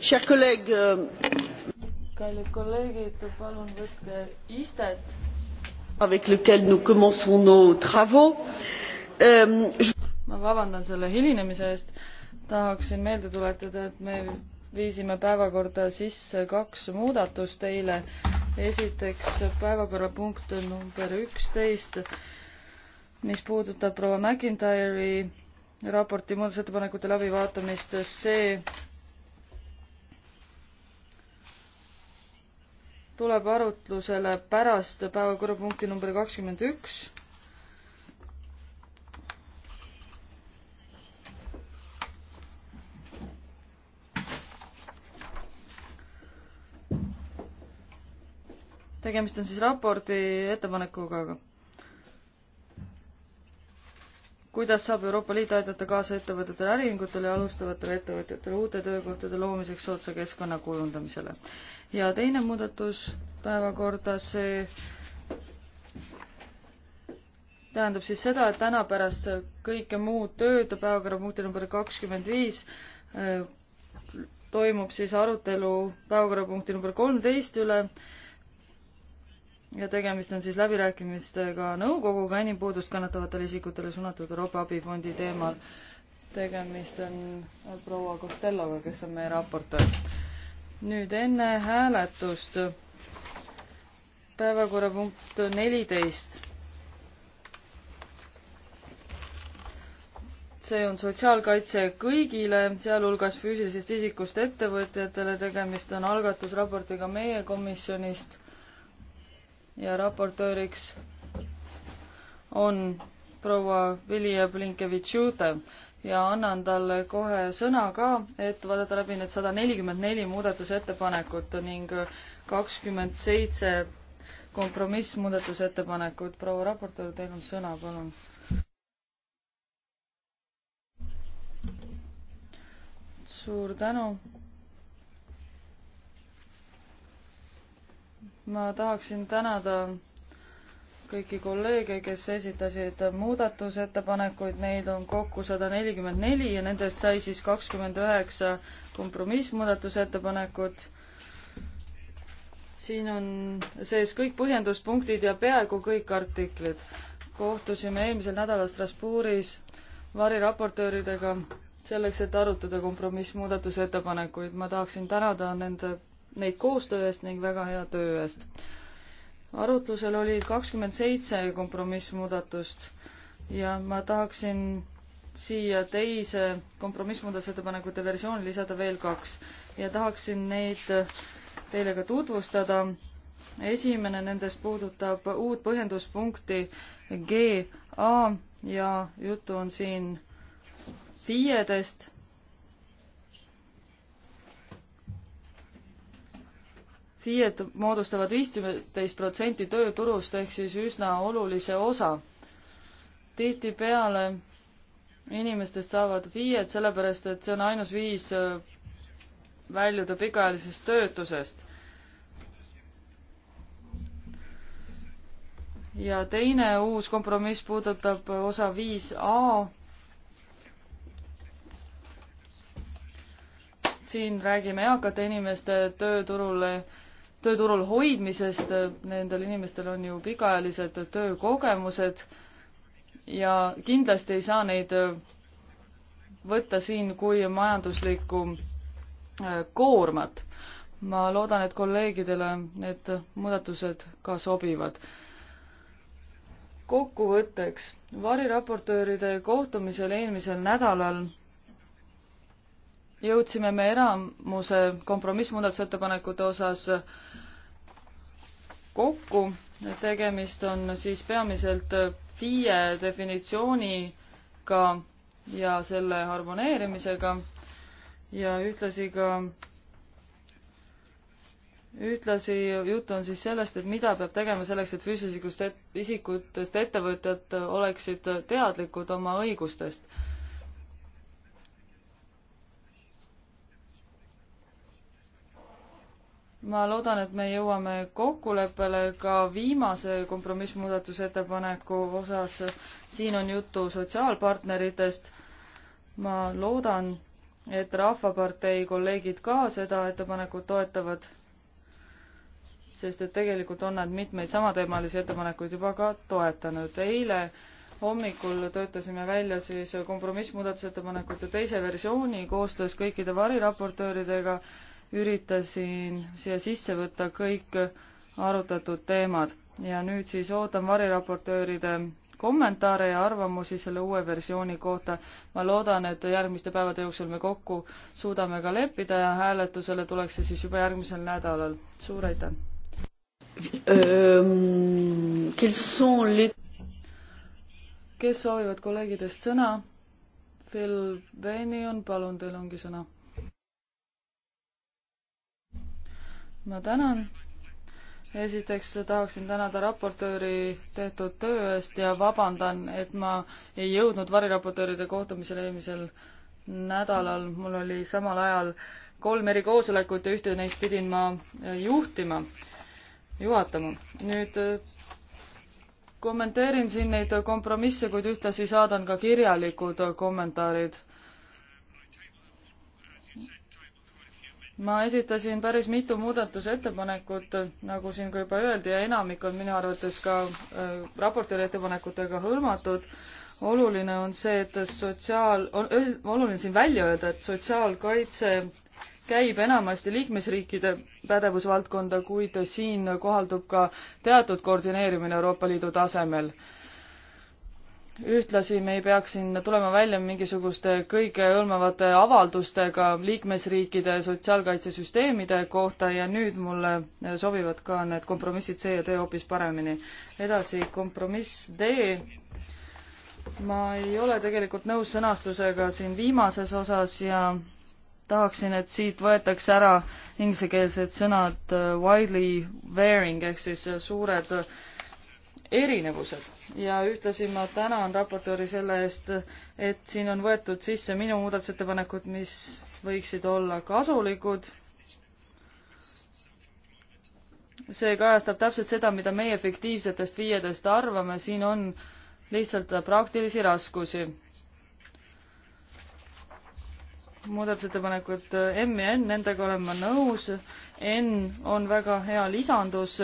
Chers collègues, euh, kallid kolleegid, palun võtke istet. Avec lequel nous commençons nos travaux. Euh, je... ma vabandan selle hilinemise eest. tahaksin meelde tuletada, et me viisime päevakorda sisse kaks muudatust eile. esiteks päevakorrapunkt number üksteist, mis puudutab proua McIntyre'i raporti muudatusettepanekute läbivaatamist, see tuleb arutlusele pärast päevakorrapunkti number kakskümmend üks. tegemist on siis raporti ettepanekuga kuidas saab Euroopa Liit aidata kaasa ettevõtetele, äriühingutele ja alustavatele ettevõtjatele uute töökohtade loomiseks soodsa keskkonna kujundamisele. ja teine muudatus päevakorda, see tähendab siis seda, et täna pärast kõike muud tööd, päevakorrapunkti number kakskümmend viis, äh, toimub siis arutelu päevakorrapunkti number kolmteist üle ja tegemist on siis läbirääkimistega nõukoguga inimpuudust kannatavatele isikutele suunatud Euroopa abifondi teemal. tegemist on proua Costelloga, kes on meie raportöör. nüüd enne hääletust päevakorrapunkt neliteist. see on sotsiaalkaitse kõigile, sealhulgas füüsilisest isikust ettevõtjatele, tegemist on algatusraportiga meie komisjonist ja raportööriks on proua Vilja Blinkevitš-Jute ja annan talle kohe sõna ka, et vaadata läbi need sada nelikümmend neli muudatusettepanekut ning kakskümmend seitse kompromissmuudatusettepanekut. proua raportöör, teil on sõna, palun. suur tänu ma tahaksin tänada kõiki kolleege, kes esitasid muudatusettepanekuid, neid on kokku sada nelikümmend neli ja nendest sai siis kakskümmend üheksa kompromissmuudatusettepanekut. siin on sees kõik põhjenduspunktid ja peaaegu kõik artiklid. kohtusime eelmisel nädalal Strasbourgis variraportööridega selleks, et arutada kompromissmuudatusettepanekuid. ma tahaksin tänada nende neid koostöö eest ning väga hea töö eest. arutlusel oli kakskümmend seitse kompromissmuudatust ja ma tahaksin siia teise kompromissmuudatusettepanekute versiooni lisada veel kaks ja tahaksin neid teile ka tutvustada. esimene nendest puudutab uut põhjenduspunkti GA ja juttu on siin FIE-dest FIE-d moodustavad viisteist protsenti tööturust ehk siis üsna olulise osa. tihtipeale inimestest saavad FIE-d sellepärast, et see on ainus viis äh, väljuda pikaajalisest töötusest. ja teine uus kompromiss puudutab osa viis A siin räägime eakate inimeste tööturule tööturul hoidmisest, nendel inimestel on ju pikaajalised töökogemused ja kindlasti ei saa neid võtta siin kui majanduslikku äh, koormat. ma loodan, et kolleegidele need muudatused ka sobivad. kokkuvõtteks, variraportööride kohtumisel eelmisel nädalal jõudsime me enamuse kompromissmuudatusettepanekute osas kokku, tegemist on siis peamiselt FIE definitsiooniga ja selle harmoneerimisega ja ühtlasi ka, ühtlasi jutt on siis sellest, et mida peab tegema selleks, et füüsilisest isikutest ettevõtjad oleksid teadlikud oma õigustest ma loodan, et me jõuame kokkuleppele ka viimase kompromissmuudatusettepaneku osas. siin on juttu sotsiaalpartneritest. ma loodan, et Rahvapartei kolleegid ka seda ettepanekut toetavad, sest et tegelikult on nad mitmeid samateemalisi ettepanekuid juba ka toetanud. eile hommikul töötasime välja siis kompromissmuudatusettepanekute teise versiooni koostöös kõikide variraportööridega üritasin siia sisse võtta kõik arutatud teemad ja nüüd siis ootan variraportööride kommentaare ja arvamusi selle uue versiooni kohta. ma loodan, et järgmiste päevade jooksul me kokku suudame ka leppida ja hääletusele tuleks see siis juba järgmisel nädalal. suur aitäh! Ehm, kes soovivad kolleegidest sõna? Phil Bennion, palun, teil ongi sõna ma tänan. esiteks tahaksin tänada raportööri tehtud töö eest ja vabandan, et ma ei jõudnud variraportööride kohtumisele eelmisel nädalal, mul oli samal ajal kolm erikoosolekut ja ühte neist pidin ma äh, juhtima, juhatama. nüüd äh, kommenteerin siin neid kompromisse, kuid ühtlasi saadan ka kirjalikud kommentaarid ma esitasin päris mitu muudatusettepanekut, nagu siin ka juba öeldi ja enamik on minu arvates ka äh, raportööri ettepanekutega hõlmatud. oluline on see, et sotsiaal, oluline siin välja öelda, et sotsiaalkaitse käib enamasti liikmesriikide pädevusvaldkonda, kuid siin kohaldub ka teatud koordineerimine Euroopa Liidu tasemel ühtlasi me ei peaks siin tulema välja mingisuguste kõigehõlmavate avaldustega liikmesriikide sotsiaalkaitsesüsteemide kohta ja nüüd mulle sobivad ka need kompromissid C ja D hoopis paremini. edasi kompromiss D. ma ei ole tegelikult nõus sõnastusega siin viimases osas ja tahaksin, et siit võetakse ära inglisekeelsed sõnad äh, widely varying ehk siis suured erinevused ja ühtlasi ma tänan raportööri selle eest, et siin on võetud sisse minu muudatusettepanekud, mis võiksid olla kasulikud. see kajastab täpselt seda, mida meie fiktiivsetest viiedest arvame, siin on lihtsalt praktilisi raskusi. muudatusettepanekud M ja N, nendega olen ma nõus. N on väga hea lisandus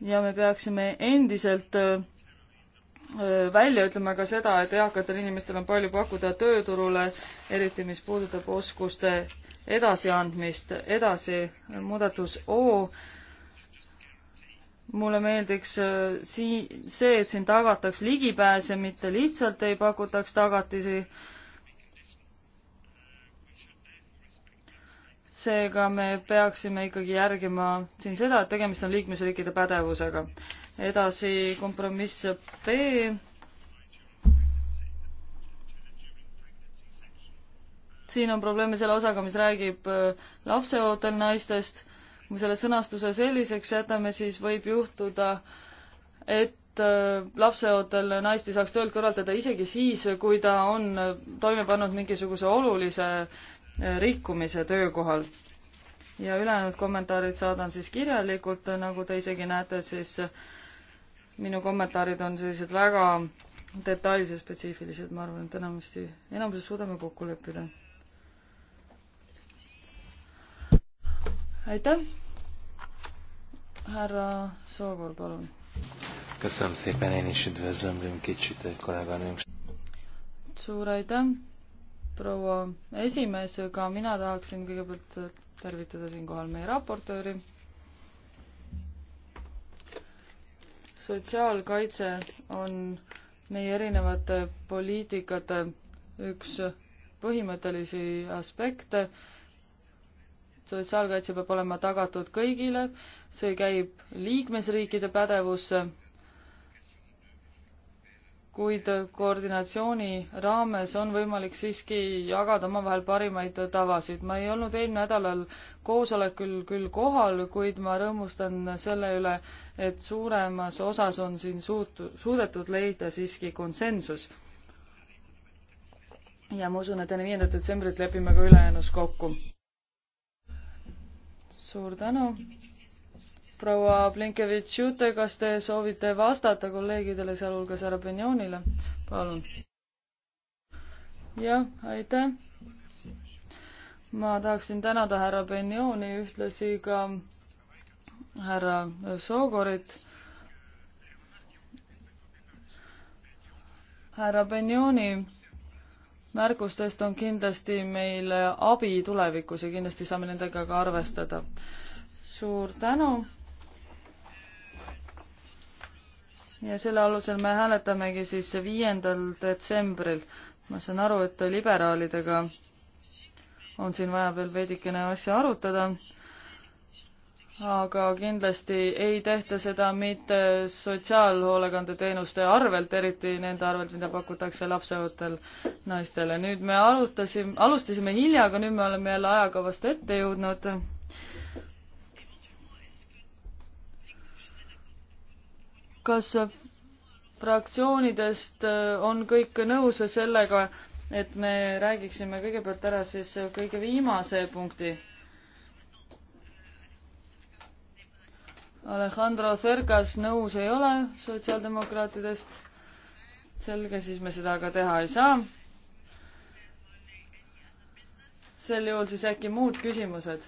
ja me peaksime endiselt äh, äh, välja ütlema ka seda, et eakatel inimestel on palju pakkuda tööturule, eriti mis puudutab oskuste edasiandmist. edasi, muudatus O mulle meeldiks äh, sii-, see, et siin tagataks ligipääs ja mitte lihtsalt ei pakutaks tagatisi seega me peaksime ikkagi järgima siin seda, et tegemist on liikmesriikide pädevusega. edasi kompromiss B. siin on probleeme selle osaga, mis räägib äh, lapseootel naistest. kui selle sõnastuse selliseks jätame, siis võib juhtuda, et äh, lapseootel naist ei saaks töölt kõrvaldada isegi siis, kui ta on äh, toime pannud mingisuguse olulise äh, rikkumise töökohal. ja ülejäänud kommentaarid saadan siis kirjalikult, nagu te isegi näete, siis minu kommentaarid on sellised väga detailsed, spetsiifilised, ma arvan, et enamasti, enamuses suudame kokku leppida. aitäh! härra Soogor, palun! köszönöm szépen, én is üdvözlöm kicsit kolléganőnk. suur aitäh! proua esimees, ka mina tahaksin kõigepealt tervitada siinkohal meie raportööri. sotsiaalkaitse on meie erinevate poliitikate üks põhimõttelisi aspekte. sotsiaalkaitse peab olema tagatud kõigile, see käib liikmesriikide pädevusse kuid koordinatsiooni raames on võimalik siiski jagada omavahel parimaid tavasid. ma ei olnud eelmine nädalal koosolekul küll kohal, kuid ma rõõmustan selle üle, et suuremas osas on siin suut-, suudetud leida siiski konsensus. ja ma usun, et enne viiendat detsembrit lepime ka ülejäänus kokku. suur tänu proua Blinkevitšute, kas te soovite vastata kolleegidele, sealhulgas härra Benjonile? palun. jah, aitäh. ma tahaksin tänada härra Benjoni, ühtlasi ka härra Sogorit. härra Benjoni märkustest on kindlasti meil abi tulevikus ja kindlasti saame nendega ka arvestada. suur tänu ja selle alusel me hääletamegi siis viiendal detsembril. ma saan aru, et liberaalidega on siin vaja veel veidikene asja arutada, aga kindlasti ei tehta seda mitte sotsiaalhoolekandeteenuste arvelt, eriti nende arvelt, mida pakutakse lapseootel naistele. nüüd me arutasime, alustasime hilja, aga nüüd me oleme jälle ajakavast ette jõudnud kas fraktsioonidest äh, on kõik nõus sellega, et me räägiksime kõigepealt ära siis kõige viimase punkti? Alejandro Cercas nõus ei ole sotsiaaldemokraatidest. selge, siis me seda ka teha ei saa. sel juhul siis äkki muud küsimused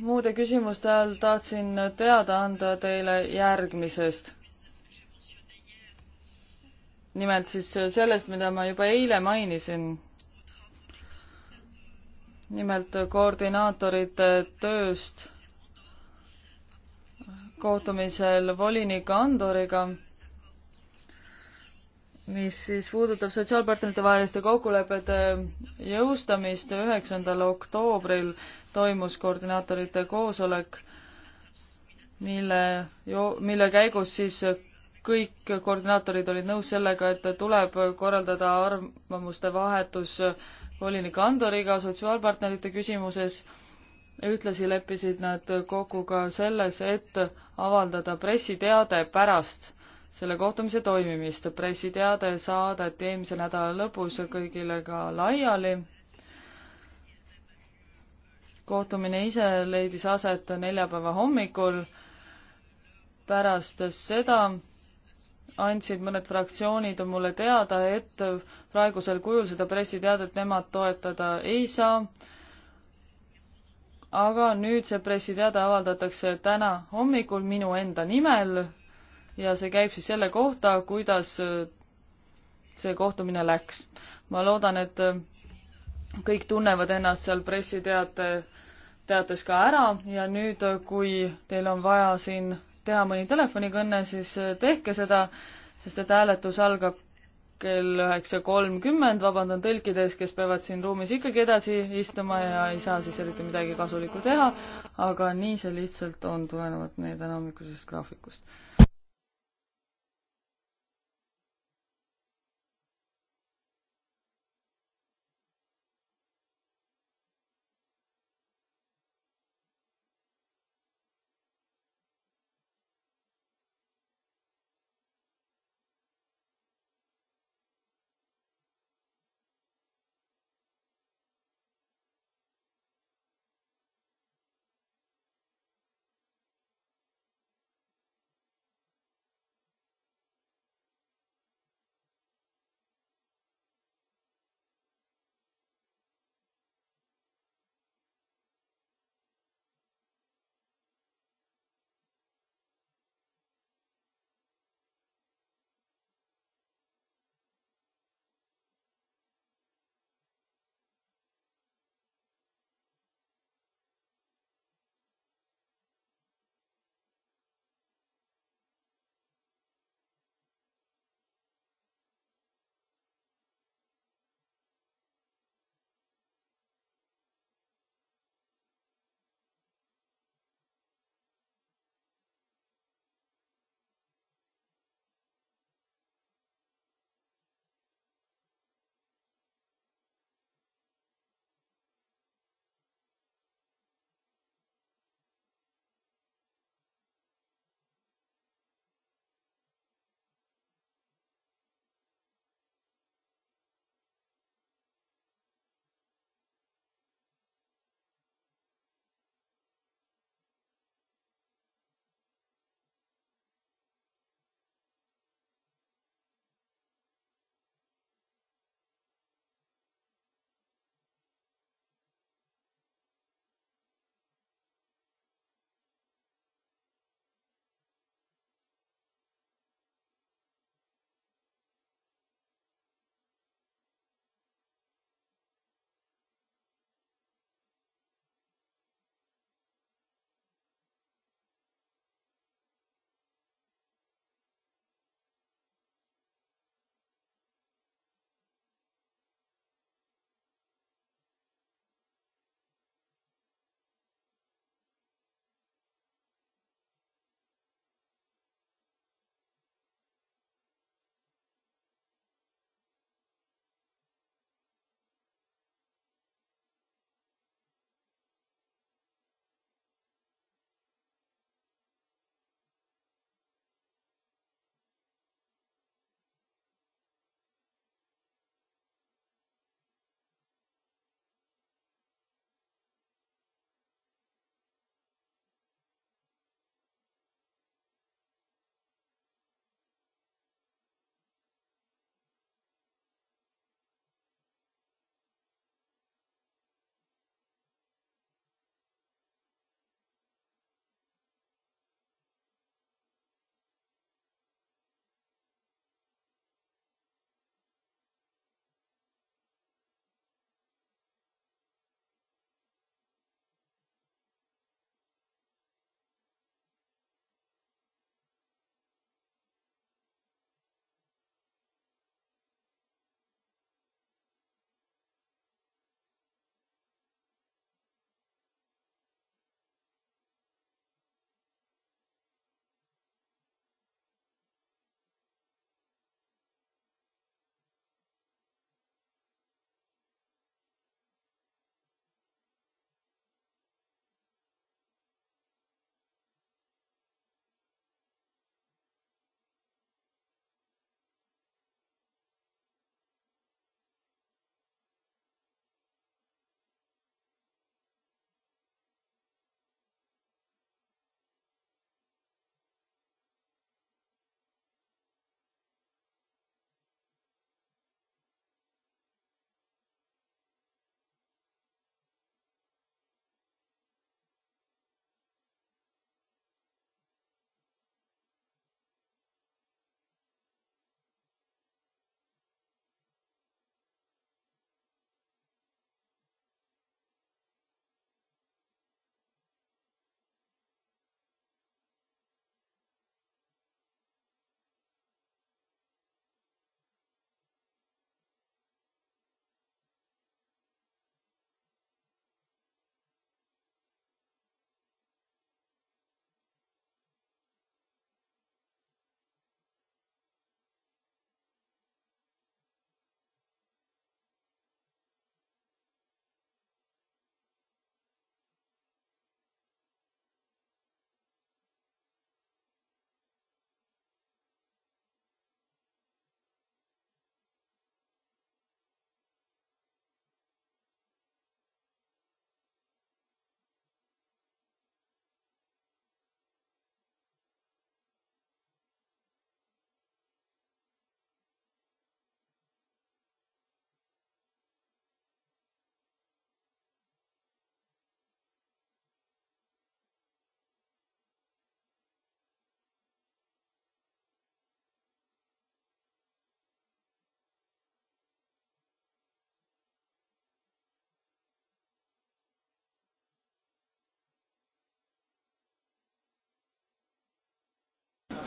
muude küsimuste all tahtsin teada anda teile järgmisest. nimelt siis sellest, mida ma juba eile mainisin. nimelt koordinaatorite tööst kohtumisel volinik Andoriga, mis siis puudutab sotsiaalpartnerite vaheliste kokkulepete jõustamist üheksandal oktoobril toimus koordinaatorite koosolek, mille, mille käigus siis kõik koordinaatorid olid nõus sellega, et tuleb korraldada arvamuste vahetus volinik Andoriga sotsiaalpartnerite küsimuses. ühtlasi leppisid nad kokku ka selles, et avaldada pressiteade pärast selle kohtumise toimimist. pressiteade saadeti eelmise nädala lõpus kõigile ka laiali kohtumine ise leidis aset neljapäeva hommikul. pärast seda andsid mõned fraktsioonid mulle teada, et praegusel kujul seda pressiteadet nemad toetada ei saa. aga nüüd see pressiteade avaldatakse täna hommikul minu enda nimel ja see käib siis selle kohta, kuidas see kohtumine läks. ma loodan, et kõik tunnevad ennast seal pressiteate teatas ka ära ja nüüd, kui teil on vaja siin teha mõni telefonikõne, siis tehke seda, sest et hääletus algab kell üheksa kolmkümmend, vabandan tõlkide ees, kes peavad siin ruumis ikkagi edasi istuma ja ei saa siis eriti midagi kasulikku teha, aga nii see lihtsalt on, tulenevalt meie tänahommikusest graafikust.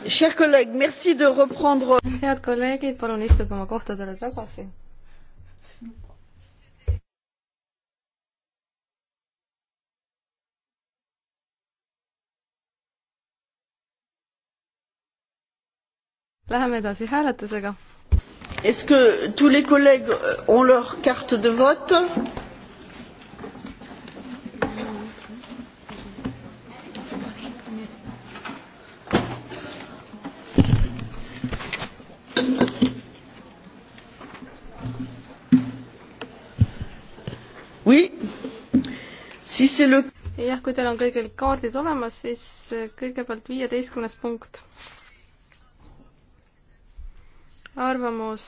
head kolleegid, palun istuge oma kohtadele tagasi. Läheme edasi hääletusega. Est-ce que tous les collègues ont leur carte de vote? siis see lük-. jah, kui teil on kõigil kaardid olemas, siis kõigepealt viieteistkümnes punkt. arvamus.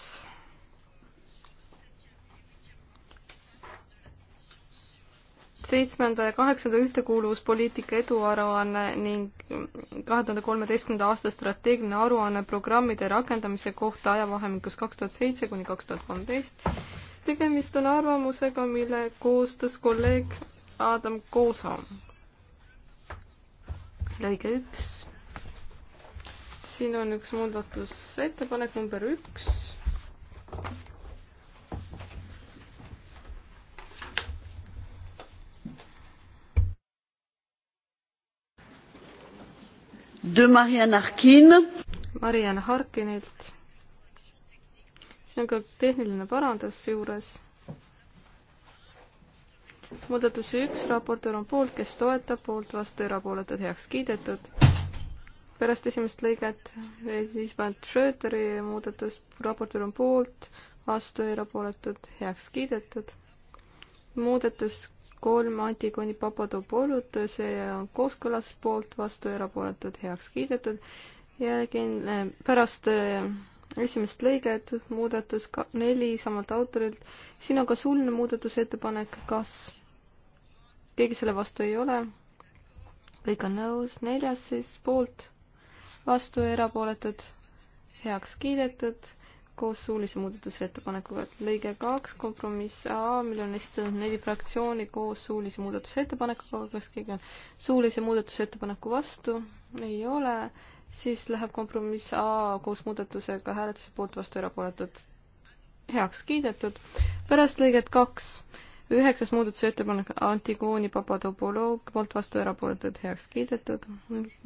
seitsmenda ja kaheksanda ühtekuuluvuspoliitika eduaruanne ning kahe tuhande kolmeteistkümnenda aasta strateegiline aruanne programmide rakendamise kohta ajavahemikus kaks tuhat seitse kuni kaks tuhat kolmteist. tegemist on arvamusega, mille koostas kolleeg Adam Koosa. lõige üks. siin on üks muudatusettepanek number üks. De Marianne Harkin. Marianne Harkinilt. see on ka tehniline parandus juures muudatus üks, raportöör on poolt, kes toetab, poolt, vastu, erapooletud, heaks kiidetud. pärast esimest lõiget siis pand Schröderi muudatus, raportöör on poolt, vastu, erapooletud, heaks kiidetud. muudatus kolm Antigoni Papadopoulut, see on kooskõlas poolt, vastu, erapooletud, heaks kiidetud. järgmine, eh, pärast eh, esimest lõiget, muudatus ka, neli samalt autorilt. siin on ka suuline muudatusettepanek, kas keegi selle vastu ei ole. kõik on nõus, neljas siis poolt, vastu ja erapooletud, heaks kiidetud koos suulise muudatusettepanekuga, et lõige kaks, kompromiss A, mille on esitanud neli fraktsiooni koos suulise muudatusettepanekuga, kas keegi on suulise muudatusettepaneku vastu? ei ole, siis läheb kompromiss A koos muudatusega hääletuse poolt vastu erapooletud heaks kiidetud. pärast lõiget kaks üheksas muudatusettepanek Antigooni Papadopolov poolt vastu erapooletud heaks kiidetud.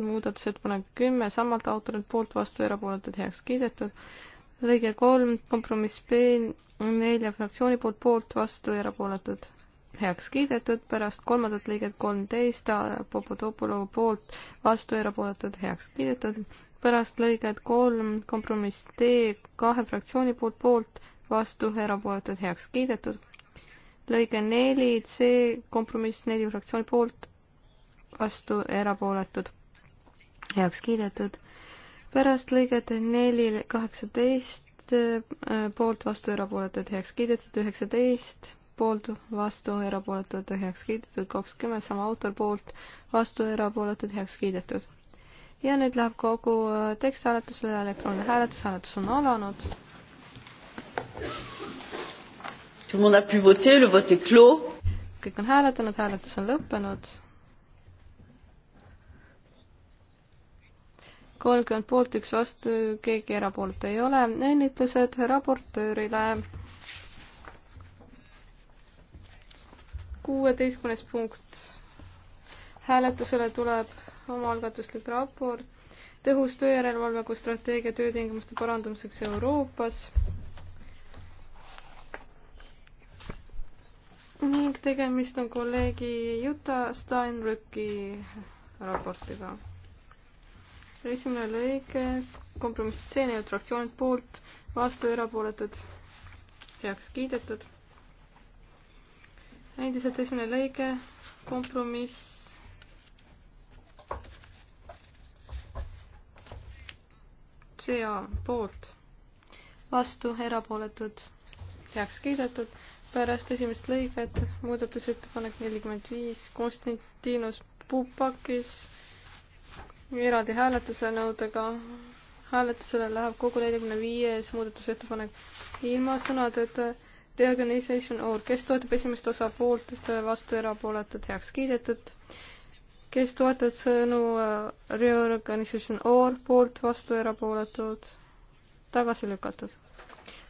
muudatusettepanek kümme samalt autorilt poolt vastu erapooletud heaks kiidetud. lõige kolm kompromiss B nelja fraktsiooni poolt poolt vastu erapooletud heaks kiidetud, pärast kolmandat lõiget kolmteist Papadopolov poolt vastu erapooletud heaks kiidetud, pärast lõiget kolm kompromiss D kahe fraktsiooni poolt poolt vastu erapooletud heaks kiidetud lõige neli, C kompromiss neli fraktsiooni poolt, vastu erapooletud, heaks kiidetud. pärast lõiget neli, kaheksateist äh, poolt, vastu erapooletud, heaks kiidetud, üheksateist poolt, vastu, erapooletud, heaks kiidetud, kakskümmend, sama autor poolt, vastu, erapooletud, heaks kiidetud. ja nüüd läheb kogu äh, tekst hääletusele, elektrooniline hääletus, hääletus on alanud. Tout le monde a pu voter, le vote est clos. kõik on hääletanud, hääletus on lõppenud. kolmkümmend poolt, üks vastu, keegi erapoolt ei ole. õnnitlused raportöörile. kuueteistkümnes punkt. hääletusele tuleb omaalgatuslik raport tõhus tööjärelevalve kui strateegia töötingimuste parandamiseks Euroopas ning tegemist on kolleegi Juta Steinrücki raportiga. esimene lõige, kompromiss C, nii et fraktsioonid poolt, vastu erapooletud, heaks kiidetud. endiselt esimene lõige, kompromiss CA poolt, vastu erapooletud, heaks kiidetud pärast esimest lõiget muudatusettepanek nelikümmend viis Konstantinos Pupakis eraldi hääletuse nõudega. hääletusele läheb kogu neljakümne viies muudatusettepanek ilma sõnadeta reorganisation or, kes toetab esimest osa poolt, vastu erapooletud, heaks kiidetud. kes toetab sõnu äh, reorganisation or poolt, vastu erapooletud, tagasi lükatud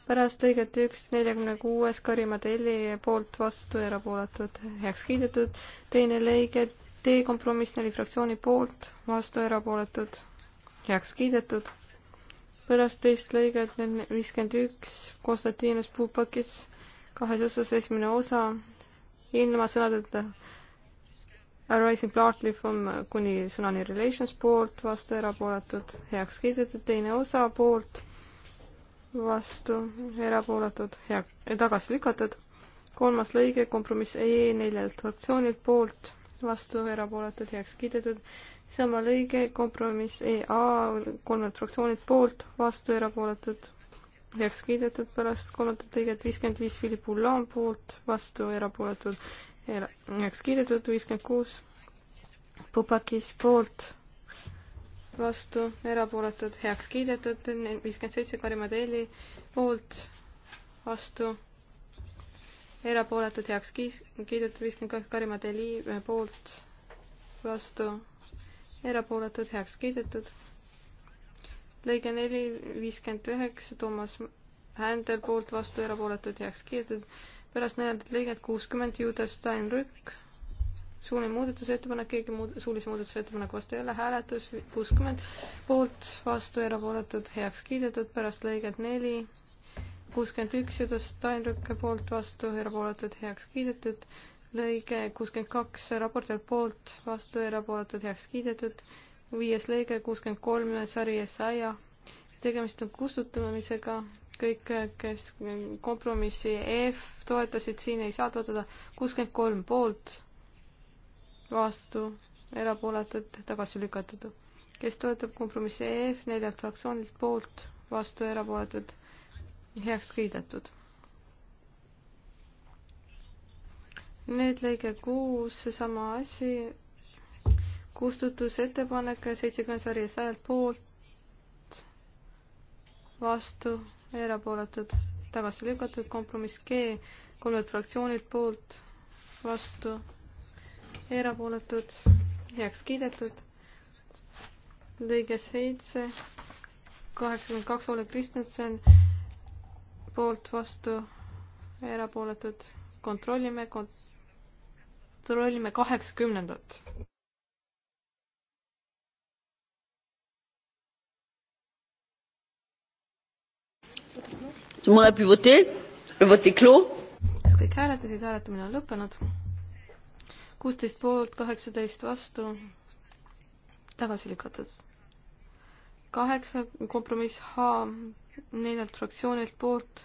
pärast lõiget üks neljakümne kuues Karimadelli poolt vastu erapooletud heaks kiidetud, teine lõige D kompromiss neli fraktsiooni poolt vastu erapooletud heaks kiidetud. pärast teist lõiget viiskümmend üks Konstantinos Puupakis kahes osas esimene osa ilma sõnadeta Arising Partly from kuni sõnani relations poolt vastu erapooletud heaks kiidetud, teine osa poolt vastu, erapooletud, hea, tagasi lükatud. kolmas lõige, kompromiss EE neljalt fraktsioonilt poolt, vastu, erapooletud, heaks kiidetud. sama lõige, kompromiss EA kolmelt fraktsioonilt poolt, vastu, erapooletud, heaks kiidetud. pärast kolmandat lõiget viiskümmend viis Philip Ulan poolt, vastu, erapooletud, heaks kiidetud. viiskümmend kuus Pupakis poolt vastu, erapooletud, heaks kiidetud, viiskümmend seitse Karimadeeli poolt, vastu, erapooletud, heaks kiidetud, viiskümmend kaks Karimadeeli poolt, vastu, erapooletud, heaks kiidetud. lõige neli, viiskümmend üheksa, Toomas Händel poolt, vastu, erapooletud, heaks kiidetud. pärast neljandat lõiget kuuskümmend Judas Steinrück suuline muudatusettepanek, keegi muud, suulise muudatusettepaneku vastu ei ole, hääletus kuuskümmend, poolt, vastu, erapooletud, heaks kiidetud, pärast lõiget neli, kuuskümmend üks, Judas Steinrücke poolt, vastu, erapooletud, heaks kiidetud, lõige kuuskümmend kaks, raportöör poolt, vastu, erapooletud, heaks kiidetud, viies lõige kuuskümmend kolm, sari Esaia, tegemist on kustutamisega, kõik, kes kompromissi F toetasid, siin ei saa toetada, kuuskümmend kolm poolt vastu, erapooletud, tagasi lükatud. kes toetab kompromissi EF neljalt fraktsioonilt poolt, vastu, erapooletud, heaks kiidetud. nüüd lõige kuus, seesama asi, kustutusettepanek seitsekümmend sari sajalt poolt, vastu, erapooletud, tagasi lükatud, kompromiss G kolmelt fraktsioonilt poolt, vastu erapooletud, heaks kiidetud. lõige seitse, kaheksakümmend kaks Ole Kristjanson, poolt, vastu, erapooletud, kontrollime kont, kontrollime kaheksakümnendat. Tout le monde a pu voter, le vote est clos. Est-ce que kõik hääletasid, hääletamine on lõppenud kuusteist poolt, kaheksateist vastu, tagasi lükatud. kaheksa kompromiss H neljalt fraktsioonilt poolt,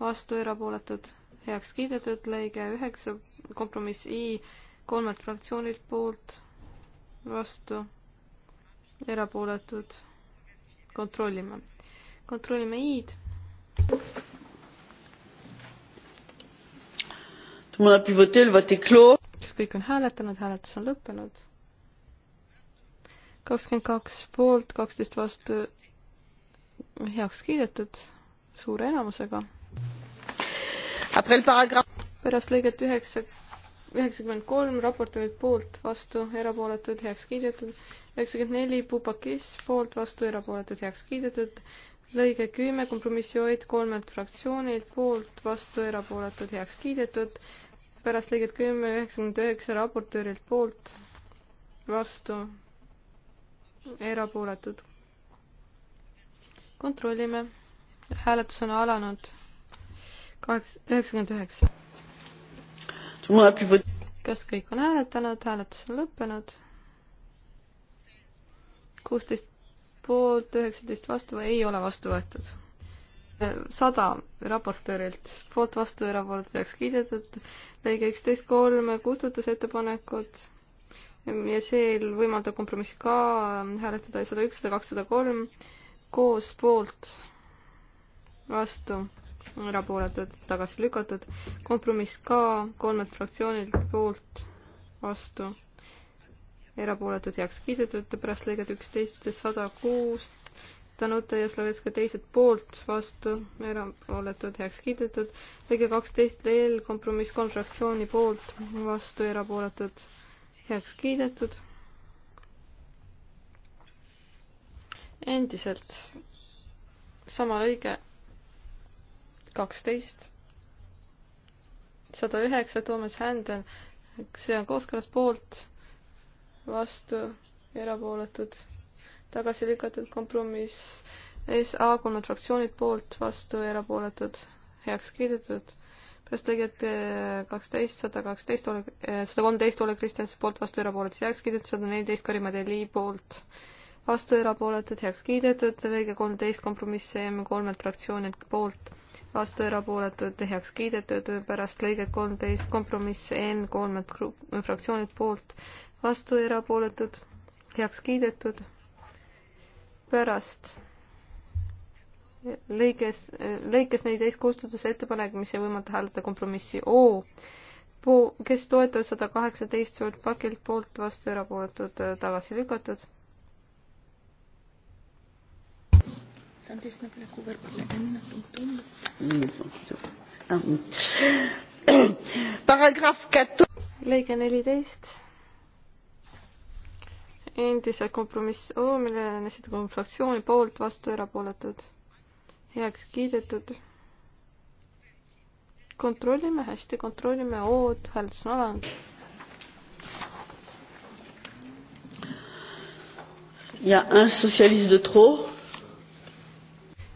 vastu erapooletud, heaks kiidetud, lõige üheksa kompromiss I kolmelt fraktsioonilt poolt, vastu erapooletud, kontrollime. kontrollime I-d. Tout le monde a pu voter, le vote est clos kõik on hääletanud, hääletus on lõppenud. kakskümmend kaks poolt, kaksteist vastu heaks kiidetud suure enamusega. pärast lõiget üheksa, üheksakümmend kolm raportöörid poolt, vastu, erapooletud, heaks kiidetud. üheksakümmend neli Pupakis poolt, vastu, erapooletud, heaks kiidetud lõige kümme kompromissi hoid e kolmelt fraktsioonilt poolt, vastu, erapooletud, heaks kiidetud pärast lõiget kümme üheksakümmend üheksa raportöörilt poolt, vastu, erapooletud. kontrollime, hääletus on alanud kaheksa, üheksakümmend üheksa. kas kõik on hääletanud, hääletus on lõppenud? kuusteist poolt, üheksateist vastu, ei ole vastu võetud sada raportöörilt, poolt vastu erapooletud heaks kiidetud, lõige üksteist kolm kustutusettepanekud ja see võimaldab kompromissi ka hääletada sada üks, sada kaks, sada kolm koos poolt vastu erapooletud, tagasi lükatud, kompromiss ka kolmelt fraktsioonilt poolt vastu erapooletud heaks kiidetud, pärast lõiget üksteist sada kuus algatanud ja Slovetska teised poolt vastu erapooletud heaks kiidetud. lõige kaksteist veel kompromiss kolm fraktsiooni poolt vastu erapooletud heaks kiidetud. endiselt sama lõige kaksteist sada üheksa Toomas Händel, see on kooskõlas poolt vastu erapooletud tagasi lükatud kompromiss SA kolmad fraktsioonid poolt, vastu erapooletud, heaks kiidetud. pärast lõiget äh, kaksteist, sada kaksteist, äh, sada kolmteist Ole Kristjansi poolt, vastu erapooletud, heaks kiidetud, sada neliteist Karima Deli poolt, vastu erapooletud, heaks kiidetud, lõige kolmteist kompromiss EM kolmelt fraktsioonilt poolt, vastu erapooletud, heaks kiidetud, pärast lõiget kolmteist kompromiss N kolmelt fraktsioonilt poolt, vastu erapooletud, heaks kiidetud pärast lõiges, lõikes neliteist kustutuse ettepanek, mis ei võimalda hääletada kompromissi O. Po-, kes toetab sada kaheksateist suurt pakilt poolt, vastu erapooletud, tagasi lükatud. paragrahv lõige neliteist endise kompromiss O, millele on esitatud fraktsiooni poolt, vastu erapooletud, heaks kiidetud. kontrollime hästi, kontrollime O-d, hääletus on alanud. ja un socialiste de trop.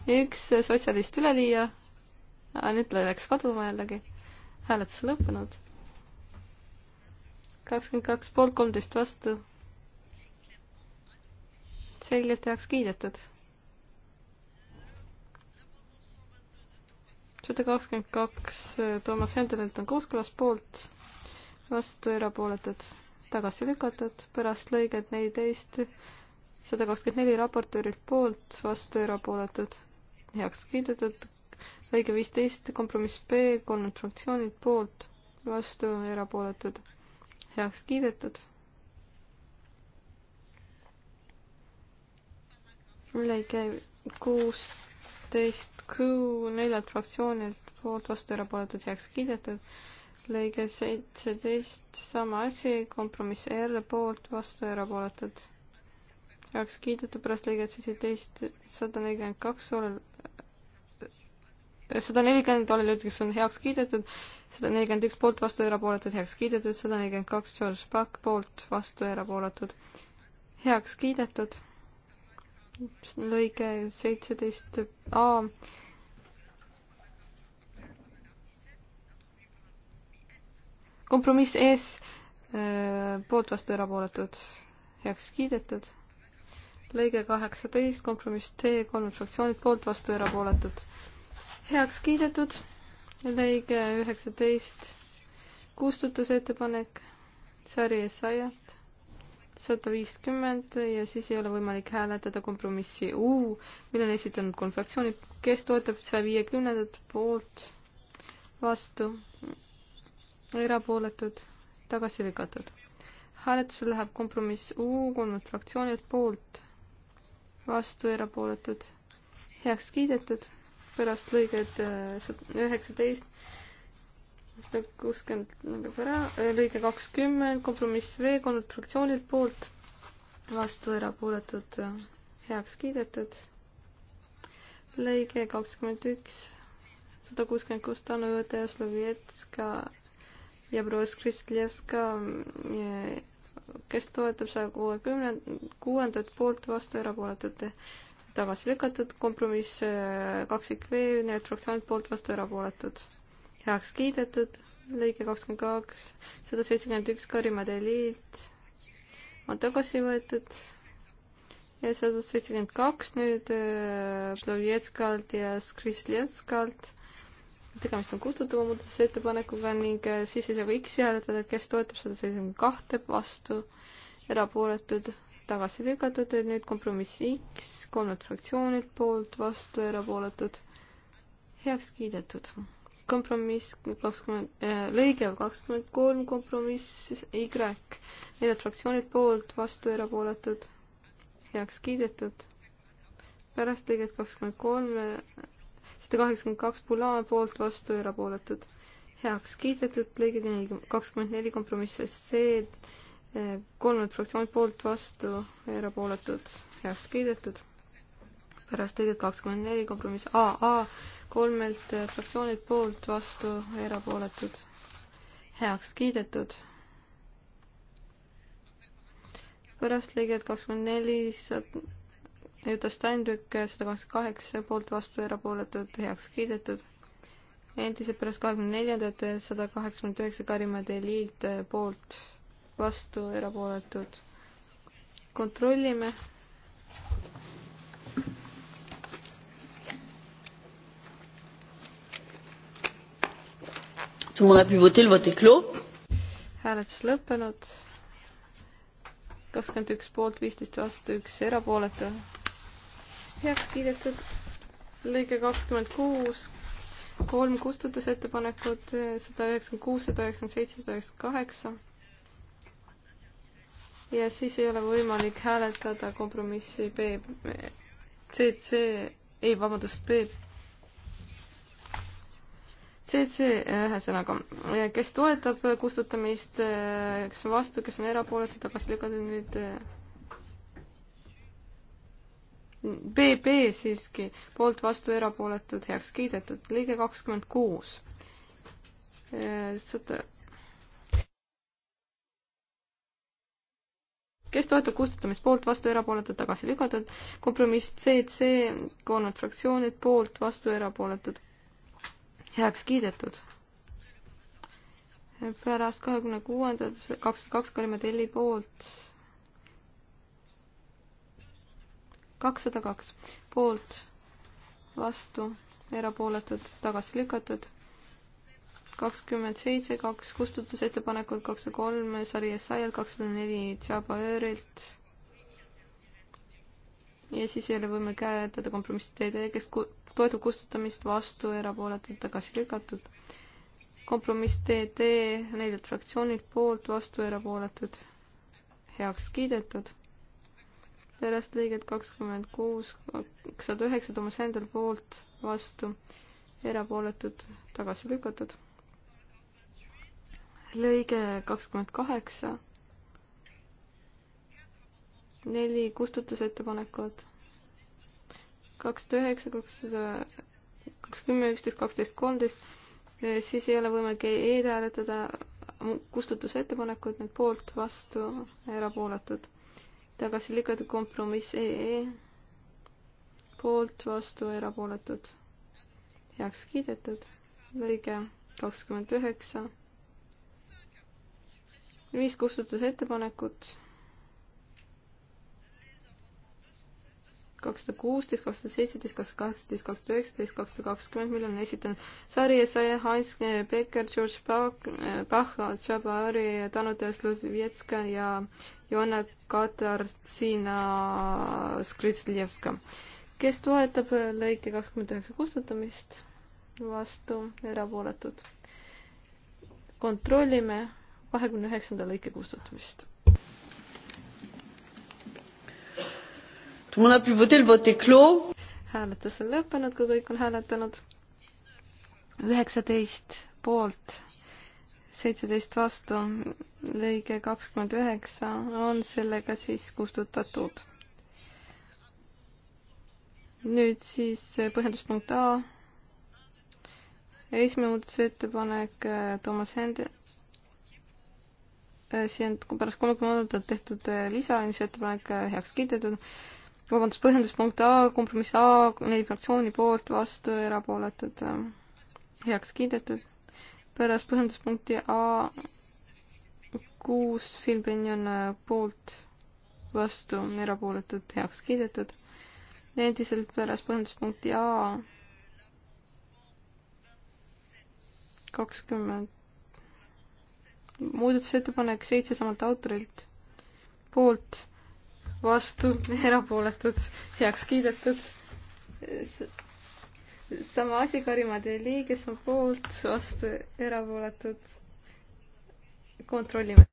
üks sotsialist üleliia. nüüd läks kaduma jällegi. hääletus on lõppenud. kakskümmend kaks poolt, kolmteist vastu selgelt heaks kiidetud. sada kakskümmend kaks Toomas Hendelilt on kooskõlas poolt, vastu erapooletud, tagasi lükatud, pärast lõiget neliteist sada kakskümmend neli raportöörilt poolt, vastu erapooletud, heaks kiidetud, lõige viisteist kompromiss B kolmelt fraktsioonilt poolt, vastu erapooletud, heaks kiidetud lõige kuusteist Q neljalt fraktsioonilt poolt vastu erapooletud heaks kiidetud. lõige seitseteist sama asi, kompromiss R poolt vastu erapooletud heaks kiidetud, pärast lõiget seitseteist sada nelikümmend kaks olel sada nelikümmend olid, kes on heaks kiidetud, sada nelikümmend üks poolt, vastu, erapooletud, heaks kiidetud, sada nelikümmend kaks George Buck poolt, vastu, erapooletud, heaks kiidetud lõige seitseteist A. kompromiss S, äh, poolt vastu erapooletud, heaks kiidetud. lõige kaheksateist, kompromiss T, kolmed fraktsioonid poolt vastu erapooletud, heaks kiidetud. lõige üheksateist, kustutusettepanek, sari Essayalt sada viiskümmend ja siis ei ole võimalik hääletada kompromissi U, mille on esitanud kolm fraktsiooni, kes toetab saja viiekümnendat poolt, vastu, erapooletud, tagasi lükatud. hääletusel läheb kompromiss U kolmelt fraktsioonilt poolt, vastu, erapooletud, heaks kiidetud, pärast lõiget äh, üheksateist sada kuuskümmend langeb ära, äh, lõige kakskümmend, kompromiss V kolmelt fraktsioonilt poolt, vastu erapooletud, heaks kiidetud. lõige kakskümmend üks, sada kuuskümmend kuus Tanu Jõde ja Slovjetska ja Broz Kristlevska, kes toetab saja kuuekümne, kuuendat poolt, vastu erapooletud, tagasi lükatud, kompromiss äh, kaksikv, nii et fraktsioonilt poolt, vastu erapooletud heaks kiidetud, lõige kakskümmend kaks, sada seitsekümmend üks Karimadelilt on tagasi võetud ja sada seitsekümmend kaks nüüd äh, Slovjetskalt ja Skrisletskalt. tegemist on kustutava muudatusettepanekuga ning äh, siis ei saa ka X-i hääletada, kes toetab sada seitsekümmend kahte vastu, erapooletud, tagasi lükatud, nüüd kompromiss X kolmelt fraktsioonilt poolt, vastu, erapooletud, heaks kiidetud kompromiss kakskümmend, äh, lõige kakskümmend kolm, kompromiss Y. neljad fraktsioonid poolt, vastu erapooletud, heaks kiidetud. pärast lõiget kakskümmend kolm, sada kaheksakümmend kaks Pulaan poolt, vastu erapooletud, heaks kiidetud. lõige kakskümmend neli, kompromiss C. Äh, kolmand fraktsioon poolt, vastu erapooletud, heaks kiidetud. pärast lõiget kakskümmend neli, kompromiss AA kolmelt äh, fraktsioonilt poolt, vastu, erapooletud, heaks kiidetud. pärast lõiget kakskümmend neli, Juta Steinrück äh, sada kakskümmend kaheksa poolt, vastu, erapooletud, heaks kiidetud. endiselt pärast kahekümne neljandat äh, sada kaheksakümmend üheksa Karimäe Deliilt poolt, vastu, erapooletud. kontrollime Tout le monde a pu voter, le vote est clos. hääletus lõppenud. kakskümmend üks poolt, viisteist vastu, üks erapooletu. heaks kiidetud. lõige kakskümmend kuus, kolm kustutusettepanekut, sada üheksakümmend kuus, sada üheksakümmend seitse, sada üheksakümmend kaheksa. ja siis ei ole võimalik hääletada kompromissi B, CC, ei vabandust, B CC äh, ühesõnaga, äh, kes toetab kustutamist, äh, kes on vastu, kes on erapooletu, tagasi lükatud nüüd BB siiski, poolt, vastu, erapooletud, heaks kiidetud, lõige kakskümmend kuus. sada. kes toetab kustutamist, poolt, vastu, erapooletud, tagasi lükatud, kompromiss CC, kolmand fraktsioonid, poolt, vastu, erapooletud, heaks kiidetud. pärast kahekümne kuuendat, kakskümmend kaks olime Telli poolt. kakssada kaks poolt, vastu, erapooletud, tagasi lükatud. kakskümmend seitse, kaks kustutusettepanekut, kakssada kolm Sari Essayalt, kakssada neli Tšabaöörilt ja siis jälle võime käetada kompromissi teede, kes ku-, toetab kustutamist, vastu, erapooletud, tagasi lükatud. kompromiss DD neljalt fraktsioonilt poolt, vastu, erapooletud, heaks kiidetud. pärast lõiget kakskümmend kuus, kakssada üheksa Toomas Händel poolt, vastu, erapooletud, tagasi lükatud. lõige kakskümmend kaheksa neli kustutusettepanekut kakssada üheksa, kakssada, kaks kümme, üksteist, kaksteist, kolmteist, eh, siis ei ole võimalik ei hääletada kustutusettepanekud, need poolt, vastu, erapooletud. tagasi lükata kompromiss EE, e. poolt, vastu, erapooletud, heaks kiidetud, lõige kakskümmend üheksa, viis kustutusettepanekut kakssada kuusteist, kakssada seitseteist, kakssada kaheksateist, kakssada üheksateist, kakssada kakskümmend, mille on esitanud Sari Esaja, Heinz Becker, George Bach, Bach, Jabari, Tanuta Slutjetska ja Joanna Katarzyna Skritšljevska. kes toetab lõike kakskümmend üheksa kustutamist? vastu, erapooletud. kontrollime kahekümne üheksanda lõike kustutamist Tout le monde a pu voter, le vote est clos. hääletus on lõppenud, kui kõik on hääletanud. üheksateist poolt, seitseteist vastu, lõige kakskümmend üheksa on sellega siis kustutatud. nüüd siis põhjenduspunkt A. esimene muudatusettepanek äh, Toomas Hendel äh, siin pärast kolmekümnendat tehtud äh, lisainitsiooniettepanek heaks kiidetud vabandust, põhjenduspunkt A, kompromiss A, neli fraktsiooni poolt, vastu, erapooletud, heaks kiidetud. pärast põhjenduspunkti A kuus Phil Benjon poolt, vastu, erapooletud, heaks kiidetud. endiselt pärast põhjenduspunkti A kakskümmend muudatusettepanek seitse samalt autorilt, poolt vastu, erapooletud, heaks kiidetud. sama asi, Karimad ei lii, kes on poolt, vastu, erapooletud. kontrollime.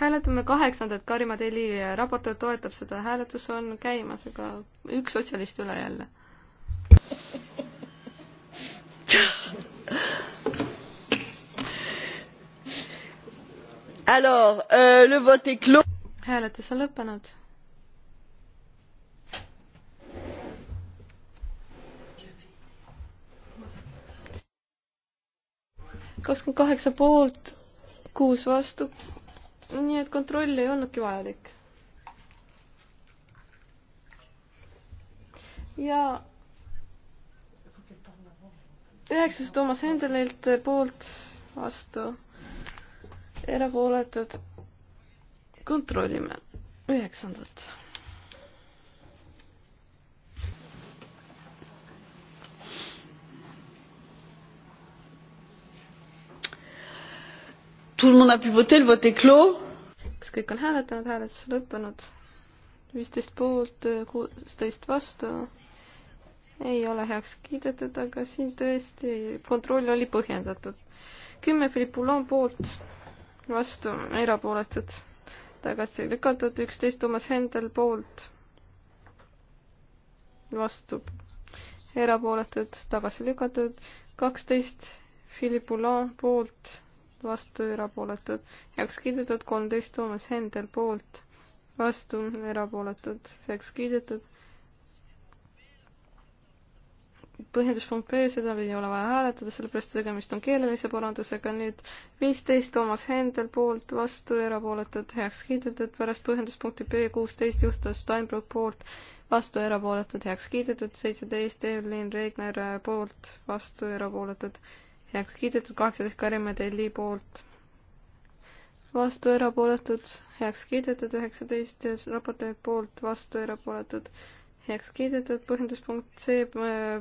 hääletame kaheksandat Karima Teli raportöör toetab seda, hääletus on käimas, aga üks sotsialist üle jälle Alors, euh, le vote est clos. hääletus on lõppenud. kakskümmend kaheksa poolt, kuus vastu. nii et kontrolli ei olnudki vajalik. ja üheksas Toomas Hendelilt poolt, vastu erapooletud. kontrollime üheksandat. Tout le monde a pu voter, le vote est clos. kas kõik on hääletanud, hääletus lõppenud? viisteist poolt, kuusteist vastu. ei ole heaks kiidetud, aga siin tõesti kontroll oli põhjendatud. kümme Philippe Poulon poolt vastu, erapooletud, tagasi lükatud, üksteist Toomas Hendel poolt, vastu, erapooletud, tagasi lükatud, kaksteist Philip Poulon poolt, vastu, erapooletud, heaks kiidetud, kolmteist Toomas Hendel poolt, vastu, erapooletud, heaks kiidetud põhjenduspunkt B, seda ei ole vaja hääletada, sellepärast tegemist on keelelise parandusega, nüüd viisteist Toomas Hendel poolt, vastu, erapooletud, heaks kiidetud, pärast põhjenduspunkti B kuusteist juhtus Steinbrück poolt, vastu, erapooletud, heaks kiidetud, seitseteist Evelyn Regner äh, poolt, vastu, erapooletud, heaks kiidetud, kaheksateist Karimäe Telli poolt, vastu, erapooletud, heaks kiidetud, üheksateist raportööri poolt, vastu, erapooletud heaks kiidetud, põhjenduspunkt C,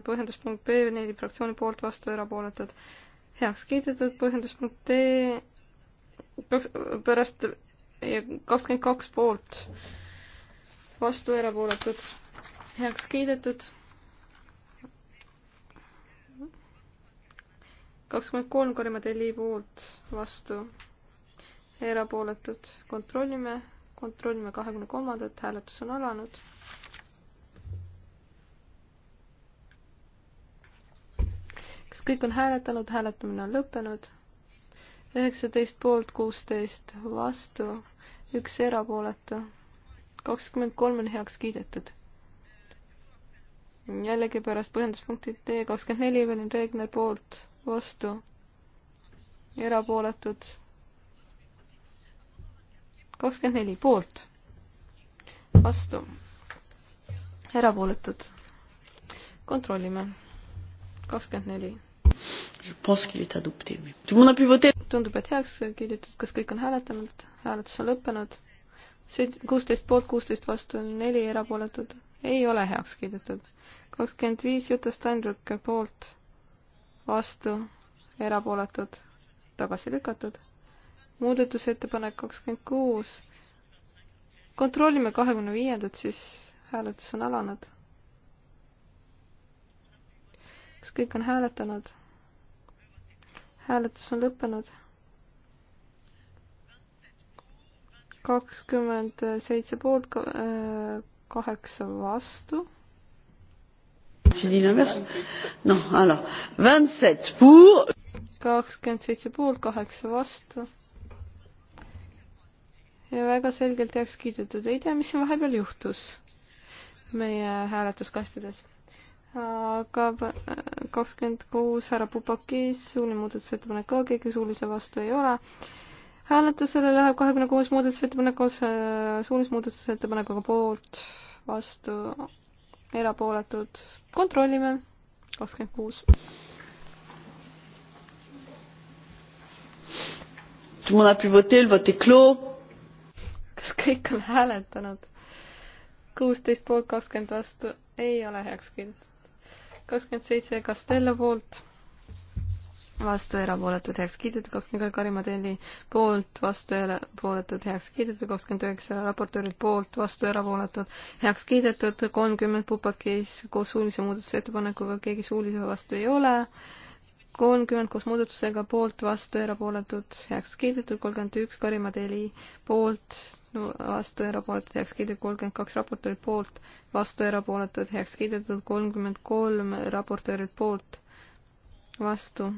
põhjenduspunkt B, neli fraktsiooni poolt, vastu, erapooletud, heaks kiidetud, põhjenduspunkt D, kaks, pärast kakskümmend kaks poolt, vastu, erapooletud, heaks kiidetud, kakskümmend kolm Karimäe-Telli poolt, vastu, erapooletud, kontrollime, kontrollime kahekümne kolmandat, hääletus on alanud kas kõik on hääletanud, hääletamine on lõppenud. üheksateist poolt, kuusteist vastu, üks erapooletu. kakskümmend kolm on heaks kiidetud. jällegi pärast põhjenduspunktid D kakskümmend neli, Evelyn Regner poolt, vastu, erapooletud. kakskümmend neli poolt, vastu, erapooletud. kontrollime kakskümmend neli tundub, et heaks kiidetud, kas kõik on hääletanud, hääletus on lõppenud, kuusteist poolt, kuusteist vastu, neli erapooletut, ei ole heaks kiidetud. kakskümmend viis Juta Steinrück poolt, vastu, erapooletud, tagasi lükatud. muudatusettepanek kakskümmend kuus, kontrollime kahekümne viiendat, siis hääletus on alanud kas kõik on hääletanud? hääletus on lõppenud. kakskümmend seitse poolt, äh, kaheksa vastu. kakskümmend seitse poolt, kaheksa vastu. ja väga selgelt heaks kiidetud, ei tea, mis siin vahepeal juhtus meie hääletuskastides aga äh, kakskümmend kuus härra Pupakis, suuline muudatusettepanek ka, keegi suulise vastu ei ole. hääletusele läheb kahekümne kuues muudatusettepanek koos äh, suulise muudatusettepanekuga poolt, vastu, erapooletud, kontrollime, kakskümmend kuus. kas kõik on hääletanud? kuusteist poolt kakskümmend vastu ei ole heaks kiidetud kakskümmend seitse Castello poolt, vastu erapooletud heaks kiidetud, kakskümmend kolm Karimadelli poolt, vastu erapooletud heaks kiidetud, kakskümmend üheksa raportöörilt poolt, vastu erapooletud heaks kiidetud, kolmkümmend Pupakis koos suulise muudatusettepanekuga, keegi suulise vastu ei ole kolmkümmend koos muudatusega poolt, vastu, erapooletud, heaks kiidetud, kolmkümmend üks, Karima Teli poolt, vastu, erapooletud, heaks kiidetud, kolmkümmend kaks raportööri poolt, vastu, erapooletud, heaks kiidetud, kolmkümmend kolm raportööri poolt, vastu,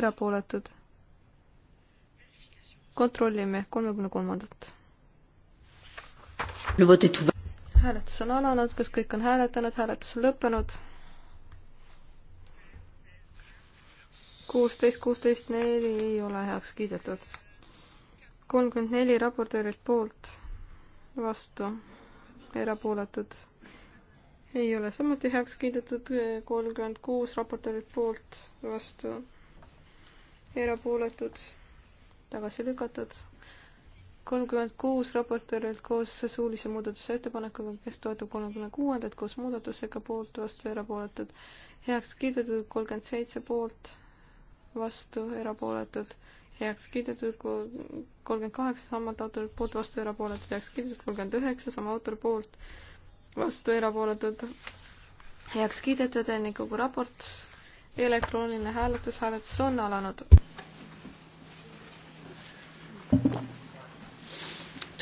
erapooletud. kontrollime kolmekümne kolmandat hääletus on alanud, kas kõik on hääletanud, hääletus on lõppenud kuusteist, kuusteist, neli ei ole heaks kiidetud. kolmkümmend neli raportöörilt poolt, vastu, erapooletud. ei ole samuti heaks kiidetud, kolmkümmend kuus raportöörilt poolt, vastu, erapooletud, tagasi lükatud. kolmkümmend kuus raportöörilt koos suulise muudatusettepanekuga, kes toetab kolmekümne kuuendat koos muudatusega poolt, vastu, erapooletud, heaks kiidetud, kolmkümmend seitse poolt vastu, erapooletud, heaks kiidetud, kolmkümmend kaheksa samalt autorilt poolt, vastu, erapooletud, heaks kiidetud, kolmkümmend üheksa sama autori poolt, vastu, erapooletud, heaks kiidetud, enne kogu raport, elektrooniline hääletus, hääletus on alanud.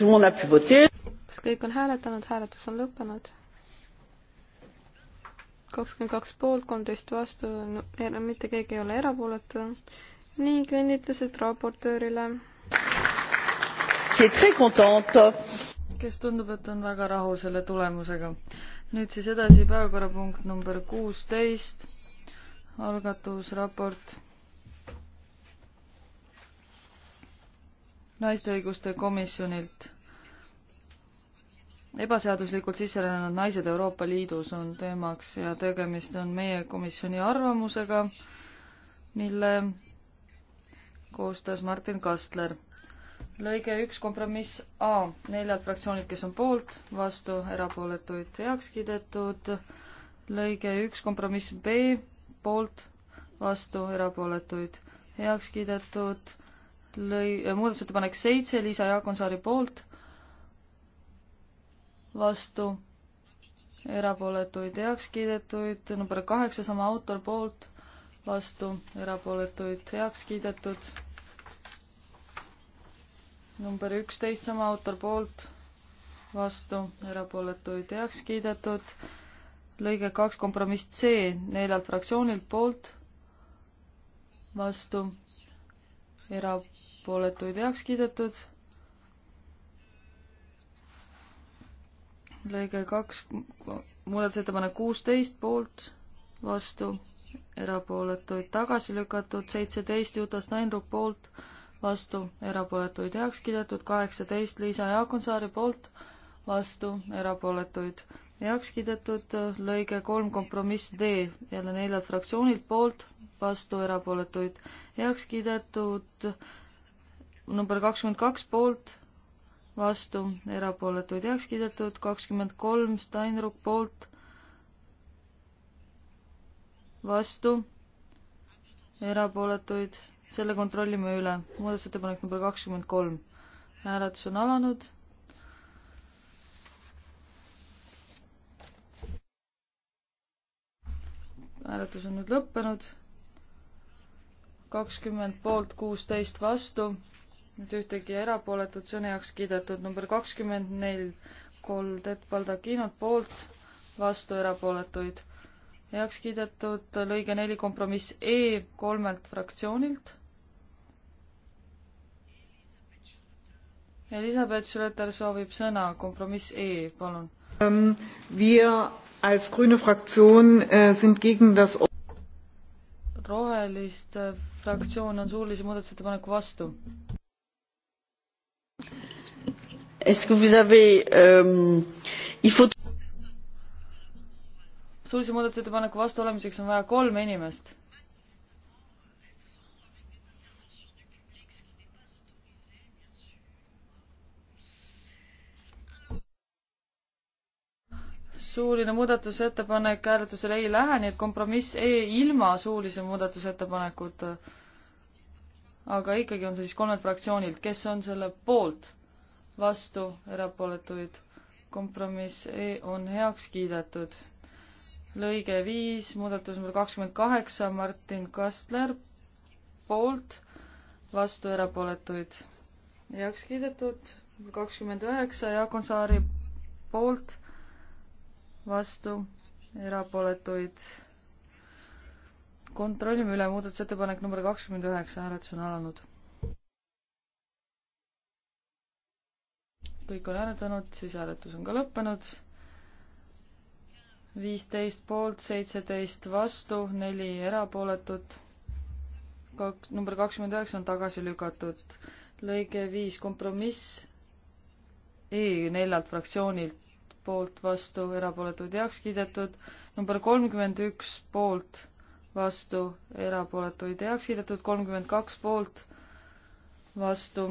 kas kõik on hääletanud, hääletus on lõppenud kakskümmend kaks poolt, kolmteist vastu, mitte keegi ei ole erapooletu ning õnnitlused raportöörile. kes tundub, et on väga rahul selle tulemusega. nüüd siis edasi päevakorrapunkt number kuusteist, algatusraport. naiste õiguste komisjonilt ebaseaduslikult sisse rännanud naised Euroopa Liidus on teemaks ja tegemist on meie komisjoni arvamusega, mille koostas Martin Kastler. lõige üks kompromiss A, neljad fraktsioonid, kes on poolt, vastu, erapooletuid heaks kiidetud. lõige üks kompromiss B, poolt, vastu, erapooletuid heaks kiidetud. lõi-, muudatusettepanek seitse, Liisa Jaakonsaari poolt vastu, erapooletuid heaks kiidetuid, number kaheksa, sama autor poolt, vastu, erapooletuid heaks kiidetud. number üksteist, sama autor poolt, vastu, erapooletuid heaks kiidetud. lõige kaks, kompromiss C neljalt fraktsioonilt poolt, vastu, erapooletuid heaks kiidetud lõige kaks, muudatusettepanek kuusteist poolt, vastu, erapooletuid tagasi lükatud, seitseteist Juta Steinruck poolt, vastu, erapooletuid heaks kiidetud, kaheksateist Liisa Jaakonsaari poolt, vastu, erapooletuid heaks kiidetud, lõige kolm kompromiss D, jälle neljalt fraktsioonilt poolt, vastu, erapooletuid heaks kiidetud, number kakskümmend kaks poolt vastu, erapooletuid heaks kiidetud, kakskümmend kolm Steinruck poolt, vastu, erapooletuid, selle kontrollime üle, muudatusettepanek number kakskümmend kolm. hääletus on alanud. hääletus on nüüd lõppenud, kakskümmend poolt, kuusteist vastu mitte ühtegi erapooletut, see on heaks kiidetud. number kakskümmend neli, Koldet Baldakinot poolt, vastu erapooletuid. heaks kiidetud lõige neli kompromiss E kolmelt fraktsioonilt. Elisabeth Schröter soovib sõna, kompromiss E, palun ähm,. Wir als grüne Fraktion äh, sind gegen das roheliste fraktsioon on suulise muudatusettepaneku vastu est ce que vous avez euh, il faut suulise muudatusettepaneku vastu olemiseks on vaja kolme inimest. suuline muudatusettepanek hääletusele ei lähe, nii et kompromiss E ilma suulise muudatusettepanekuta. aga ikkagi on see siis kolmelt fraktsioonilt, kes on selle poolt vastu, erapooletuid. kompromiss E on heaks kiidetud. lõige viis, muudatus number kakskümmend kaheksa, Martin Kastler poolt, vastu, erapooletuid. heaks kiidetud kakskümmend üheksa, Jaakon Saari poolt, vastu, erapooletuid. kontrollime üle muudatusettepanek number kakskümmend üheksa, hääletus on alanud kõik on hääletanud, siis hääletus on ka lõppenud. viisteist poolt, seitseteist vastu, neli erapooletut. kaks, number kakskümmend üheksa on tagasi lükatud. lõige viis, kompromiss E neljalt fraktsioonilt poolt, vastu, erapooletuid heaks kiidetud. number kolmkümmend üks poolt, vastu, erapooletuid heaks kiidetud, kolmkümmend kaks poolt, vastu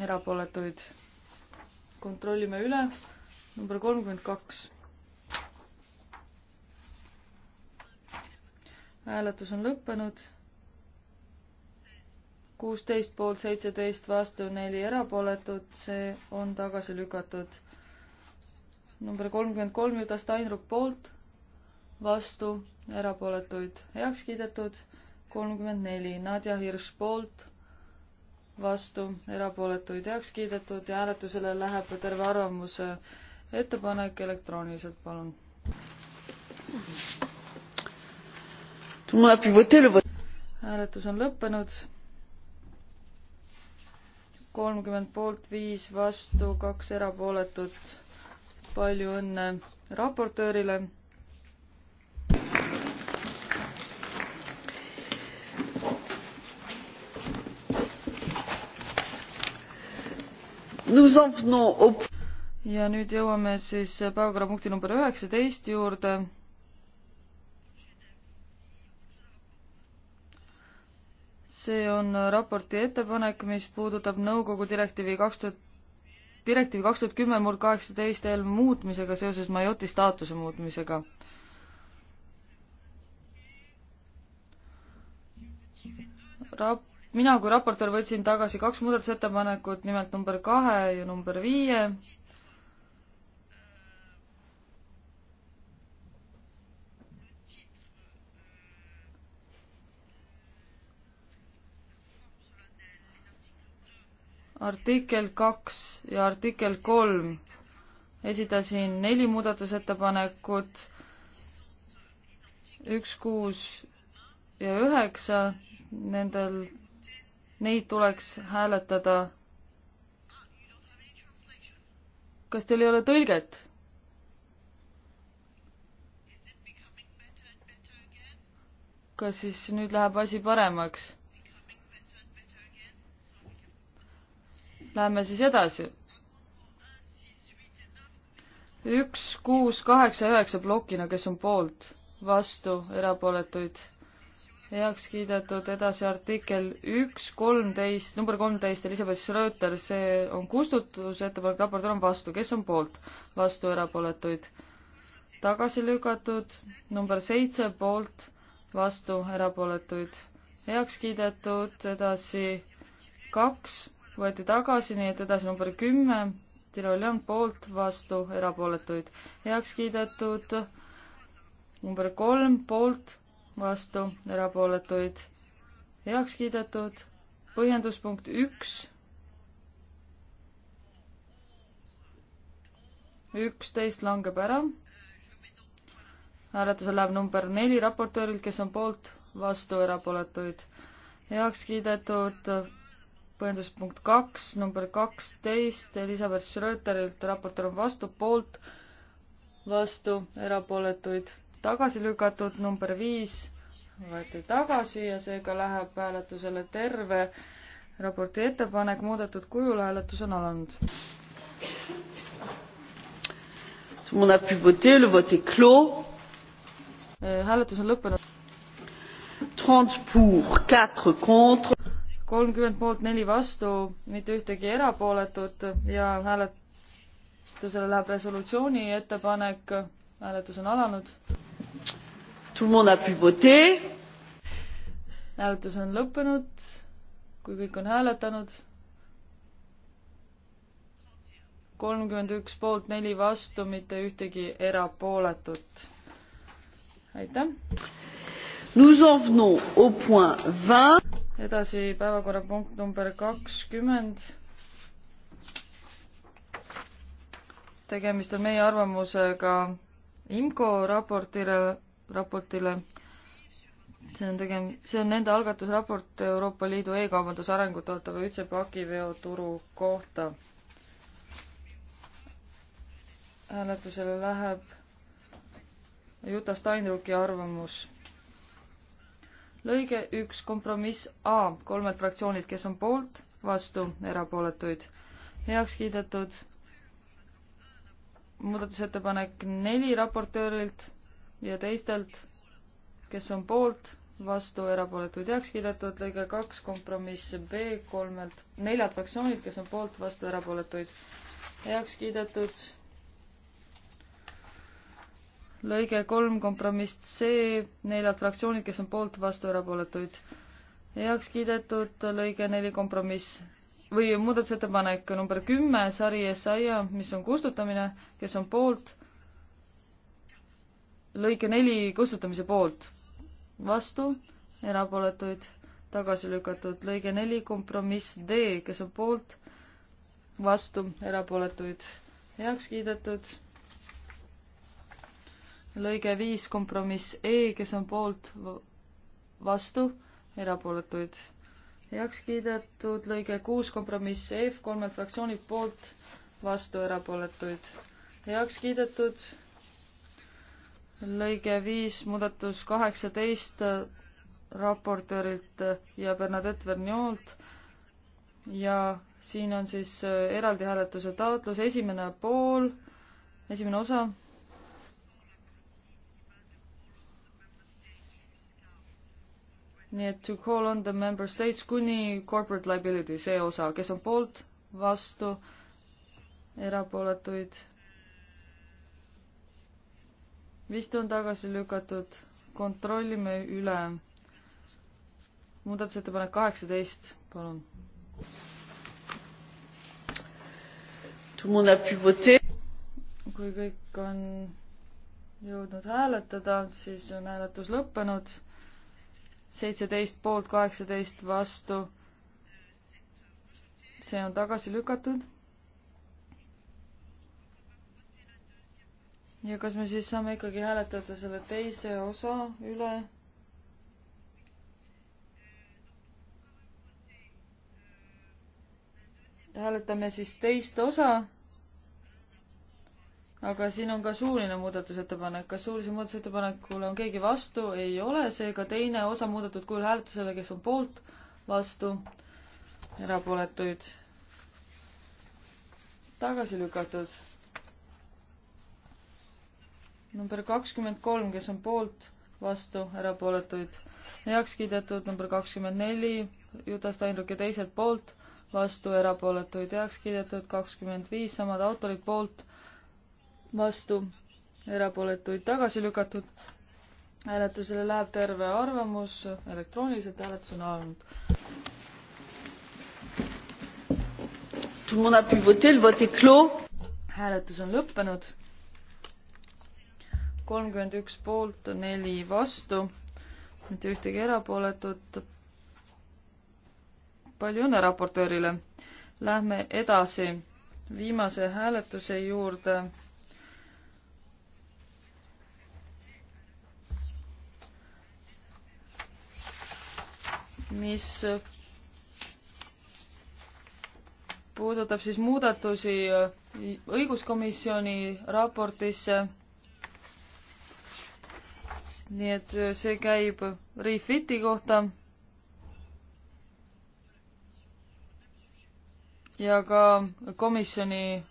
erapooletuid kontrollime üle. number kolmkümmend kaks. hääletus on lõppenud. kuusteist poolt seitseteist vastu neli erapooletut, see on tagasi lükatud. number kolmkümmend kolm Juta Steinruck poolt, vastu, erapooletuid heaks kiidetud, kolmkümmend neli Nadja Hirš poolt vastu, erapooletuid heaks kiidetud ja hääletusele läheb terve arvamuse äh, ettepanek elektrooniliselt, palun. hääletus on lõppenud. kolmkümmend poolt, viis vastu, kaks erapooletut. palju õnne raportöörile ja nüüd jõuame siis päevakorrapunkti number üheksateist juurde. see on raporti ettepanek, mis puudutab nõukogu direktiivi kaks tuhat, direktiivi kaks tuhat kümme murd kaheksateist EL muutmisega seoses Majoti staatuse muutmisega rap-, mina kui raportöör võtsin tagasi kaks muudatusettepanekut, nimelt number kahe ja number viie. artikkel kaks ja artikkel kolm. esitasin neli muudatusettepanekut, üks, kuus ja üheksa nendel Neid tuleks hääletada. kas teil ei ole tõlget? kas siis nüüd läheb asi paremaks? Läheme siis edasi. üks, kuus, kaheksa, üheksa plokina, kes on poolt, vastu, erapooletuid heaks kiidetud, edasi artikkel üks, kolmteist, number kolmteist, Elizabeth Schröter, see on kustutusettepanek, raport on vastu, kes on poolt? vastu, erapooletuid. tagasi lükatud, number seitse, poolt, vastu, erapooletuid. heaks kiidetud, edasi kaks, võeti tagasi, nii et edasi number kümme, Tirol on poolt, vastu, erapooletuid. heaks kiidetud, number kolm, poolt vastu, erapooletuid heaks kiidetud. põhjenduspunkt üks. üksteist langeb ära. hääletusel läheb number neli raportöörilt, kes on poolt, vastu, erapooletuid heaks kiidetud. põhjenduspunkt kaks, number kaksteist Elizabeth Schröterilt, raportöör on vastu, poolt, vastu, erapooletuid tagasi lükatud, number viis võeti tagasi ja seega läheb hääletusele terve raporti ettepanek muudetud kujul, hääletus on alanud. Eh, hääletus on lõppenud. kolmkümmend poolt, neli vastu, mitte ühtegi erapooletut ja hääletusele läheb resolutsiooni ettepanek, hääletus on alanud tout le monde a pu voter. hääletus on lõppenud, kui kõik on hääletanud. kolmkümmend üks poolt, neli vastu, mitte ühtegi erapooletut. aitäh. Nous en venons au point vingt. edasi päevakorrapunkt number kakskümmend tegemist on meie arvamusega IMCO raportile raportile. see on tegem-, see on nende algatusraport Euroopa Liidu e-kaubanduse arengut ootava ühtse pakiveoturu kohta. hääletusele läheb Juta Steinrucki arvamus. lõige üks, kompromiss A, kolmed fraktsioonid, kes on poolt, vastu, erapooletuid, heaks kiidetud muudatusettepanek neli raportöörilt, ja teistelt, kes on poolt, vastu, erapooletuid heaks kiidetud, lõige kaks, kompromiss B kolmelt, neljalt fraktsioonilt, kes on poolt, vastu, erapooletuid heaks kiidetud. lõige kolm, kompromiss C neljalt fraktsioonilt, kes on poolt, vastu, erapooletuid heaks kiidetud, lõige neli, kompromiss või muudatusettepanek number kümme, sari Esaia, mis on kustutamine, kes on poolt lõike neli kustutamise poolt, vastu, erapooletuid, tagasi lükatud, lõige neli, kompromiss D, kes on poolt, vastu, erapooletuid, heaks kiidetud. lõige viis, kompromiss E, kes on poolt, vastu, erapooletuid, heaks kiidetud. lõige kuus, kompromiss F, kolmelt fraktsioonilt poolt, vastu, erapooletuid, heaks kiidetud lõige viis, muudatus kaheksateist raportöörilt ja Bernadette Verniolt ja siin on siis äh, eraldi hääletuse taotlus, esimene pool, esimene osa. nii et to call on the member states kuni corporate liability, see osa, kes on poolt, vastu, erapooletuid vist on tagasi lükatud, kontrollime üle. muudatusettepanek kaheksateist, palun. kui kõik on jõudnud hääletada, siis on hääletus lõppenud. seitseteist poolt, kaheksateist vastu. see on tagasi lükatud ja kas me siis saame ikkagi hääletada selle teise osa üle? hääletame siis teist osa. aga siin on ka suuline muudatusettepanek. kas suulise muudatusettepanekule on keegi vastu? ei ole, seega teine osa muudetud kujul hääletusele, kes on poolt, vastu, erapooletuid, tagasi lükatud number kakskümmend kolm, kes on poolt, vastu, erapooletuid heaks kiidetud, number kakskümmend neli, Juta Steinruck ja teised poolt, vastu, erapooletuid heaks kiidetud, kakskümmend viis, samad autorid poolt, vastu, erapooletuid tagasi lükatud. hääletusele läheb terve arvamus, elektrooniliselt hääletus on alanud. Tout le monde a pu voter, le vote est clos. hääletus on lõppenud kolmkümmend üks poolt, neli vastu, mitte ühtegi erapooletut. palju õnne raportöörile. Lähme edasi viimase hääletuse juurde mis puudutab siis muudatusi õiguskomisjoni raportisse nii et äh, see käib Refiti kohta. ja ka komisjoni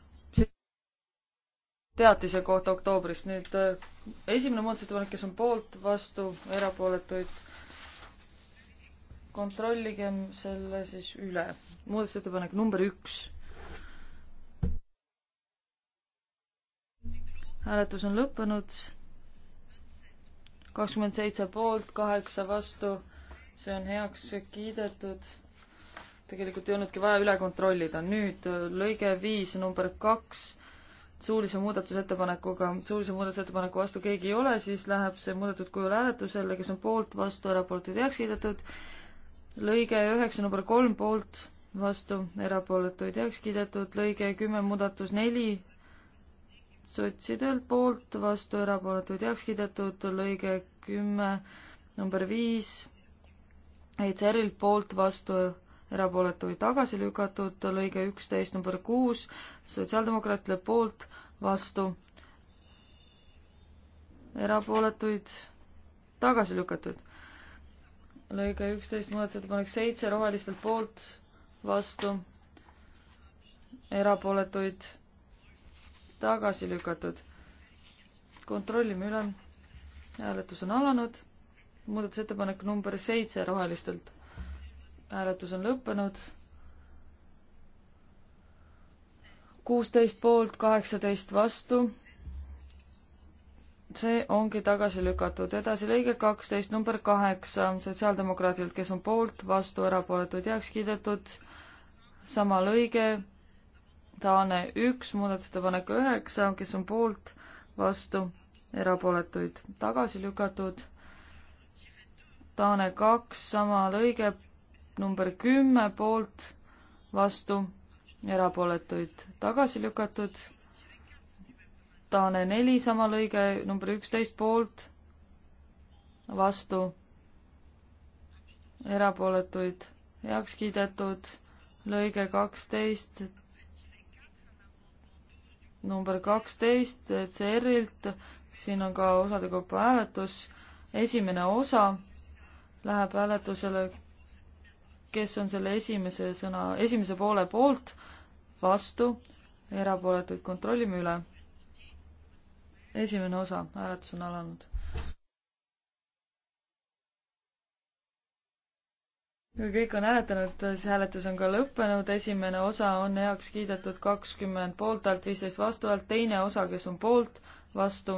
teatise kohta oktoobrist. nüüd äh, esimene muudatusettepanek, kes on poolt, vastu, erapooletuid. kontrolligem selle siis üle. muudatusettepanek number üks. hääletus on lõppenud kakskümmend seitse poolt, kaheksa vastu, see on heaks kiidetud. tegelikult ei olnudki vaja üle kontrollida. nüüd äh, lõige viis, number kaks, suulise muudatusettepanekuga, suulise muudatusettepaneku vastu keegi ei ole, siis läheb see muudetud kujul hääletusele, kes on poolt, vastu, erapooletud, heaks kiidetud. lõige üheksa, number kolm, poolt, vastu, erapooletuid heaks kiidetud. lõige kümme, muudatus neli, sotsidelt poolt, vastu erapooletuid heaks kiidetud, lõige kümme, number viis, ECR-ilt poolt, vastu erapooletuid tagasi lükatud, lõige üksteist, number kuus, sotsiaaldemokraatide poolt, vastu erapooletuid tagasi lükatud. lõige üksteist, muudatusettepanek seitse, rohelistelt poolt, vastu erapooletuid tagasi lükatud. kontrollime üle. hääletus on alanud. muudatusettepanek number seitse rohelistelt. hääletus on lõppenud. kuusteist poolt, kaheksateist vastu. see ongi tagasi lükatud. edasi lõige kaksteist, number kaheksa, sotsiaaldemokraadilt, kes on poolt, vastu, erapooletuid heaks kiidetud. sama lõige Taane üks, muudatusettepanek üheksa, kes on poolt, vastu, erapooletuid tagasi lükatud. Taane kaks, sama lõige, number kümme, poolt, vastu, erapooletuid tagasi lükatud. Taane neli, sama lõige, number üksteist, poolt, vastu, erapooletuid heaks kiidetud. lõige kaksteist, number kaksteist CR-ilt, siin on ka osade kaupa hääletus, esimene osa läheb hääletusele, kes on selle esimese sõna, esimese poole poolt, vastu, erapooletuid kontrollime üle. esimene osa, hääletus on alanud. kõik on hääletanud, see hääletus on ka lõppenud, esimene osa on heaks kiidetud kakskümmend poolt häält, viisteist vastu häält, teine osa, kes on poolt, vastu,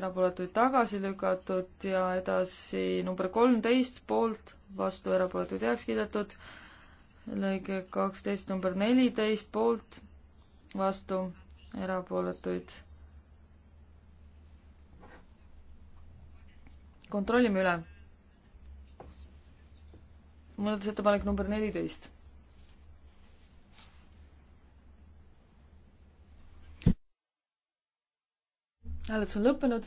erapooletuid tagasi lükatud ja edasi number kolmteist poolt, vastu, erapooletuid heaks kiidetud, lõige kaksteist number neliteist poolt, vastu, erapooletuid. kontrollime üle muudatusettepanek number neliteist. hääletus on lõppenud.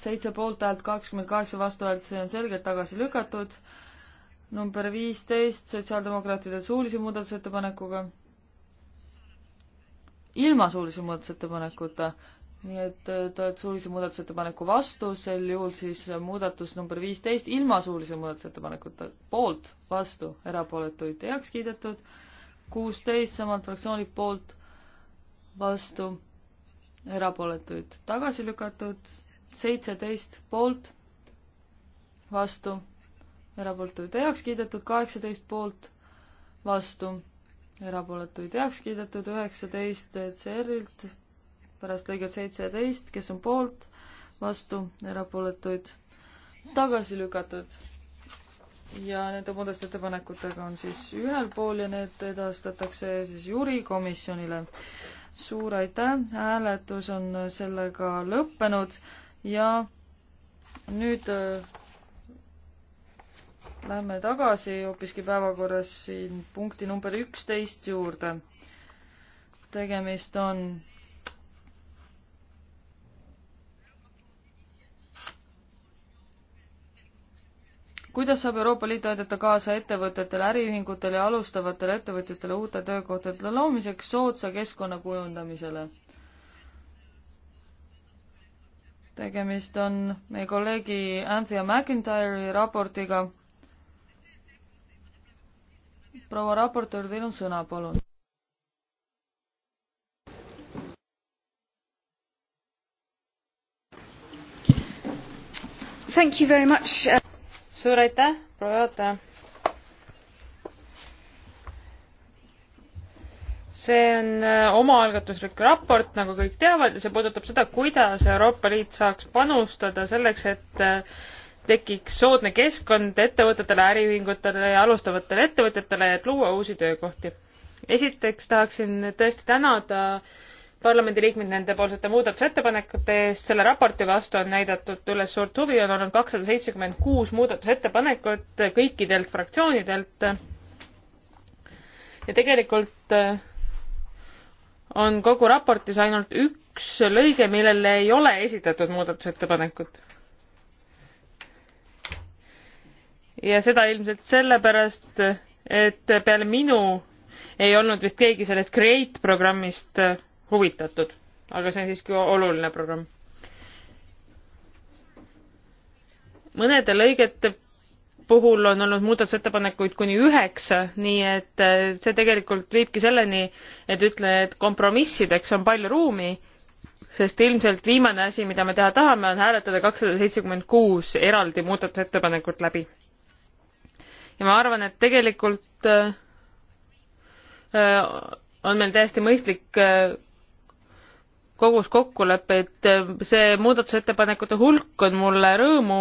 seitse poolthäält, kakskümmend kaheksa vastuhäält, see on selgelt tagasi lükatud. number viisteist sotsiaaldemokraatide suulise muudatusettepanekuga. ilma suulise muudatusettepanekuta, nii et äh, ta oled suulise muudatusettepaneku vastu, sel juhul siis äh, muudatus number viisteist ilma suulise muudatusettepanekuta, poolt, vastu, erapooletuid heaks kiidetud, kuusteist samalt fraktsioonilt poolt, vastu, erapooletuid tagasi lükatud, seitseteist poolt, vastu, erapooletuid heaks kiidetud, kaheksateist poolt, vastu, erapooletuid heaks kiidetud, üheksateist CR-ilt pärast lõiget seitseteist, kes on poolt, vastu, erapooletuid, tagasi lükatud. ja nende muudatusettepanekutega on siis ühel pool ja need edastatakse siis juurikomisjonile. suur aitäh, hääletus on sellega lõppenud ja nüüd äh, Lähme tagasi hoopiski päevakorras siin punkti number üksteist juurde. tegemist on kuidas saab Euroopa Liit aidata kaasa ettevõtetele, äriühingutele ja alustavatele ettevõtjatele uute töökohtade loomiseks soodsa keskkonna kujundamisele? tegemist on meie kolleegi Anthea McIntyre'i raportiga. proua raportöör, teil on sõna, palun. Thank you very much suur aitäh, proua juhataja. see on äh, omaalgatuslik raport, nagu kõik teavad, ja see puudutab seda, kuidas Euroopa Liit saaks panustada selleks, et äh, tekiks soodne keskkond ettevõtetele, äriühingutele ja alustavatele ettevõtjatele, et luua uusi töökohti. esiteks tahaksin tõesti tänada äh, parlamendiliikmed nendepoolsete muudatusettepanekute eest selle raporti vastu on näidatud üles suurt huvi on olnud kakssada seitsekümmend kuus muudatusettepanekut kõikidelt fraktsioonidelt ja tegelikult eh, on kogu raportis ainult üks lõige millele ei ole esitatud muudatusettepanekut ja seda ilmselt sellepärast eh, et peale minu ei olnud vist keegi sellest Create programmist eh, huvitatud, aga see on siiski oluline programm. mõnede lõigete puhul on olnud muudatusettepanekuid kuni üheksa, nii et äh, see tegelikult viibki selleni, et ütle, et kompromissideks on palju ruumi, sest ilmselt viimane asi, mida me teha tahame, on hääletada kakssada seitsekümmend kuus eraldi muudatusettepanekut läbi. ja ma arvan, et tegelikult äh, äh, on meil täiesti mõistlik kogus kokkuleppeid, äh, see muudatusettepanekute hulk on mulle rõõmu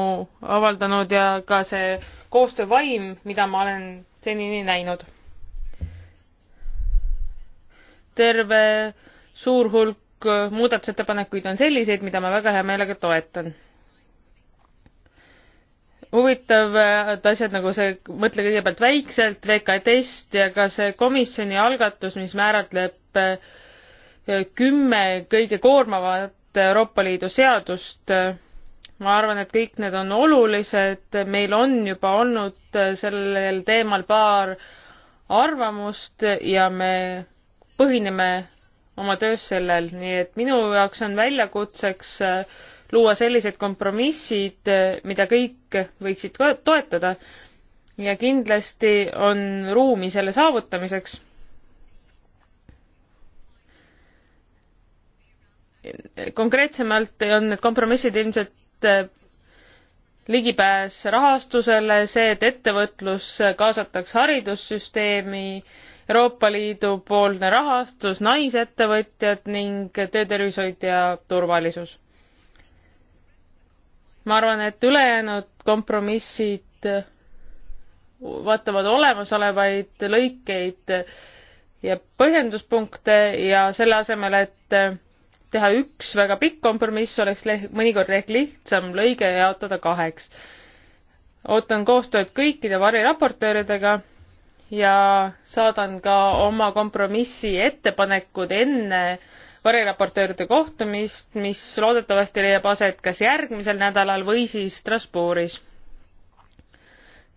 avaldanud ja ka see koostöövaim, mida ma olen senini näinud. terve suur hulk muudatusettepanekuid on selliseid, mida ma väga hea meelega toetan. huvitavad asjad nagu see mõtle kõigepealt väikselt, VKTest ja ka see komisjoni algatus, mis määratleb äh, kümme kõige koormavat Euroopa Liidu seadust. ma arvan, et kõik need on olulised, meil on juba olnud sellel teemal paar arvamust ja me põhineme oma töös sellel, nii et minu jaoks on väljakutseks äh, luua sellised kompromissid, äh, mida kõik võiksid toetada ja kindlasti on ruumi selle saavutamiseks konkreetsemalt on need kompromissid ilmselt äh, ligipääs rahastusele, see, et ettevõtlus kaasataks haridussüsteemi, Euroopa Liidu poolne rahastus, naisettevõtjad ning töötervishoid ja turvalisus. ma arvan, et ülejäänud kompromissid vaatavad olemasolevaid lõikeid ja põhjenduspunkte ja selle asemel, et teha üks väga pikk kompromiss, oleks leht, mõnikord ehk lihtsam lõige jaotada kaheks. ootan koostööd kõikide variraportööridega ja saadan ka oma kompromissi ettepanekud enne variraportööride kohtumist, mis loodetavasti leiab aset kas järgmisel nädalal või siis Strasbourgis.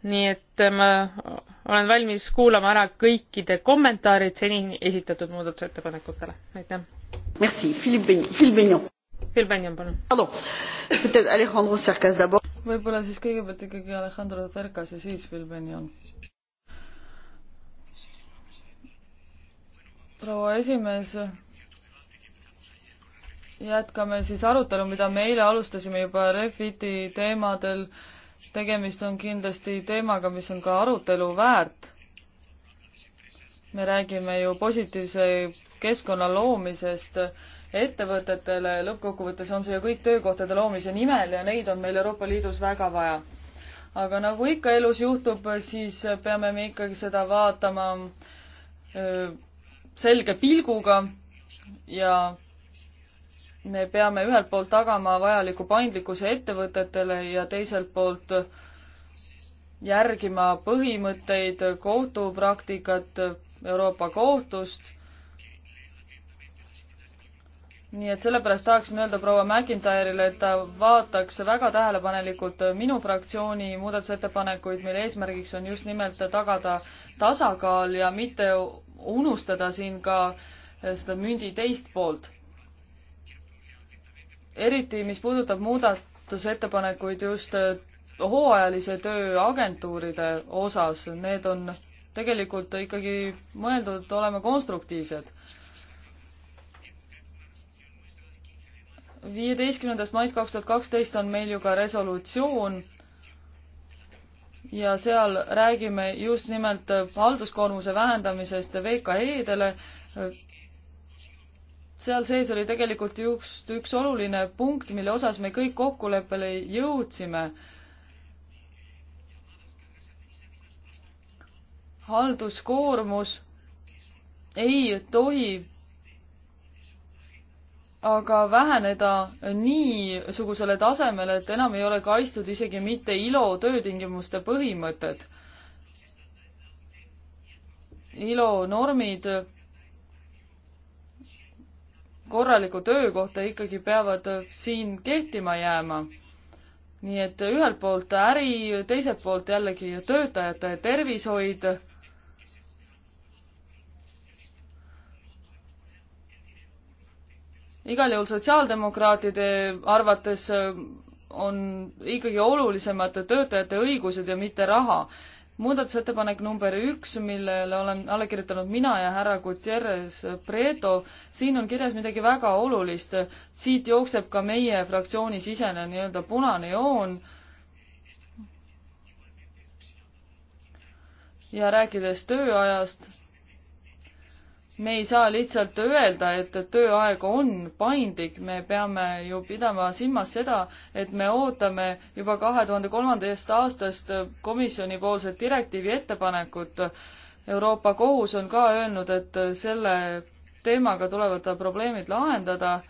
nii et ma olen valmis kuulama ära kõikide kommentaarid seni esitatud muudatusettepanekutele, aitäh! Merci, Philippe Beignon. Philippe Beignon. Phil Benjamin, palun. Pardon, Alejandro Cercas d'abord. võib-olla siis kõigepealt ikkagi Alejandro Cercas ja siis Phil Benjamin. proua esimees, jätkame siis arutelu, mida me eile alustasime juba Refiti teemadel. tegemist on kindlasti teemaga, mis on ka arutelu väärt me räägime ju positiivse keskkonna loomisest ettevõtetele, lõppkokkuvõttes on see ju kõik töökohtade loomise nimel ja neid on meil Euroopa Liidus väga vaja. aga nagu ikka elus juhtub, siis peame me ikkagi seda vaatama selge pilguga ja me peame ühelt poolt tagama vajaliku paindlikkuse ettevõtetele ja teiselt poolt järgima põhimõtteid, kohtupraktikat, Euroopa Kohtust. nii et sellepärast tahaksin öelda proua McIntyre'ile, et ta vaataks väga tähelepanelikult minu fraktsiooni muudatusettepanekuid, mille eesmärgiks on just nimelt tagada tasakaal ja mitte unustada siin ka eh, seda mündi teist poolt. eriti, mis puudutab muudatusettepanekuid just eh, hooajalise töö agentuuride osas, need on tegelikult ikkagi mõeldud olema konstruktiivsed. viieteistkümnendast maist kaks tuhat kaksteist on meil ju ka resolutsioon ja seal räägime just nimelt halduskoormuse vähendamisest VKE-dele. seal sees oli tegelikult just üks oluline punkt, mille osas me kõik kokkuleppele jõudsime halduskoormus ei tohi aga väheneda niisugusele tasemele, et enam ei ole kaitstud isegi mitte ILO töötingimuste põhimõtted. ILO normid korralikku töökohta ikkagi peavad siin kehtima jääma. nii et ühelt poolt äri, teiselt poolt jällegi töötajate tervishoid igal juhul sotsiaaldemokraatide arvates äh, on ikkagi olulisemad töötajate õigused ja mitte raha. muudatusettepanek number üks, millele olen alla kirjutanud mina ja härra Gutierrez Preto, siin on kirjas midagi väga olulist. siit jookseb ka meie fraktsiooni sisene nii-öelda punane joon. ja rääkides tööajast me ei saa lihtsalt öelda, et tööaeg on paindlik, me peame ju pidama silmas seda, et me ootame juba kahe tuhande kolmandast aastast komisjonipoolset direktiivi ettepanekut. Euroopa Kohus on ka öelnud, et selle teemaga tulevad probleemid lahendada.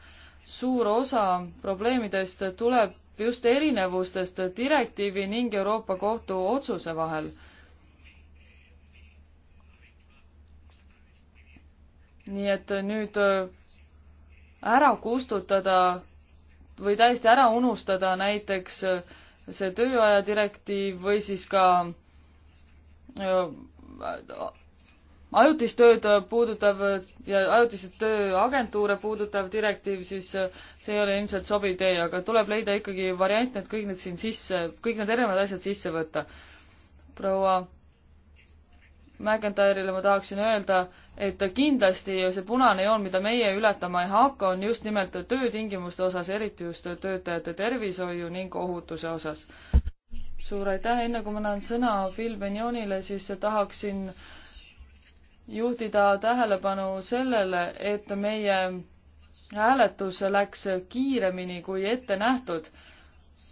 suur osa probleemidest tuleb just erinevustest direktiivi ning Euroopa Kohtu otsuse vahel nii et nüüd äh, ära kustutada või täiesti ära unustada näiteks äh, see tööaja direktiiv või siis ka äh, ajutist tööd puudutav ja ajutist tööagentuure puudutav direktiiv, siis see ei ole ilmselt sobiv tee, aga tuleb leida ikkagi variant, et kõik need siin sisse, kõik need erinevad asjad sisse võtta. proua McIntyre'ile ma tahaksin öelda, et kindlasti see punane joon, mida meie ületama ei hakka, on just nimelt töötingimuste osas, eriti just töötajate tervishoiu ning ohutuse osas. suur aitäh, enne kui ma annan sõna Phil Benjonile, siis tahaksin juhtida tähelepanu sellele, et meie hääletus läks kiiremini kui ette nähtud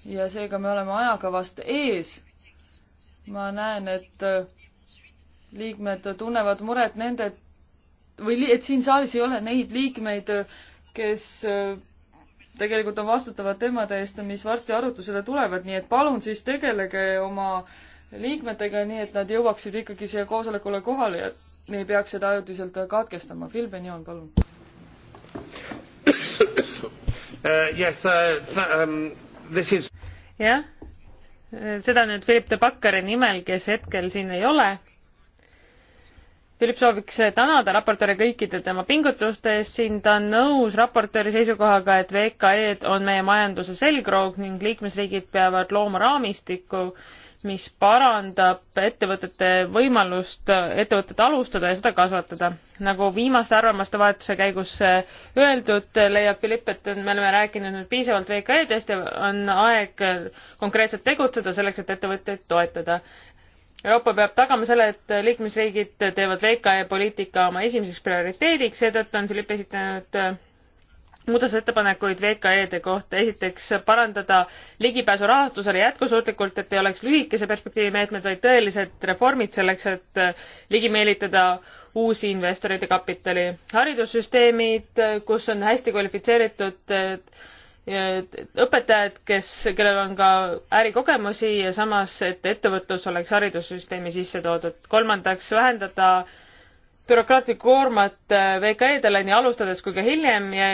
ja seega me oleme ajakavast ees. ma näen, et liikmed tunnevad muret nende või et siin saalis ei ole neid liikmeid, kes äh, tegelikult on vastutavad teemade eest, mis varsti arutusele tulevad, nii et palun siis tegelege oma liikmetega, nii et nad jõuaksid ikkagi siia koosolekule kohale ja me ei peaks seda ajutiselt katkestama. Phil Benjon, palun uh,. Yes, uh, um, this is jah, seda nüüd Philip de Bakkari nimel, kes hetkel siin ei ole Philip sooviks tänada raportööri kõikide tema pingutuste eest, siin ta on nõus raportööri seisukohaga, et VKE-d on meie majanduse selgroog ning liikmesriigid peavad looma raamistiku, mis parandab ettevõtete võimalust ettevõtet alustada ja seda kasvatada. nagu viimaste arvamuste vahetuse käigus öeldud, leiab Philipp, et me oleme rääkinud nüüd piisavalt VKE-dest ja on aeg konkreetselt tegutseda selleks, et ettevõtteid toetada Euroopa peab tagama selle, et liikmesriigid teevad VKE poliitika oma esimeseks prioriteediks, seetõttu on Philipp esitanud äh, muudatusettepanekuid VKE-de kohta. esiteks parandada ligipääsu rahastusele jätkusuutlikult, et ei oleks lühikese perspektiivi meetmed, vaid tõelised reformid selleks, et äh, ligi meelitada uusi investoreid ja kapitali. haridussüsteemid, äh, kus on hästi kvalifitseeritud õpetajad, kes, kellel on ka ärikogemusi ja samas, et ettevõtlus oleks haridussüsteemi sisse toodud. kolmandaks, vähendada bürokraatlikku koormat äh, VKE-dele nii alustades kui ka hiljem ja,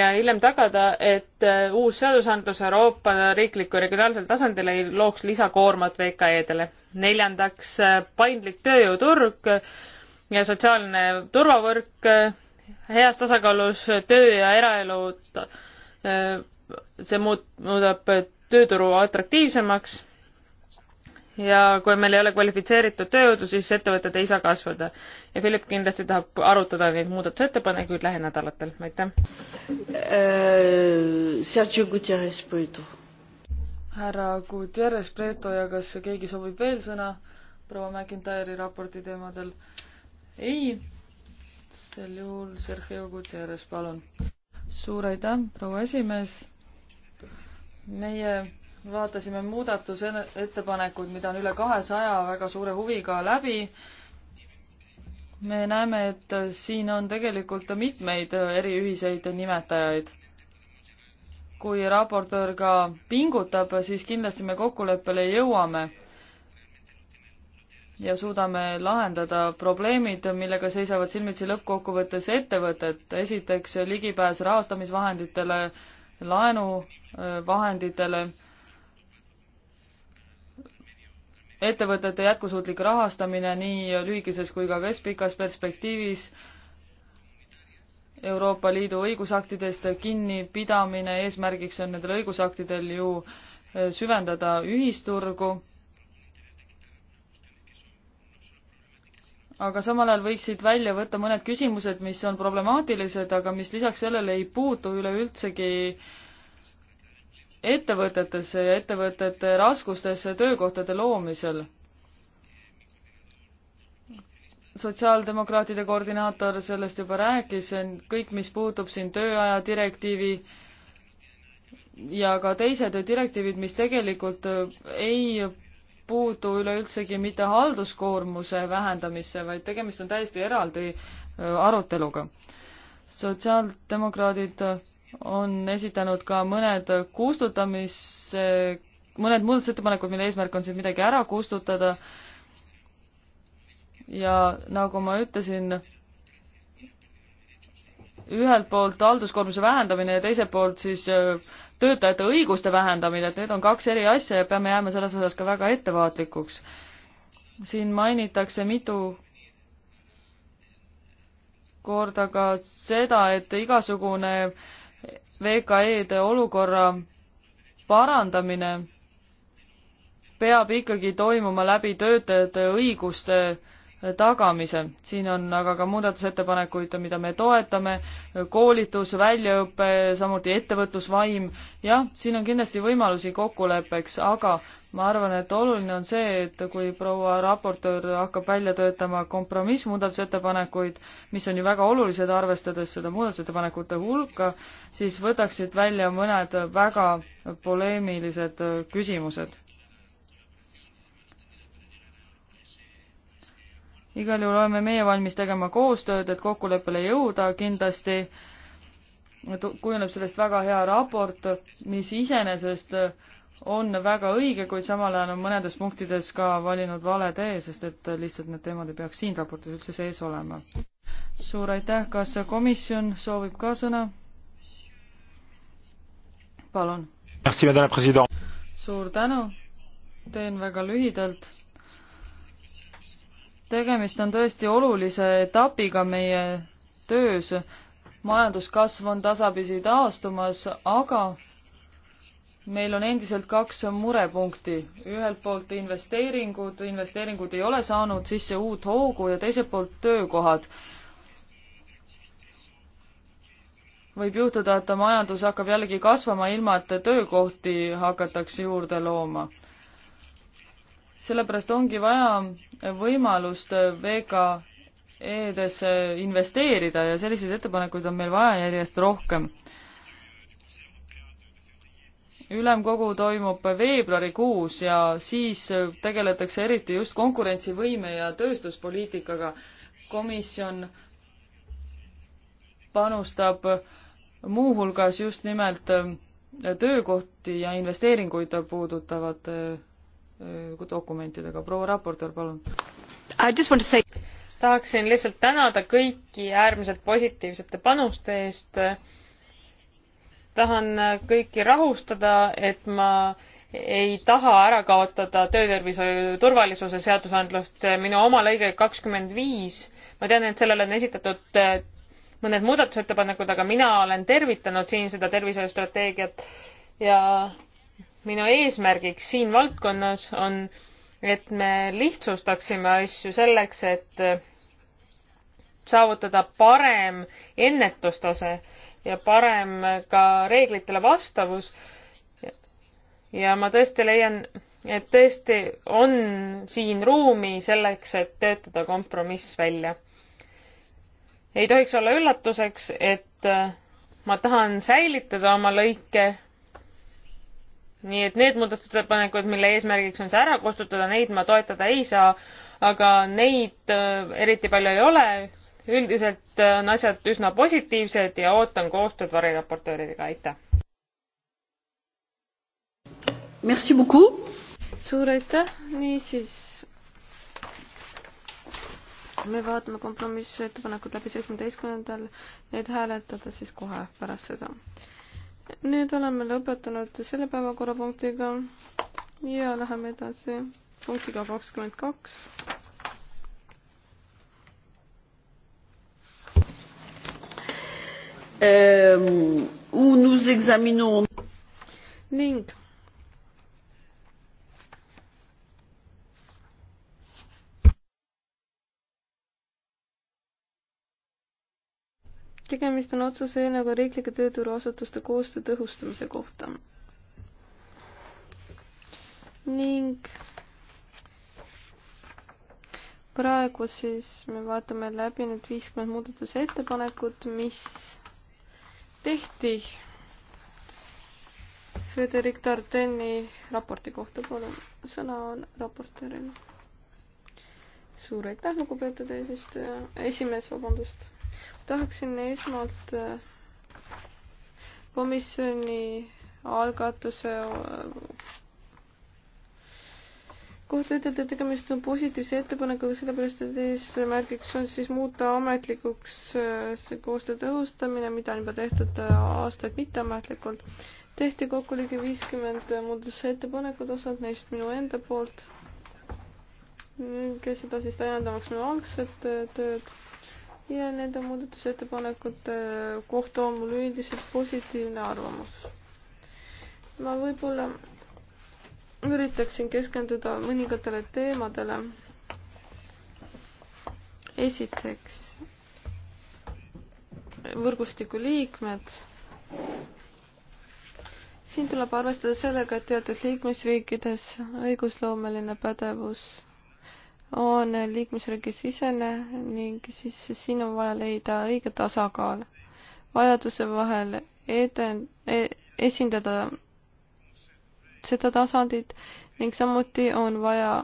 ja hiljem tagada, et äh, uus seadusandlus Euroopa riiklikul regionaalsel tasandil ei looks lisakoormat VKE-dele. neljandaks, äh, paindlik tööjõuturg ja sotsiaalne turvavõrk heas tasakaalus töö ja eraelu see muut-, muudab tööturu atraktiivsemaks ja kui meil ei ole kvalifitseeritud tööjõudu, siis ettevõtted ei saa kasvada. ja Philip kindlasti tahab arutada neid muudatusettepanekuid lähinädalatel, aitäh äh,. Sergio Gutierrez Prieto. härra Gutierrez Prieto ja kas keegi soovib veel sõna proua McIntyre'i raporti teemadel? ei, sel juhul Sergio Gutierrez, palun suur aitäh, proua esimees. meie vaatasime muudatusettepanekuid, mida on üle kahesaja väga suure huviga läbi. me näeme, et siin on tegelikult mitmeid eri ühiseid nimetajaid. kui raportöör ka pingutab, siis kindlasti me kokkuleppele jõuame ja suudame lahendada probleemid, millega seisavad silmitsi lõppkokkuvõttes ettevõtted. esiteks ligipääs rahastamisvahenditele, laenuvahenditele, ettevõtete jätkusuutlik rahastamine nii lühikeses kui ka keskpikas perspektiivis, Euroopa Liidu õigusaktidest kinnipidamine, eesmärgiks on nendel õigusaktidel ju süvendada ühisturgu aga samal ajal võiksid välja võtta mõned küsimused, mis on problemaatilised, aga mis lisaks sellele ei puutu üleüldsegi ettevõtetesse ja ettevõtete raskustesse töökohtade loomisel. sotsiaaldemokraatide koordinaator sellest juba rääkis, kõik, mis puutub siin tööaja direktiivi ja ka teised direktiivid, mis tegelikult ei puudu üleüldsegi mitte halduskoormuse vähendamisse, vaid tegemist on täiesti eraldi aruteluga. sotsiaaldemokraadid on esitanud ka mõned kustutamise, mõned muudatusettepanekud, mille eesmärk on siin midagi ära kustutada. ja nagu ma ütlesin, ühelt poolt halduskoormuse vähendamine ja teiselt poolt siis töötajate õiguste vähendamine, et need on kaks eri asja ja peame jääma selles osas ka väga ettevaatlikuks. siin mainitakse mitu korda ka seda, et igasugune VKE-de olukorra parandamine peab ikkagi toimuma läbi töötajate õiguste äh, tagamise. siin on aga ka muudatusettepanekuid, mida me toetame, koolitus, väljaõpe, samuti ettevõtlusvaim, jah, siin on kindlasti võimalusi kokkuleppeks, aga ma arvan, et oluline on see, et kui proua raportöör hakkab välja töötama kompromissmuudatusettepanekuid, mis on ju väga olulised, arvestades seda muudatusettepanekute hulka, siis võtaksid välja mõned väga poleemilised küsimused igal juhul oleme meie valmis tegema koostööd, et kokkuleppele jõuda, kindlasti kujuneb sellest väga hea raport, mis iseenesest on väga õige, kuid samal ajal on mõnedes punktides ka valinud vale tee, sest et lihtsalt need teemad ei peaks siin raportis üldse sees olema. suur aitäh, kas komisjon soovib ka sõna? palun. suur tänu, teen väga lühidalt tegemist on tõesti olulise etapiga meie töös. majanduskasv on tasapisi taastumas, aga meil on endiselt kaks murepunkti. ühelt poolt investeeringud, investeeringud ei ole saanud sisse uut hoogu ja teiselt poolt töökohad. võib juhtuda, et majandus hakkab jällegi kasvama, ilma et töökohti hakatakse juurde looma sellepärast ongi vaja võimalust VKE-desse investeerida ja selliseid ettepanekuid on meil vaja järjest rohkem. ülemkogu toimub veebruarikuus ja siis tegeletakse eriti just konkurentsivõime ja tööstuspoliitikaga. komisjon panustab muuhulgas just nimelt töökohti ja investeeringuid puudutavate Äh, dokumentidega. proua raportöör, palun. Say... tahaksin lihtsalt tänada kõiki äärmiselt positiivsete panuste eest. tahan kõiki rahustada, et ma ei taha ära kaotada töötervishoiu turvalisuse seadusandlust. minu oma lõige kakskümmend viis, ma tean, et sellele on esitatud äh, mõned muudatusettepanekud, aga mina olen tervitanud siin seda tervishoiustrateegiat ja minu eesmärgiks siin valdkonnas on, et me lihtsustaksime asju selleks, et saavutada parem ennetustase ja parem ka reeglitele vastavus. ja ma tõesti leian, et tõesti on siin ruumi selleks, et töötada kompromiss välja. ei tohiks olla üllatuseks, et ma tahan säilitada oma lõike nii et need muudatusettepanekud, mille eesmärgiks on see ära kustutada, neid ma toetada ei saa, aga neid äh, eriti palju ei ole. üldiselt äh, on asjad üsna positiivsed ja ootan koostööd variraportööridega, aitäh. Merci beaucoup. suur aitäh, niisiis me vaatame kompromissettepanekud läbi seitsmeteistkümnendal, neid hääletada siis kohe pärast seda nüüd oleme lõpetanud selle päevakorrapunktiga ja läheme edasi punktiga kakskümmend kaks. Ehm, où nous examinons ning tegemist on otsuse eelnõuga riiklike tööturuasutuste koostöö tõhustamise kohta. ning praegu siis me vaatame läbi need viiskümmend muudatusettepanekut, mis tehti Frederik Tarteni raporti kohta, palun, sõna on raportööril. suur aitäh, lugupeetud eesistuja, esimees, vabandust tahaksin esmalt äh, komisjoni algatuse äh, kohta ütelda, et tegemist on positiivse ettepanekuga, sellepärast et eesmärgiks on siis muuta ametlikuks äh, see koostöö tõhustamine, mida on juba tehtud aastaid mitteametlikult. tehti kokku ligi viiskümmend muudatusettepanekut, osad neist minu enda poolt. kes seda siis täiendamaks minu algset tööd ja nende muudatusettepanekute kohta on mul üldiselt positiivne arvamus. ma võib-olla üritaksin keskenduda mõningatele teemadele. esiteks, võrgustiku liikmed. siin tuleb arvestada sellega, et teatud liikmesriikides õigusloomeline pädevus on liikmesriigi sisene ning siis siin on vaja leida õige tasakaal vajaduse vahel eden- e,, esindada seda tasandit ning samuti on vaja,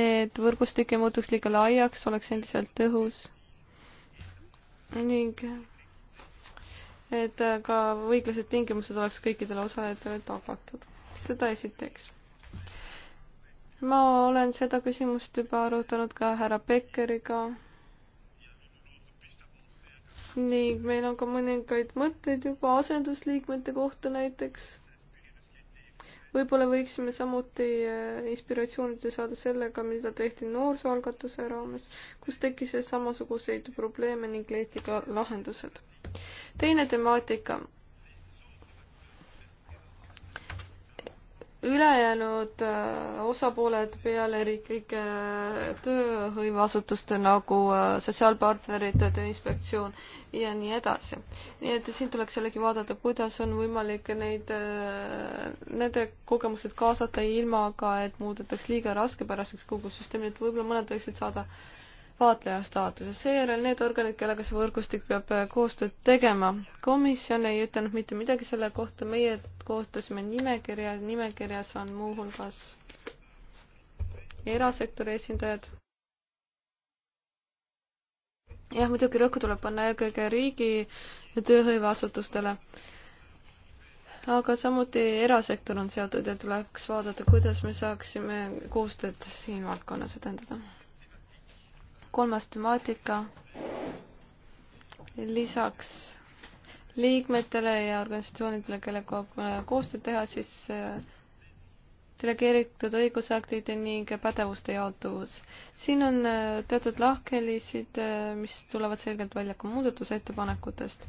et võrgustik ei muutuks liiga laiaks, oleks endiselt tõhus ning et ka õiglased tingimused oleks kõikidele osalejatele tagatud. seda esiteks ma olen seda küsimust juba arutanud ka härra Beckeriga. ning meil on ka mõningaid mõtteid juba asendusliikmete kohta näiteks. võib-olla võiksime samuti äh, inspiratsioonide saada sellega, mida tehti noorsooalgatuse raames, kus tekkis samasuguseid probleeme ning leiti ka lahendused. teine temaatika ülejäänud äh, osapooled peale riiklike äh, tööhõiveasutuste nagu äh, sotsiaalpartnerid, Tööinspektsioon ja nii edasi. nii et siin tuleks jällegi vaadata, kuidas on võimalik neid, nende kogemused kaasata ilma ka, et muudetaks liiga raskepäraseks kogu süsteemi, et võib-olla mõned võiksid saada äh, vaatleja staatuse. seejärel need organid, kellega see võrgustik peab äh, koostööd tegema. komisjon ei ütelnud mitte midagi selle kohta, meie koostasime nimekirja, nimekirjas on muuhulgas erasektori esindajad. jah, muidugi rõhku tuleb panna eelkõige riigi ja tööhõiveasutustele. aga samuti erasektor on seotud ja tuleks vaadata, kuidas me saaksime koostööd siin valdkonnas edendada kolmas temaatika. lisaks liikmetele ja organisatsioonidele, kellega äh, koostööd teha, siis äh, delegeeritud õigusaktid ning pädevuste jaotuvus. siin on äh, teatud lahkhelisid, mis tulevad selgelt välja ka muudatusettepanekutest.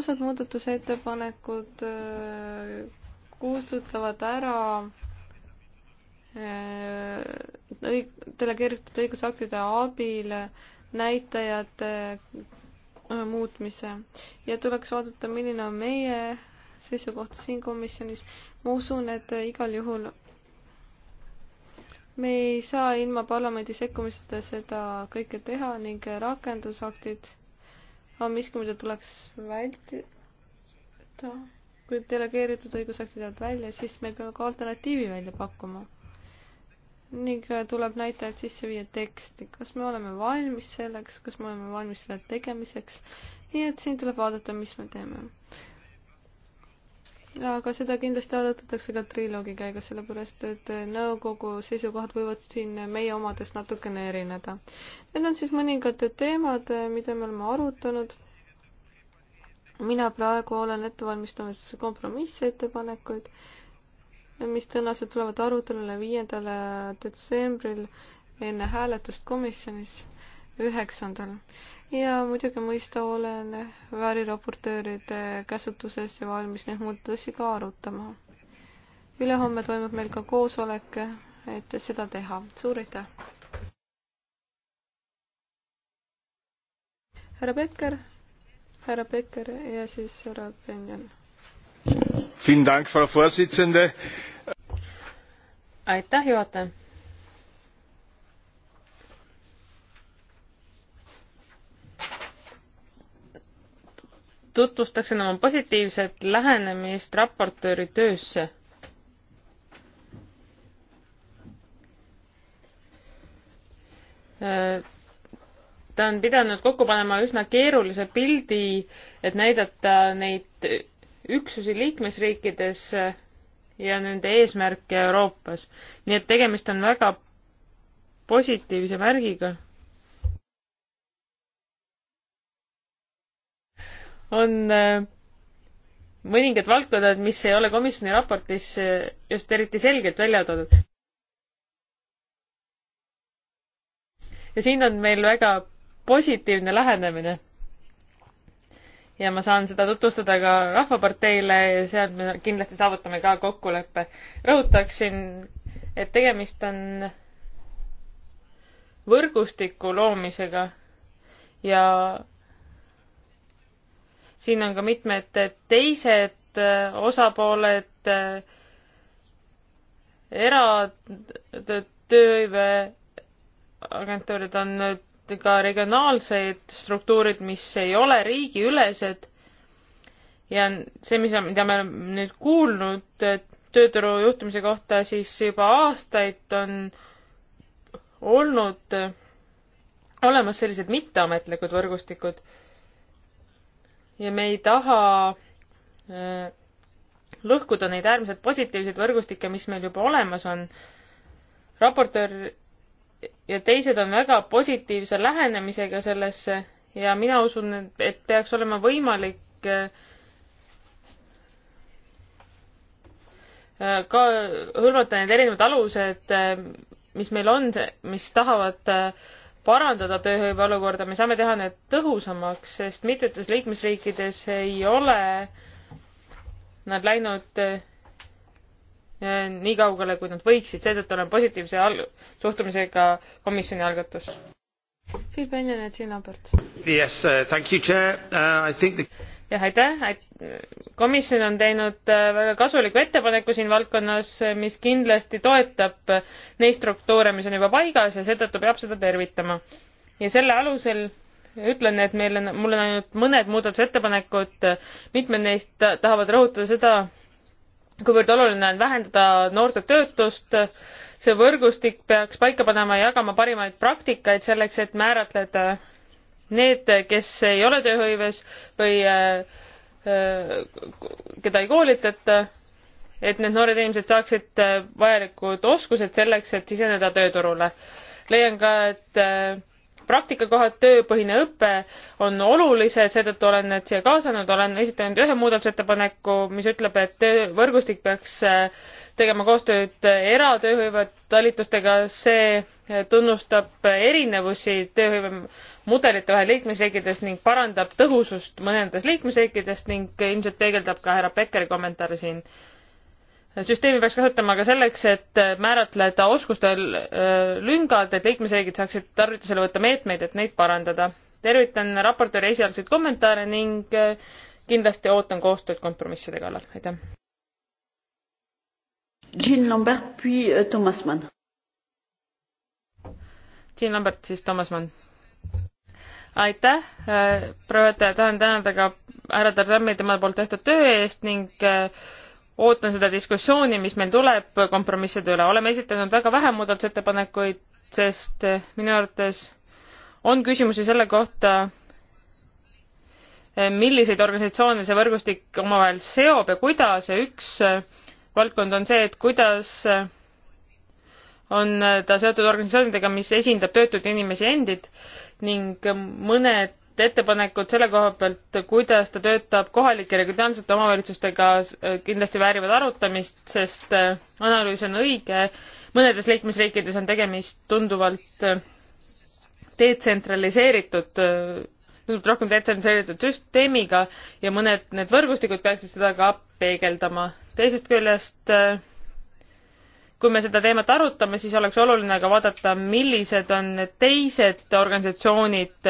osad muudatusettepanekud kustutavad ära Äh, õig-, delegeeritud õigusaktide abil näitajate äh, muutmise ja tuleks vaadata, milline on meie seisukoht siin komisjonis. ma usun, et igal juhul me ei saa ilma parlamendi sekkumiseta seda kõike teha ning rakendusaktid on miski, mida tuleks vältida. kui delegeeritud õigusaktid jäävad välja, siis me peame ka alternatiivi välja pakkuma ning äh, tuleb näitajad sisse viia teksti, kas me oleme valmis selleks, kas me oleme valmis seda tegemiseks. nii et siin tuleb vaadata, mis me teeme. aga seda kindlasti arutatakse ka triloogi käigus, sellepärast et äh, nõukogu seisukohad võivad siin meie omadest natukene erineda. Need on siis mõningad teemad, äh, mida me oleme arutanud. mina praegu olen ette valmistamas kompromissettepanekuid et mis tõenäoliselt tulevad arutelule viiendal äh, detsembril enne hääletust komisjonis üheksandal. ja muidugi mõista olen vääriraportööride käsutuses ja valmis neid muudatusi ka arutama. ülehomme toimub meil ka koosolek, et seda teha. suur aitäh! härra Becker, härra Becker ja siis härra Benjon. Vielen Dank, Frau Vorsitzende aitäh, juhataja. tutvustaksin oma positiivset lähenemist raportööri töösse ta on pidanud kokku panema üsna keerulise pildi, et näidata neid üksusi liikmesriikides ja nende eesmärke Euroopas. nii et tegemist on väga positiivse märgiga. on äh, mõningad valdkonnad, mis ei ole komisjoni raportis äh, just eriti selgelt välja toodud. ja siin on meil väga positiivne lähenemine ja ma saan seda tutvustada ka Rahvaparteile ja sealt me kindlasti saavutame ka kokkuleppe. rõhutaksin, et tegemist on võrgustiku loomisega ja siin on ka mitmed teised osapooled, eratööhõive agentuurid on nüüd ka regionaalsed struktuurid, mis ei ole riigiülesed. ja see, mis, mida me oleme nüüd kuulnud tööturu juhtimise kohta, siis juba aastaid on olnud olemas sellised mitteametlikud võrgustikud. ja me ei taha äh, lõhkuda neid äärmiselt positiivseid võrgustikke, mis meil juba olemas on. raportöör ja teised on väga positiivse lähenemisega sellesse ja mina usun, et peaks olema võimalik äh, ka hõlmata need erinevad alused, äh, mis meil on, mis tahavad äh, parandada tööhõive olukorda, me saame teha need tõhusamaks, sest mitmetes liikmesriikides ei ole nad läinud nii kaugele, kui nad võiksid, seetõttu olen positiivse al-, suhtumisega komisjoni algatus. Phil Benjamin ja Jean Albert. Yes uh,, thank you, chair uh,, I think the jah, aitäh, komisjon on teinud uh, väga kasuliku ettepaneku siin valdkonnas, uh, mis kindlasti toetab uh, neid struktuure, mis on juba paigas ja seetõttu peab seda tervitama. ja selle alusel ütlen, et meil on, mul on ainult mõned muudatusettepanekud, mitmed neist tahavad rõhutada seda, kuivõrd oluline on vähendada noorte töötust. see võrgustik peaks paika panema ja jagama parimaid praktikaid selleks, et määratleda need, kes ei ole tööhõives või äh, äh, keda ei koolitata, et need noored inimesed saaksid äh, vajalikud oskused selleks, et siseneda tööturule. leian ka, et praktikakohad, tööpõhine õpe on olulised, seetõttu olen need siia kaasanud, olen esitanud ühe muudatusettepaneku, mis ütleb, et töövõrgustik peaks äh, tegema koostööd eratööhõivetalitustega, see äh, tunnustab erinevusi tööhõivemudelite vahel liikmesriikides ning parandab tõhusust mõnedes liikmesriikidest ning ilmselt peegeldab ka härra Pekkeri kommentaare siin süsteemi peaks kasutama ka selleks, et määratleda oskustel äh, lüngad, et liikmesriigid saaksid tarvitusele võtta meetmeid, et neid parandada. tervitan raportööri esialgseid kommentaare ning äh, kindlasti ootan koostööd kompromisside kallal, aitäh. Jean Lambert, puis äh, Thomas Mann. Jean Lambert, siis Thomas Mann. aitäh, proua juhataja, tahan tänada ka härra Tartammi tema poolt tehtud töö eest ning äh, ootan seda diskussiooni, mis meil tuleb kompromisside üle. oleme esitanud väga vähe muudatusettepanekuid, sest minu arvates on küsimusi selle kohta, milliseid organisatsioone see võrgustik omavahel seob ja kuidas ja üks valdkond on see, et kuidas on ta seotud organisatsioonidega, mis esindab töötuid inimesi endid ning mõned konkreetset ettepanekut selle koha pealt, kuidas ta töötab kohalike regionaalsete omavalitsustega, kindlasti väärivad arutamist, sest äh, analüüs on õige. mõnedes liikmesriikides on tegemist tunduvalt äh, detsentraliseeritud, äh, tunduvalt rohkem detsentraliseeritud süsteemiga ja mõned need võrgustikud peaksid seda ka peegeldama. teisest küljest kui me seda teemat arutame, siis oleks oluline ka vaadata, millised on teised organisatsioonid,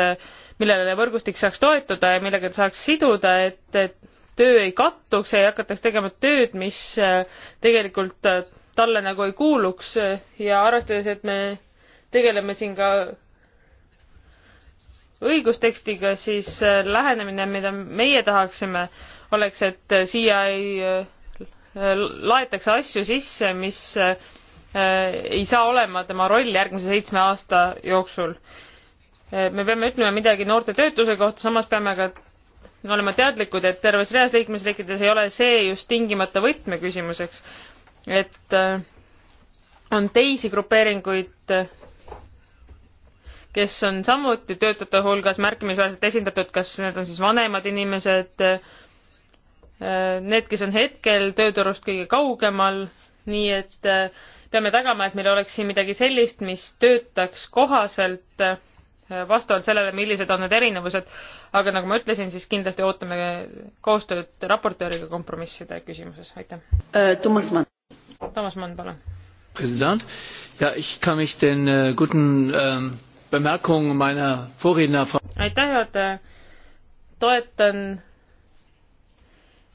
millele võrgustik saaks toetuda ja millega ta saaks siduda, et, et töö ei kattuks ja ei hakataks tegema tööd, mis äh, tegelikult äh, talle nagu ei kuuluks ja arvestades, et me tegeleme siin ka õigustekstiga, siis äh, lähenemine, mida meie tahaksime, oleks, et siia ei laetakse asju sisse, mis ei saa olema tema roll järgmise seitsme aasta jooksul Eh, me peame ütlema midagi noorte töötuse kohta, samas peame ka olema teadlikud, et terves reas liikmesriikides ei ole see just tingimata võtmeküsimuseks. et eh, on teisi grupeeringuid, kes on samuti töötute hulgas märkimisväärselt esindatud, kas need on siis vanemad inimesed, eh, need, kes on hetkel tööturust kõige kaugemal, nii et peame tagama, et meil oleks siin midagi sellist, mis töötaks kohaselt vastavalt sellele, millised on need erinevused, aga nagu ma ütlesin, siis kindlasti ootame koostööd raportööriga kompromisside küsimuses, aitäh. Äh, Toomas Mann. Toomas Mann, palun. president, ja ich kann mich den äh, guten ähm, bemerkungen meiner Vorredner aitäh, juhataja. toetan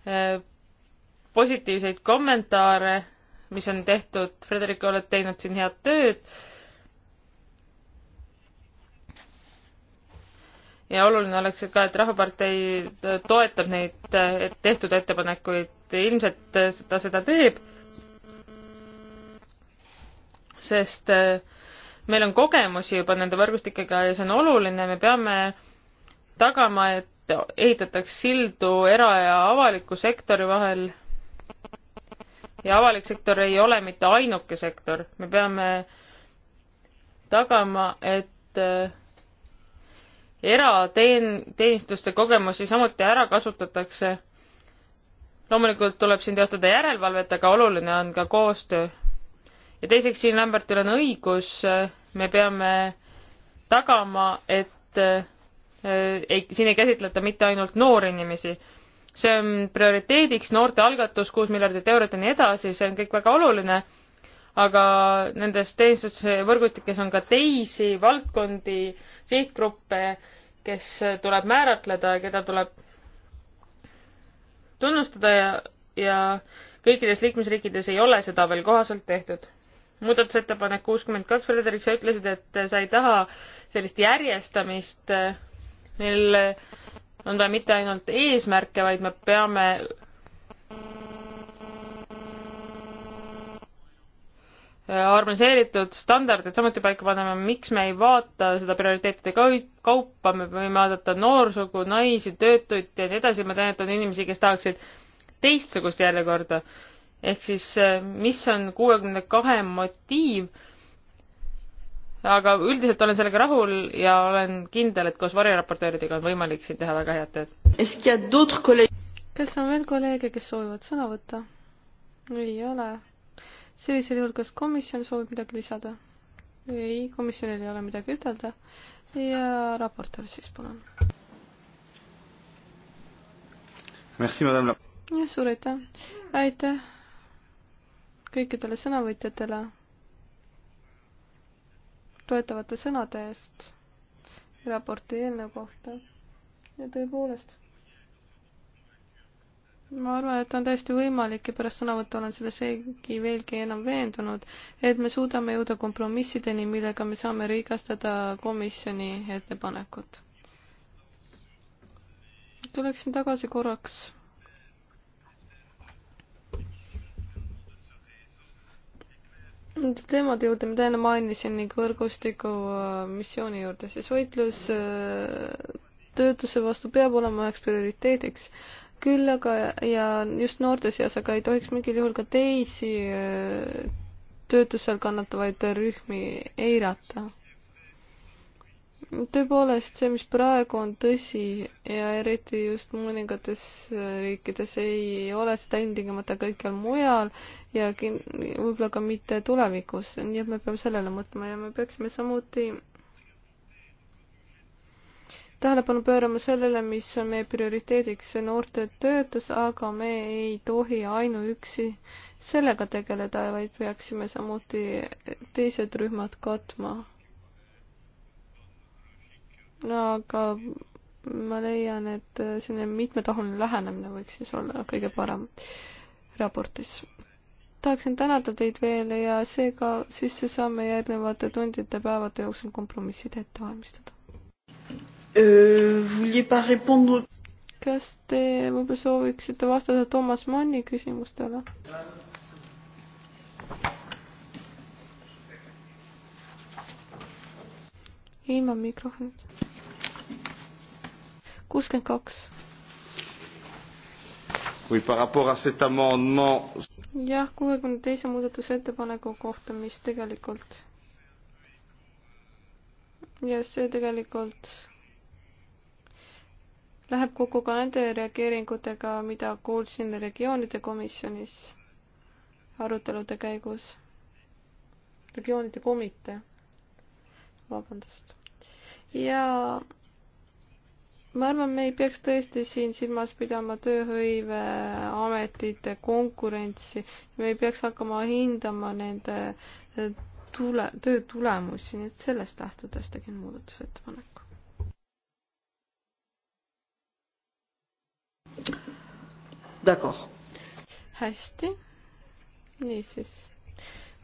äh, positiivseid kommentaare, mis on tehtud, Frederik, oled teinud siin head tööd äh, ja oluline oleks ka, et Rahvapartei toetab neid tehtud ettepanekuid, ilmselt ta seda teeb, sest eh, meil on kogemusi juba nende võrgustikega ja see on oluline, me peame tagama, et ehitataks sildu era- ja avaliku sektori vahel. ja avalik sektor ei ole mitte ainuke sektor, me peame tagama, et eh, erateenistuste kogemusi samuti ära kasutatakse. loomulikult tuleb siin teostada järelevalvet, aga oluline on ka koostöö. ja teiseks, siin Lambertil on õigus, me peame tagama, et äh, ei, siin ei käsitleta mitte ainult noori inimesi. see on prioriteediks noorte algatus, kuus miljardit eurot ja nii edasi, see on kõik väga oluline, aga nendes teenistusvõrgustikes on ka teisi valdkondi, sihtgruppe, kes tuleb määratleda ja keda tuleb tunnustada ja, ja kõikides liikmesriikides ei ole seda veel kohaselt tehtud. muudatusettepanek kuuskümmend kaks, Frederik, sa ütlesid, et sa ei taha sellist järjestamist, mil eh, on vaja mitte ainult eesmärke, vaid me peame Äh, harmoniseeritud standardid samuti paika panema, miks me ei vaata seda prioriteetide kaupa, me võime vaadata noorsugu, naisi, töötuid ja nii edasi, ma tean, et on inimesi, kes tahaksid teistsugust järjekorda. ehk siis äh, mis on kuuekümne kahe motiiv, aga üldiselt olen sellega rahul ja olen kindel, et koos variraportööridega on võimalik siin teha väga head tööd. kas on veel kolleege, kes soovivad sõna võtta? ei ole sellisel juhul, kas komisjon soovib midagi lisada? ei, komisjonil ei ole midagi ütelda ja raportöör siis palun. jah, suur aitäh. aitäh kõikidele sõnavõtjatele toetavate sõnade eest raporti eelnõu kohta ja tõepoolest ma arvan, et on täiesti võimalik ja pärast sõnavõttu olen selles seegi veelgi enam veendunud, et me suudame jõuda kompromissideni, millega me saame rikastada komisjoni ettepanekut. tuleksin tagasi korraks Nende teemade juurde, mida enne mainisin, ning võrgustiku äh, missiooni juurde, siis võitlus äh, töötuse vastu peab olema üheks prioriteediks küll aga ja just noorte seas, aga ei tohiks mingil juhul ka teisi äh, töötusel kannatavaid rühmi eirata. tõepoolest, see, mis praegu on tõsi ja eriti just mõningates äh, riikides ei ole seda ilmtingimata kõikjal mujal ja võib-olla ka mitte tulevikus, nii et me peame sellele mõtlema ja me peaksime samuti tähelepanu pöörama sellele, mis on meie prioriteediks, see noorte töötus, aga me ei tohi ainuüksi sellega tegeleda, vaid peaksime samuti teised rühmad katma. no aga ma leian, et selline mitmetahuline lähenemine võiks siis olla kõige parem raportis. tahaksin tänada teid veel ja seega sisse saame järgnevate tundide-päevade jooksul kompromissid ette valmistada. Euh, kas te võib-olla sooviksite vastata Toomas Manni küsimustele? ilma mikrofonita. kuuskümmend kaks. Oui, par rapport à cet amendement. jah, kuuekümne teise muudatusettepaneku kohta, mis tegelikult ja see tegelikult läheb kokku ka nende reageeringutega, mida kuulsin regioonide komisjonis arutelude käigus. regioonide komitee, vabandust. ja ma arvan, me ei peaks tõesti siin silmas pidama tööhõiveametite konkurentsi, me ei peaks hakkama hindama nende tule, töö tulemusi, nii et sellest lähtudes tegin muudatusettepaneku. hästi, niisiis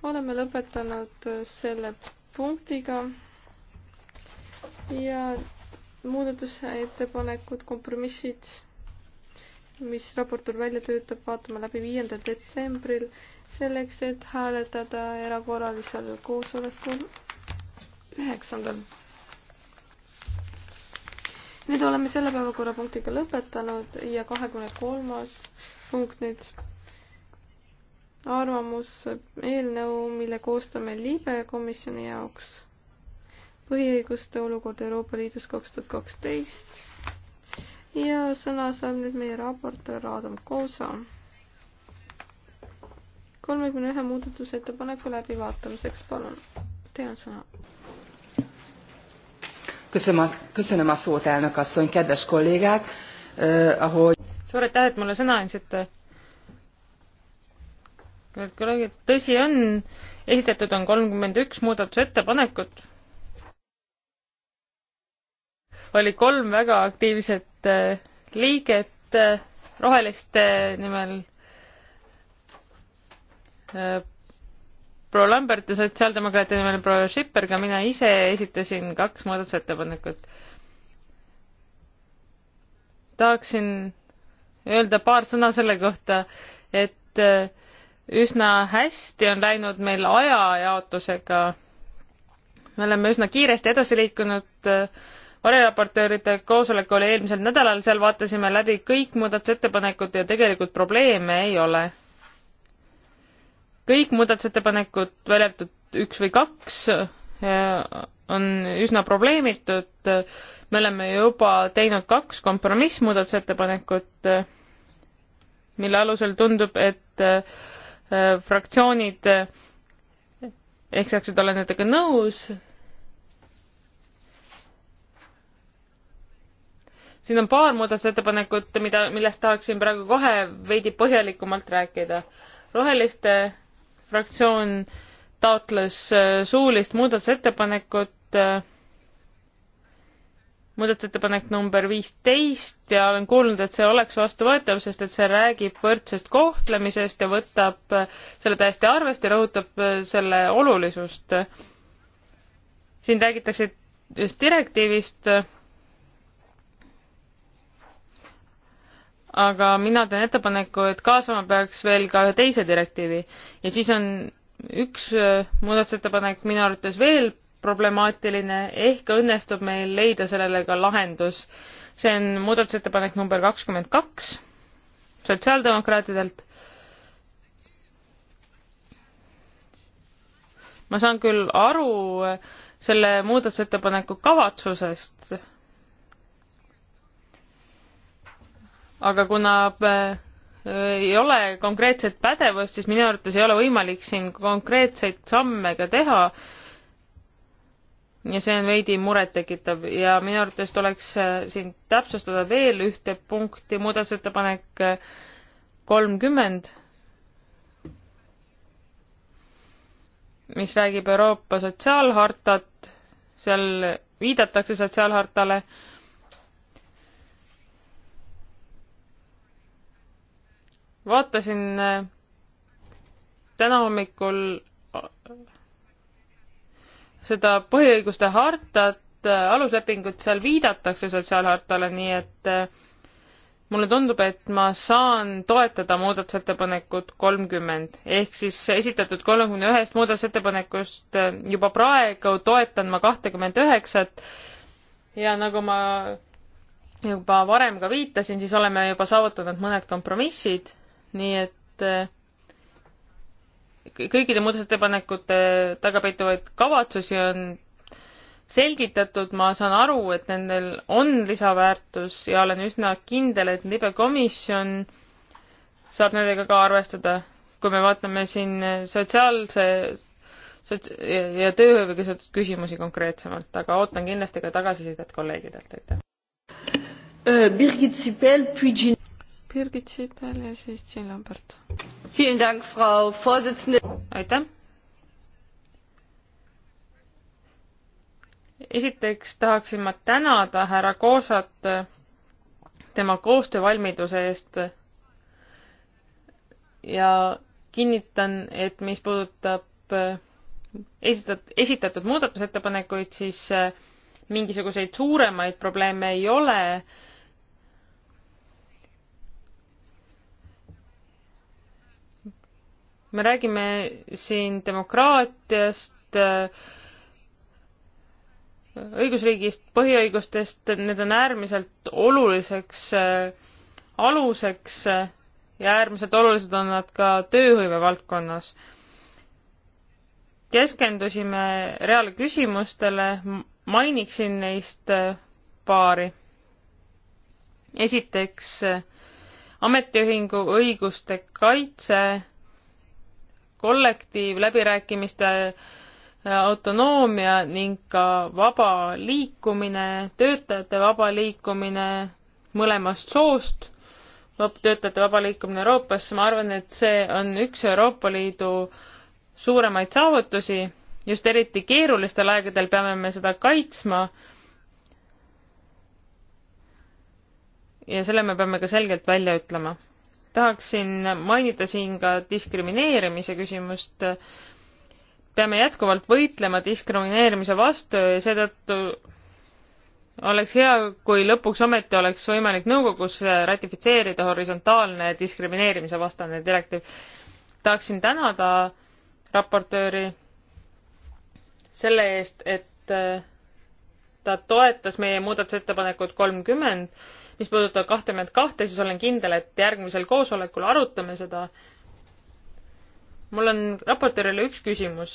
oleme lõpetanud äh, selle punktiga ja muudatusettepanekud, kompromissid, mis raportöör välja töötab, vaatame läbi viiendal detsembril selleks, et hääletada erakorralisel koosolekul üheksandal nüüd oleme selle päevakorrapunktiga lõpetanud ja kahekümne kolmas punkt nüüd arvamus, eelnõu, mille koostame libe komisjoni jaoks. põhiõiguste olukord Euroopa Liidus kaks tuhat kaksteist. ja sõna saab nüüd meie raportöör Adam Koosa. kolmekümne ühe muudatusettepaneku läbivaatamiseks, palun, teil on sõna Köszönöm a, köszönöm a szót, elnök asszony, kedves kollégák, eh, ahogy... suur aitäh, et mulle sõna andsite. head kolleegid, tõsi on, esitatud on kolmkümmend üks muudatusettepanekut. oli kolm väga aktiivset äh, liiget äh, roheliste nimel äh, proua Lambert ja sotsiaaldemokraatide nimel proua Schipper, ka mina ise esitasin kaks muudatusettepanekut. tahaksin öelda paar sõna selle kohta, et äh, üsna hästi on läinud meil ajajaotusega. me oleme üsna kiiresti edasi liikunud. Äh, variraportööride koosolek oli eelmisel nädalal, seal vaatasime läbi kõik muudatusettepanekud ja tegelikult probleeme ei ole kõik muudatusettepanekud, välja arvatud üks või kaks, on üsna probleemitud. me oleme juba teinud kaks kompromissmuudatusettepanekut, mille alusel tundub, et äh, fraktsioonid ehk saaksid olla nendega nõus. siin on paar muudatusettepanekut, mida, millest tahaksin praegu kohe veidi põhjalikumalt rääkida. roheliste fraktsioon taotles äh, suulist muudatusettepanekut, äh, muudatusettepanek number viisteist ja olen kuulnud, et see oleks vastuvõetav, sest et see räägib võrdsest kohtlemisest ja võtab äh, selle täiesti arvest ja rõhutab selle olulisust. siin räägitakse just direktiivist aga mina teen ettepaneku, et kaasama peaks veel ka ühe teise direktiivi ja siis on üks äh, muudatusettepanek minu arvates veel problemaatiline, ehk õnnestub meil leida sellele ka lahendus. see on muudatusettepanek number kakskümmend kaks sotsiaaldemokraatidelt. ma saan küll aru äh, selle muudatusettepaneku kavatsusest, aga kuna äh, ei ole konkreetset pädevust, siis minu arvates ei ole võimalik siin konkreetseid samme ka teha. ja see on veidi murettekitav ja minu arvates tuleks äh, siin täpsustada veel ühte punkti, muudatusettepanek äh, kolmkümmend, mis räägib Euroopa sotsiaalhartat, seal viidatakse sotsiaalhartale vaatasin äh, täna hommikul äh, seda põhiõiguste hartat, äh, aluslepingut, seal viidatakse sotsiaalhartale, nii et mulle tundub, et ma saan toetada muudatusettepanekut kolmkümmend, ehk siis esitatud kolmekümne ühest muudatusettepanekust juba praegu toetan ma kahtekümmet üheksat ja nagu ma juba varem ka viitasin, siis oleme juba saavutanud mõned kompromissid nii et eh, kõikide muudatusettepanekute taga peituvaid kavatsusi on selgitatud, ma saan aru, et nendel on lisaväärtus ja olen üsna kindel, et libekomisjon saab nendega ka arvestada. kui me vaatame siin sotsiaalse sots- ja tööhõivega seotud küsimusi konkreetsemalt, aga ootan kindlasti ka tagasisidet kolleegidelt, aitäh. Äh, Birgit Sipel, Püdžin. Birgit Sipel ja siis Jean Lambert. aitäh. esiteks tahaksin ma tänada härra Koosat tema koostöövalmiduse eest ja kinnitan, et mis puudutab esitat-, esitatud muudatusettepanekuid, siis mingisuguseid suuremaid probleeme ei ole me räägime siin demokraatiast, õigusriigist, põhiõigustest, need on äärmiselt oluliseks aluseks ja äärmiselt olulised on nad ka tööhõive valdkonnas. keskendusime reaalküsimustele, mainiksin neist paari. esiteks ametiühingu õiguste kaitse kollektiivläbirääkimiste äh, autonoomia ning ka vaba liikumine, töötajate vaba liikumine mõlemast soost, töötajate vaba liikumine Euroopasse, ma arvan, et see on üks Euroopa Liidu suuremaid saavutusi, just eriti keerulistel aegadel peame me seda kaitsma. ja selle me peame ka selgelt välja ütlema tahaksin mainida siin ka diskrimineerimise küsimust. peame jätkuvalt võitlema diskrimineerimise vastu ja seetõttu oleks hea, kui lõpuks ometi oleks võimalik nõukogus ratifitseerida horisontaalne diskrimineerimise vastane direktiiv. tahaksin tänada raportööri selle eest, et ta toetas meie muudatusettepanekut kolmkümmend mis puudutab kahtekümmet kahte, siis olen kindel, et järgmisel koosolekul arutame seda. mul on raportöörile üks küsimus.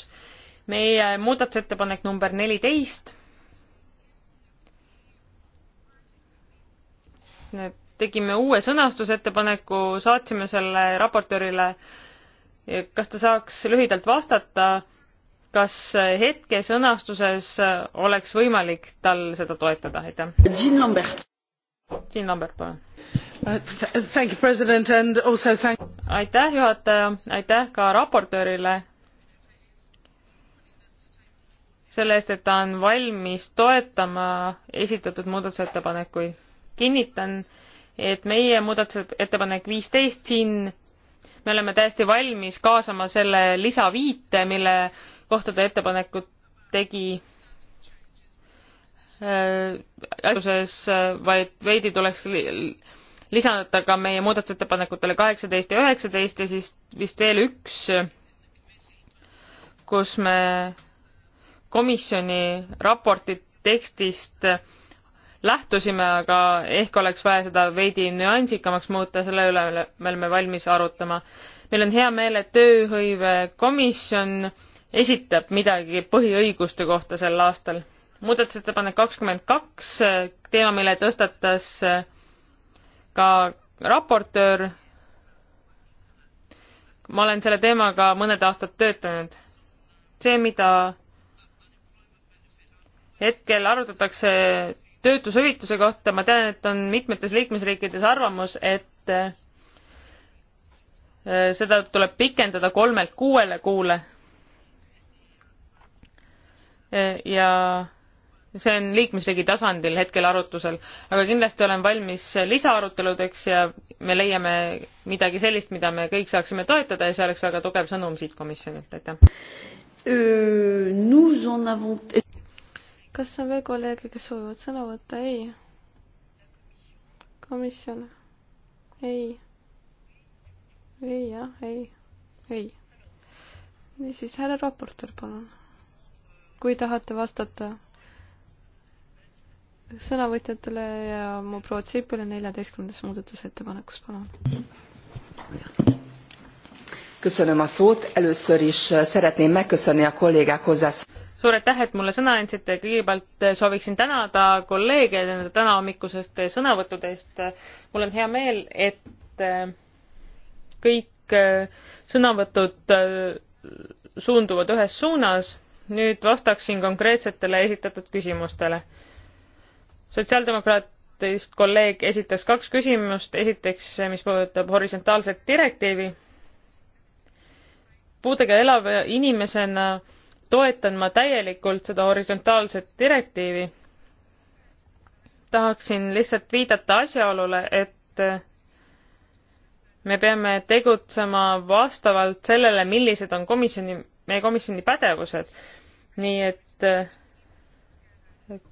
meie muudatusettepanek number neliteist. tegime uue sõnastusettepaneku, saatsime selle raportöörile. kas ta saaks lühidalt vastata? kas hetke sõnastuses oleks võimalik tal seda toetada, aitäh. Jean Lambert. Jean Lambert, palun. Uh, thank you, president and also thank aitäh, juhataja, aitäh ka raportöörile selle eest, et ta on valmis toetama esitatud muudatusettepanekuid. kinnitan, et meie muudatusettepanek viisteist siin, me oleme täiesti valmis kaasama selle lisaviite, mille kohta ta ettepanekut tegi Äh, alguses, äh, vaid veidi tuleks lisada ka meie muudatusettepanekutele kaheksateist ja üheksateist ja siis vist veel üks, kus me komisjoni raporti tekstist lähtusime, aga ehk oleks vaja seda veidi nüansikamaks muuta, selle üle me oleme valmis arutama. meil on hea meel, et tööhõivekomisjon esitab midagi põhiõiguste kohta sel aastal muudatusettepanek kakskümmend kaks, teema, mille tõstatas ka raportöör. ma olen selle teemaga mõned aastad töötanud. see, mida hetkel arutatakse töötushüvitise kohta, ma tean, et on mitmetes liikmesriikides arvamus, et äh, seda tuleb pikendada kolmelt kuuele kuule. Äh, ja see on liikmesriigi tasandil hetkel arutusel, aga kindlasti olen valmis lisaaruteludeks ja me leiame midagi sellist, mida me kõik saaksime toetada ja see oleks väga tugev sõnum siit komisjonilt, aitäh. Äh, kas on veel kolleege, kes soovivad sõna võtta? ei. komisjon? ei. ei jah, ei, ei. niisiis, härra raportöör, palun. kui tahate vastata sõnavõtjatele ja mu proua Tsipule neljateistkümnendas muudatusettepanekus, palun. Köszönöm a szót, először is szeretném megköszönni a kollégák hozzász-. suur aitäh, et mulle sõna andsite, kõigepealt sooviksin tänada kolleege nende tänahommikusest sõnavõttude eest. mul on hea meel, et kõik sõnavõtud suunduvad ühes suunas. nüüd vastaksin konkreetsetele esitatud küsimustele sotsiaaldemokraatidest kolleeg esitas kaks küsimust, esiteks, mis puudutab horisontaalset direktiivi. puudega elava inimesena toetan ma täielikult seda horisontaalset direktiivi. tahaksin lihtsalt viidata asjaolule, et me peame tegutsema vastavalt sellele, millised on komisjoni, meie komisjoni pädevused. nii et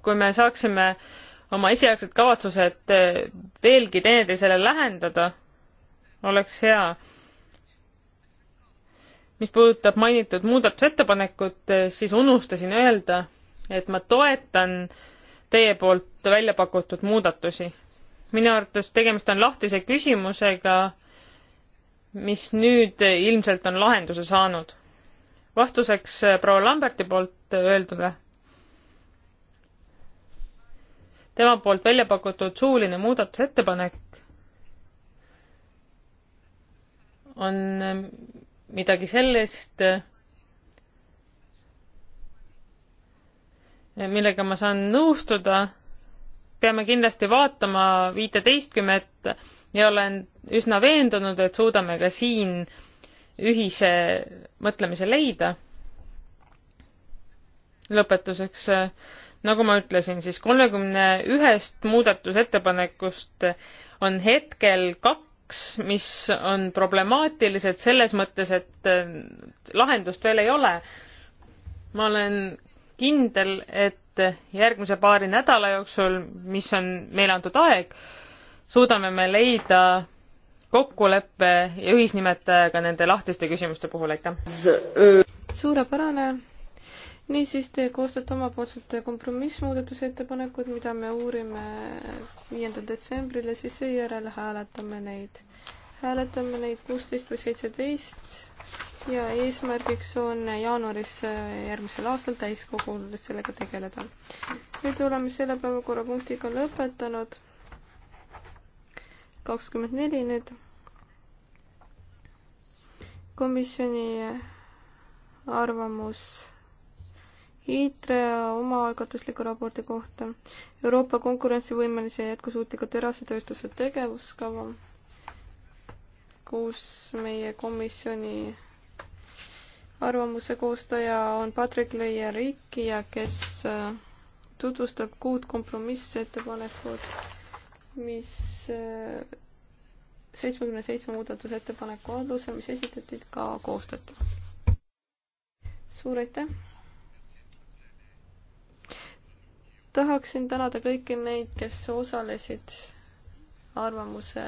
kui me saaksime äh, oma esialgsed kavatsused eh, veelgi teineteisele lähendada, oleks hea. mis puudutab mainitud muudatusettepanekut, eh, siis unustasin öelda, et ma toetan teie poolt välja pakutud muudatusi. minu arvates tegemist on lahtise küsimusega, mis nüüd ilmselt on lahenduse saanud. vastuseks eh, proua Lamberti poolt öeldule tema poolt välja pakutud suuline muudatusettepanek on midagi sellest, millega ma saan nõustuda. peame kindlasti vaatama viiteistkümmet ja olen üsna veendunud, et suudame ka siin ühise mõtlemise leida. lõpetuseks nagu ma ütlesin, siis kolmekümne ühest muudatusettepanekust on hetkel kaks, mis on problemaatilised selles mõttes, et lahendust veel ei ole. ma olen kindel, et järgmise paari nädala jooksul, mis on meile antud aeg, suudame me leida kokkuleppe ja ühisnimetajaga nende lahtiste küsimuste puhul, aitäh! suurepärane niisiis, te koostate omapoolsed kompromissmuudatusettepanekud, mida me uurime viiendal detsembril ja siis seejärel hääletame neid. hääletame neid kuusteist või seitseteist ja eesmärgiks on jaanuaris järgmisel aastal täiskogul sellega tegeleda. nüüd oleme selle päevakorrapunktiga lõpetanud. kakskümmend neli nüüd. komisjoni arvamus ITRE omaalgatusliku raporti kohta Euroopa konkurentsivõimelise ja jätkusuutliku terasetööstuse tegevuskava, kus meie komisjoni arvamuse koostaja on Patrick Leia-Rikki ja kes äh, tutvustab kuut kompromissettepanekut, mis äh, seitsmekümne seitsme muudatusettepaneku alusel, mis esitati, ka koostati. suur aitäh! tahaksin tänada kõiki neid, kes osalesid arvamuse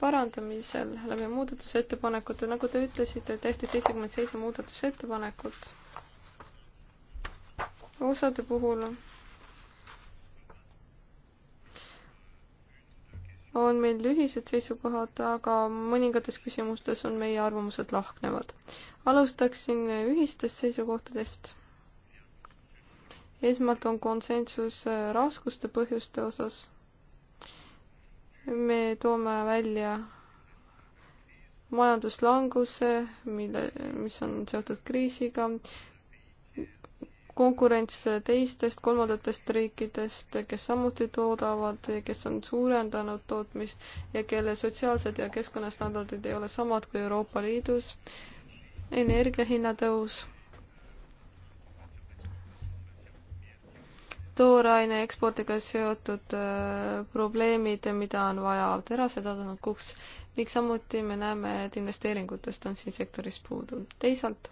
parandamisel läbi muudatusettepanekute, nagu te ütlesite, tehti seitsekümmend seitse muudatusettepanekut. osade puhul on meil ühised seisukohad, aga mõningates küsimustes on meie arvamused lahknevad. alustaksin ühistest seisukohtadest esmalt on konsensus äh, raskuste põhjuste osas. me toome välja majanduslanguse, mille, mis on seotud kriisiga, konkurents teistest kolmandatest riikidest, kes samuti toodavad, kes on suurendanud tootmist ja kelle sotsiaalsed ja keskkonnastandardid ei ole samad kui Euroopa Liidus, energia hinnatõus tooraine ekspordiga seotud äh, probleemid, mida on vaja terasetasandikuks ning samuti me näeme, et investeeringutest on siin sektoris puudu. teisalt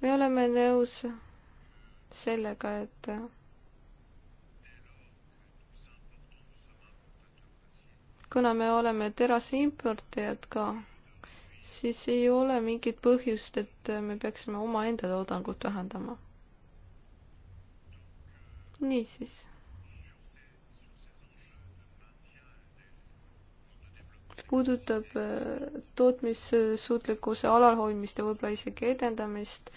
me oleme nõus sellega, et kuna me oleme terase importijad ka, siis ei ole mingit põhjust, et me peaksime omaenda toodangut vähendama niisiis. puudutab äh, tootmissuutlikkuse alalhoidmist ja võib-olla isegi edendamist,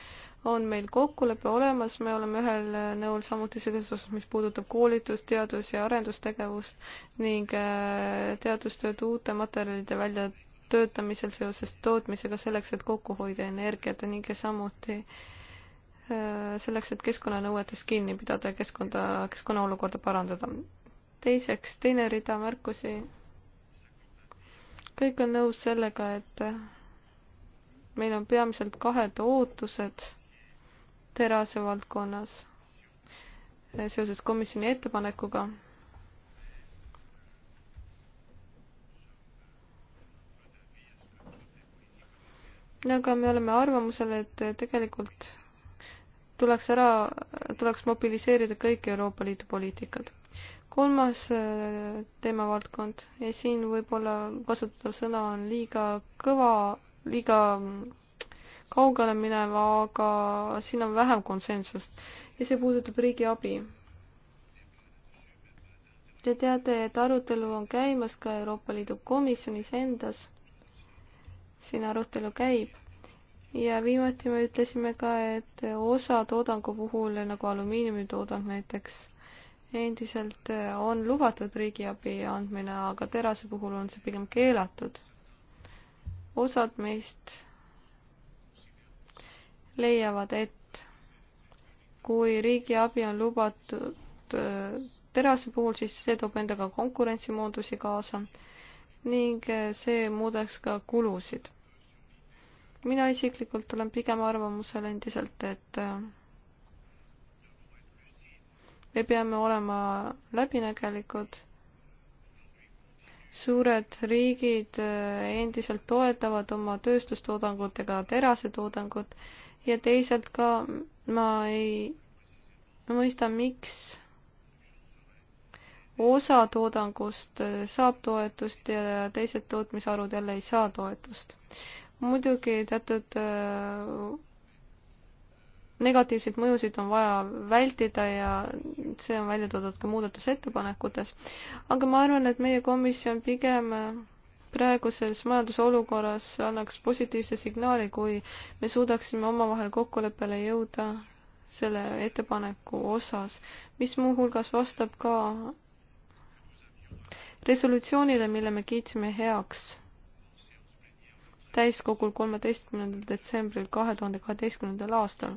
on meil kokkulepe olemas, me oleme ühel äh, nõul samuti selles osas, mis puudutab koolitust, teadus- ja arendustegevust ning äh, teadustööd uute materjalide väljatöötamisel seoses tootmisega selleks, et kokku hoida energiat ning samuti äh, Äh, selleks, et keskkonnanõuetest kinni pidada ja keskkonda, keskkonna olukorda parandada. teiseks, teine rida märkusi. kõik on nõus sellega, et meil on peamiselt kahed ootused terase valdkonnas seoses komisjoni ettepanekuga. aga me oleme arvamusel, et tegelikult tuleks ära, tuleks mobiliseerida kõik Euroopa Liidu poliitikad. kolmas äh, teemavaldkond ja siin võib-olla kasutatav sõna on liiga kõva, liiga kaugele minev, aga siin on vähem konsensust ja see puudutab riigiabi. Te teate, et arutelu on käimas ka Euroopa Liidu komisjonis endas. siin arutelu käib ja viimati me ütlesime ka, et osa toodangu puhul, nagu alumiiniumitoodang näiteks, endiselt on lubatud riigiabi andmine, aga terase puhul on see pigem keelatud. osad meist leiavad, et kui riigiabi on lubatud äh, terase puhul, siis see toob endaga konkurentsimoodusi kaasa ning äh, see muudaks ka kulusid mina isiklikult olen pigem arvamusel endiselt, et äh, me peame olema läbinägelikud. suured riigid äh, endiselt toetavad oma tööstustoodangut ega terasetoodangut ja teisalt ka ma ei mõista, miks osa toodangust äh, saab toetust ja teised tootmisharud jälle ei saa toetust muidugi teatud äh, negatiivseid mõjusid on vaja vältida ja see on välja toodud ka muudatusettepanekutes. aga ma arvan, et meie komisjon pigem äh, praeguses majanduse olukorras annaks positiivse signaali, kui me suudaksime omavahel kokkuleppele jõuda selle ettepaneku osas, mis muuhulgas vastab ka resolutsioonile, mille me kiitsime heaks täiskogul kolmeteistkümnendal detsembril kahe tuhande kaheteistkümnendal aastal.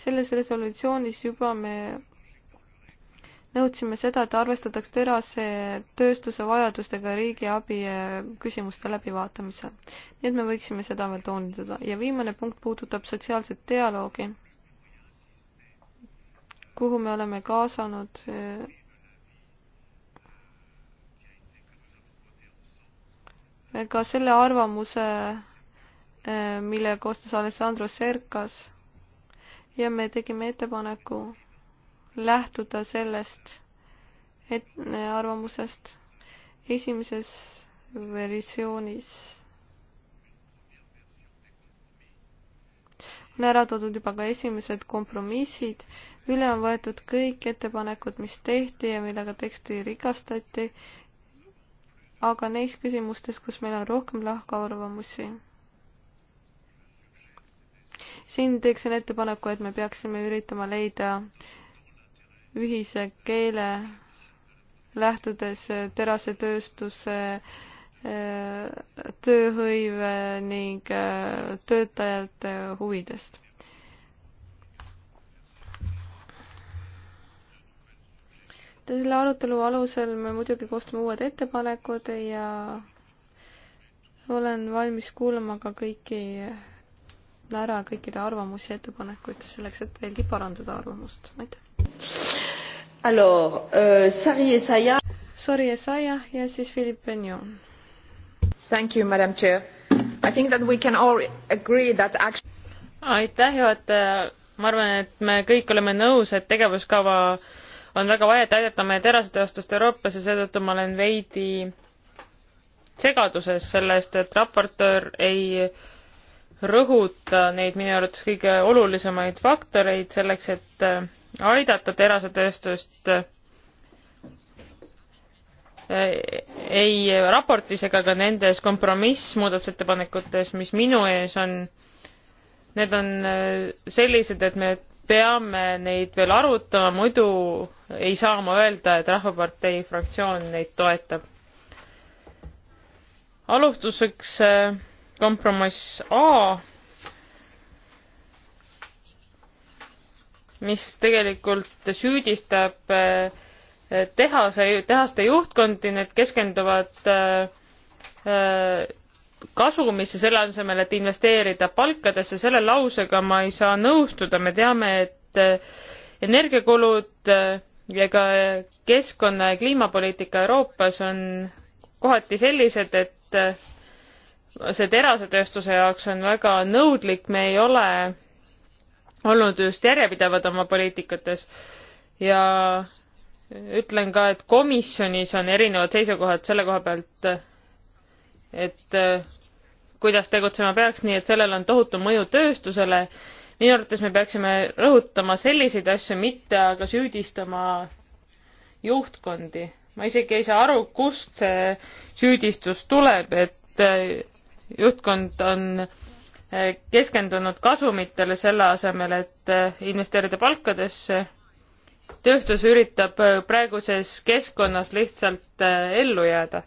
selles resolutsioonis juba me nõudsime seda, et arvestataks terase tööstuse vajadustega riigiabi küsimuste läbivaatamisel. nii et me võiksime seda veel toonitada ja viimane punkt puudutab sotsiaalset dialoogi, kuhu me oleme kaasanud eh, ka selle arvamuse, eh, mille koostas Alessandro Serkas ja me tegime ettepaneku lähtuda sellest et-, eh, arvamusest esimeses versioonis on ära toodud juba ka esimesed kompromissid, üle on võetud kõik ettepanekud, mis tehti ja millega teksti rikastati aga neis küsimustes, kus meil on rohkem lahkarvamusi, siin teeksin ettepaneku, et me peaksime üritama leida ühise keele, lähtudes terasetööstuse eh, tööhõive ning eh, töötajate huvidest selle arutelu alusel me muidugi koostame uued ettepanekud ja olen valmis kuulama ka kõiki ära kõikide arvamusi ja ettepanekuid selleks, et veelgi parandada arvamust. aitäh. Alors, euh, Sari Esaia. Sari Esaia ja siis Philippe Benjon. Thank you, madam chair. I think that we can all agree that action. aitäh, juhataja. ma arvan, et me kõik oleme nõus, et tegevuskava on väga vaja, et aidata meie terasetööstust Euroopas ja seetõttu ma olen veidi segaduses sellest, et raportöör ei rõhuta neid minu arvates kõige olulisemaid faktoreid selleks, et äh, aidata terasetööstust äh, ei raportis ega ka nendes kompromissmuudatusettepanekutes, mis minu ees on, need on äh, sellised, et me peame neid veel arutama, muidu ei saa ma öelda, et Rahvapartei fraktsioon neid toetab. alustuseks äh, kompromiss A, mis tegelikult süüdistab äh, tehase, tehaste juhtkondi, need keskenduvad äh, kasumisse, selle asemel, et investeerida palkadesse, selle lausega ma ei saa nõustuda, me teame, et eh, energiakulud eh, ja ka keskkonna ja kliimapoliitika Euroopas on kohati sellised, et eh, see terasetööstuse jaoks on väga nõudlik, me ei ole olnud just järjepidevad oma poliitikates ja ütlen ka, et komisjonis on erinevad seisukohad selle koha pealt, et äh, kuidas tegutsema peaks, nii et sellel on tohutu mõju tööstusele. minu arvates me peaksime rõhutama selliseid asju, mitte aga süüdistama juhtkondi. ma isegi ei saa aru, kust see süüdistus tuleb, et äh, juhtkond on äh, keskendunud kasumitele selle asemel, et investeerida palkadesse. tööstus üritab praeguses keskkonnas lihtsalt ellu jääda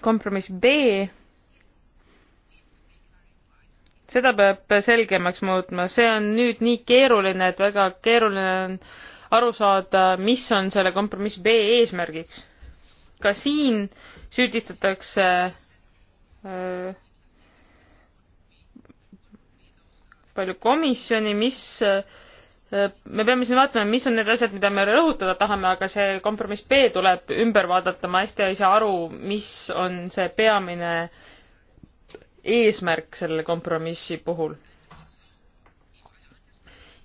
kompromiss B, seda peab selgemaks muutma, see on nüüd nii keeruline, et väga keeruline on aru saada, mis on selle kompromiss B eesmärgiks. ka siin süüdistatakse äh, palju komisjoni, mis äh, me peame siin vaatama, mis on need asjad, mida me rõhutada tahame, aga see kompromiss B tuleb ümber vaadata, ma hästi ei saa aru, mis on see peamine eesmärk selle kompromissi puhul.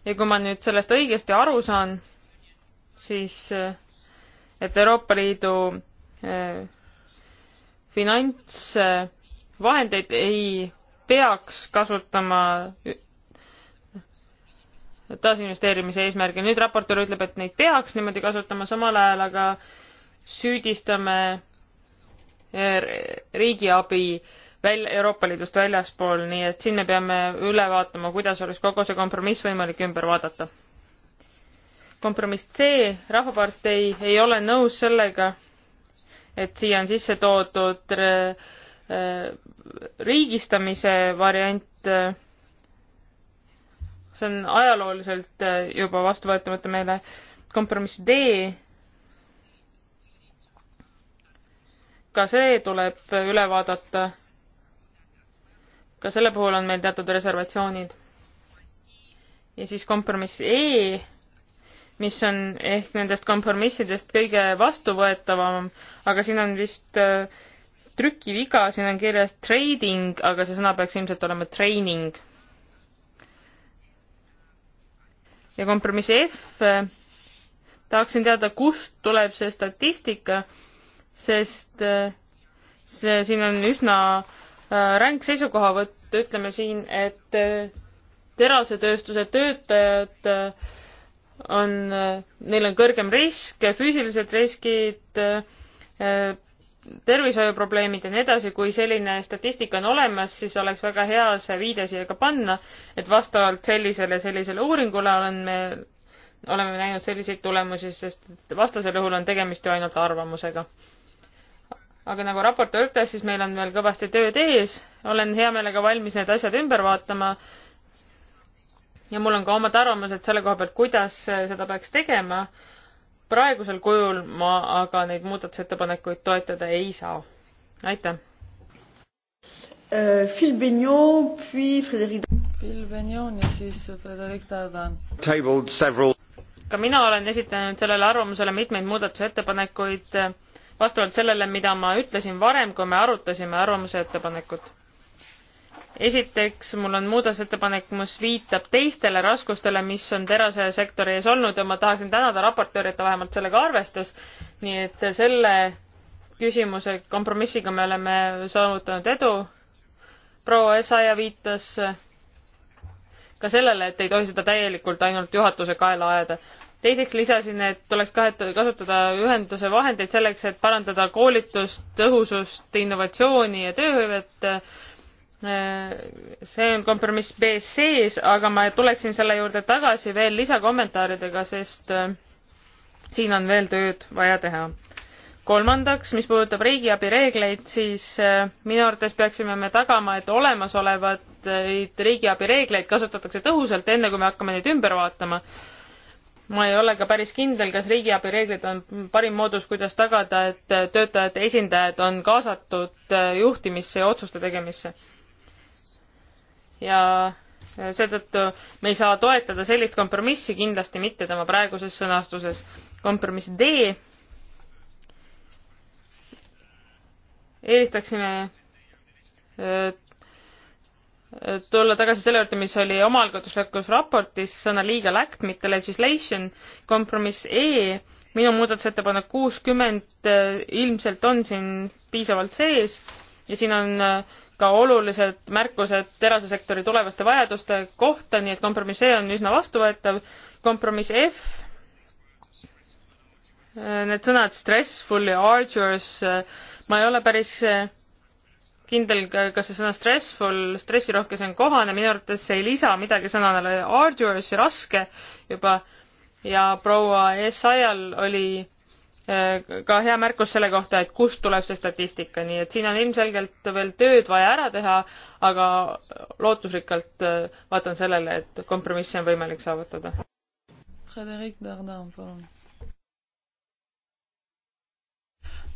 ja kui ma nüüd sellest õigesti aru saan, siis et Euroopa Liidu äh, eh, finantsvahendeid eh, ei peaks kasutama taasinvesteerimise eesmärgil. nüüd raportöör ütleb, et neid peaks niimoodi kasutama, samal ajal aga süüdistame eh, riigiabi välja, Euroopa Liidust väljaspool, nii et siin me peame üle vaatama, kuidas oleks kogu see kompromiss võimalik ümber vaadata. kompromiss C, Rahvapartei ei ole nõus sellega, et siia on sisse toodud eh, eh, riigistamise variant see on ajalooliselt äh, juba vastuvõetamata meile kompromiss D. ka see tuleb üle vaadata. ka selle puhul on meil teatud reservatsioonid. ja siis kompromiss E, mis on ehk nendest kompromissidest kõige vastuvõetavam, aga siin on vist äh, trükiviga, siin on kirjas trading, aga see sõna peaks ilmselt olema training ja kompromissi F. Äh, tahaksin teada, kust tuleb see statistika, sest äh, see siin on üsna äh, ränk seisukohavõtt, ütleme siin, et terasetööstuse töötajad on, neil on kõrgem risk, füüsilised riskid, tervishoiuprobleemid ja nii edasi, kui selline statistika on olemas, siis oleks väga hea see viide siia ka panna, et vastavalt sellisele, sellisele uuringule olen me, oleme näinud selliseid tulemusi, sest vastasel juhul on tegemist ju ainult arvamusega. aga nagu raportöör ütles, siis meil on veel kõvasti tööd ees, olen hea meelega valmis need asjad ümber vaatama ja mul on ka omad arvamused selle koha pealt, kuidas seda peaks tegema praegusel kujul ma aga neid muudatusettepanekuid toetada ei saa. aitäh. Äh, Phil Benyon, puis Frédéric. Phil Benyon ja siis Frédéric Tardan. Tabled several. ka mina olen esitanud sellele arvamusele mitmeid muudatusettepanekuid äh, vastavalt sellele, mida ma ütlesin varem, kui me arutasime arvamuse ettepanekut esiteks, mul on muudatusettepanek, mis viitab teistele raskustele, mis on terasesektori ees olnud ja ma tahaksin tänada raportööri, et ta vähemalt sellega arvestas. nii et selle küsimuse kompromissiga me oleme saavutanud edu. proua Esaja viitas ka sellele, et ei tohi seda täielikult ainult juhatuse kaela ajada. teiseks lisasin, et tuleks kasutada ühenduse vahendeid selleks, et parandada koolitust, tõhusust, innovatsiooni ja tööhõivet Äh, see on kompromiss B sees, aga ma tuleksin selle juurde tagasi veel lisakommentaaridega, sest äh, siin on veel tööd vaja teha. kolmandaks, mis puudutab riigiabi reegleid, siis äh, minu arvates peaksime me tagama, et olemasolevaid riigiabi reegleid kasutatakse tõhusalt, enne kui me hakkame neid ümber vaatama. ma ei ole ka päris kindel, kas riigiabi reeglid on parim moodus, kuidas tagada, et töötajate esindajad on kaasatud juhtimisse ja otsuste tegemisse ja seetõttu me ei saa toetada sellist kompromissi, kindlasti mitte tema praeguses sõnastuses. kompromiss D. eelistaksime äh, tulla tagasi selle juurde, mis oli omaalgatuslikus raportis, sõna legal act, mitte legislation, kompromiss E, minu muudatusettepanek kuuskümmend äh, ilmselt on siin piisavalt sees ja siin on äh, ka olulised märkused terasesektori tulevaste vajaduste kohta, nii et kompromiss E on üsna vastuvõetav. kompromiss F, need sõnad stressful ja arduous, ma ei ole päris kindel, kas see sõna stressful, stressirohke, see on kohane, minu arvates see ei lisa midagi sõnale arduous ja raske juba ja proua Essayal oli Äh, ka hea märkus selle kohta, et kust tuleb see statistika, nii et siin on ilmselgelt veel tööd vaja ära teha, aga lootusrikkalt äh, vaatan sellele, et kompromissi on võimalik saavutada. Frederik Dardan, palun.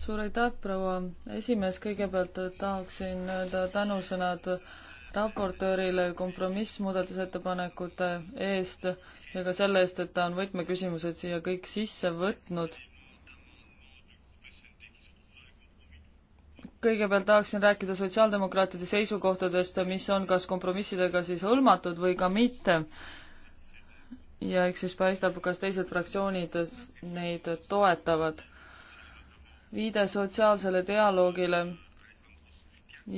suur aitäh, proua esimees, kõigepealt tahaksin öelda tänusõnad raportöörile kompromissmuudatusettepanekute eest ja ka selle eest, et ta on võtmeküsimused siia kõik sisse võtnud kõigepealt tahaksin rääkida sotsiaaldemokraatide seisukohtadest, mis on kas kompromissidega siis hõlmatud või ka mitte. ja eks siis paistab, kas teised fraktsioonid neid toetavad. viide sotsiaalsele dialoogile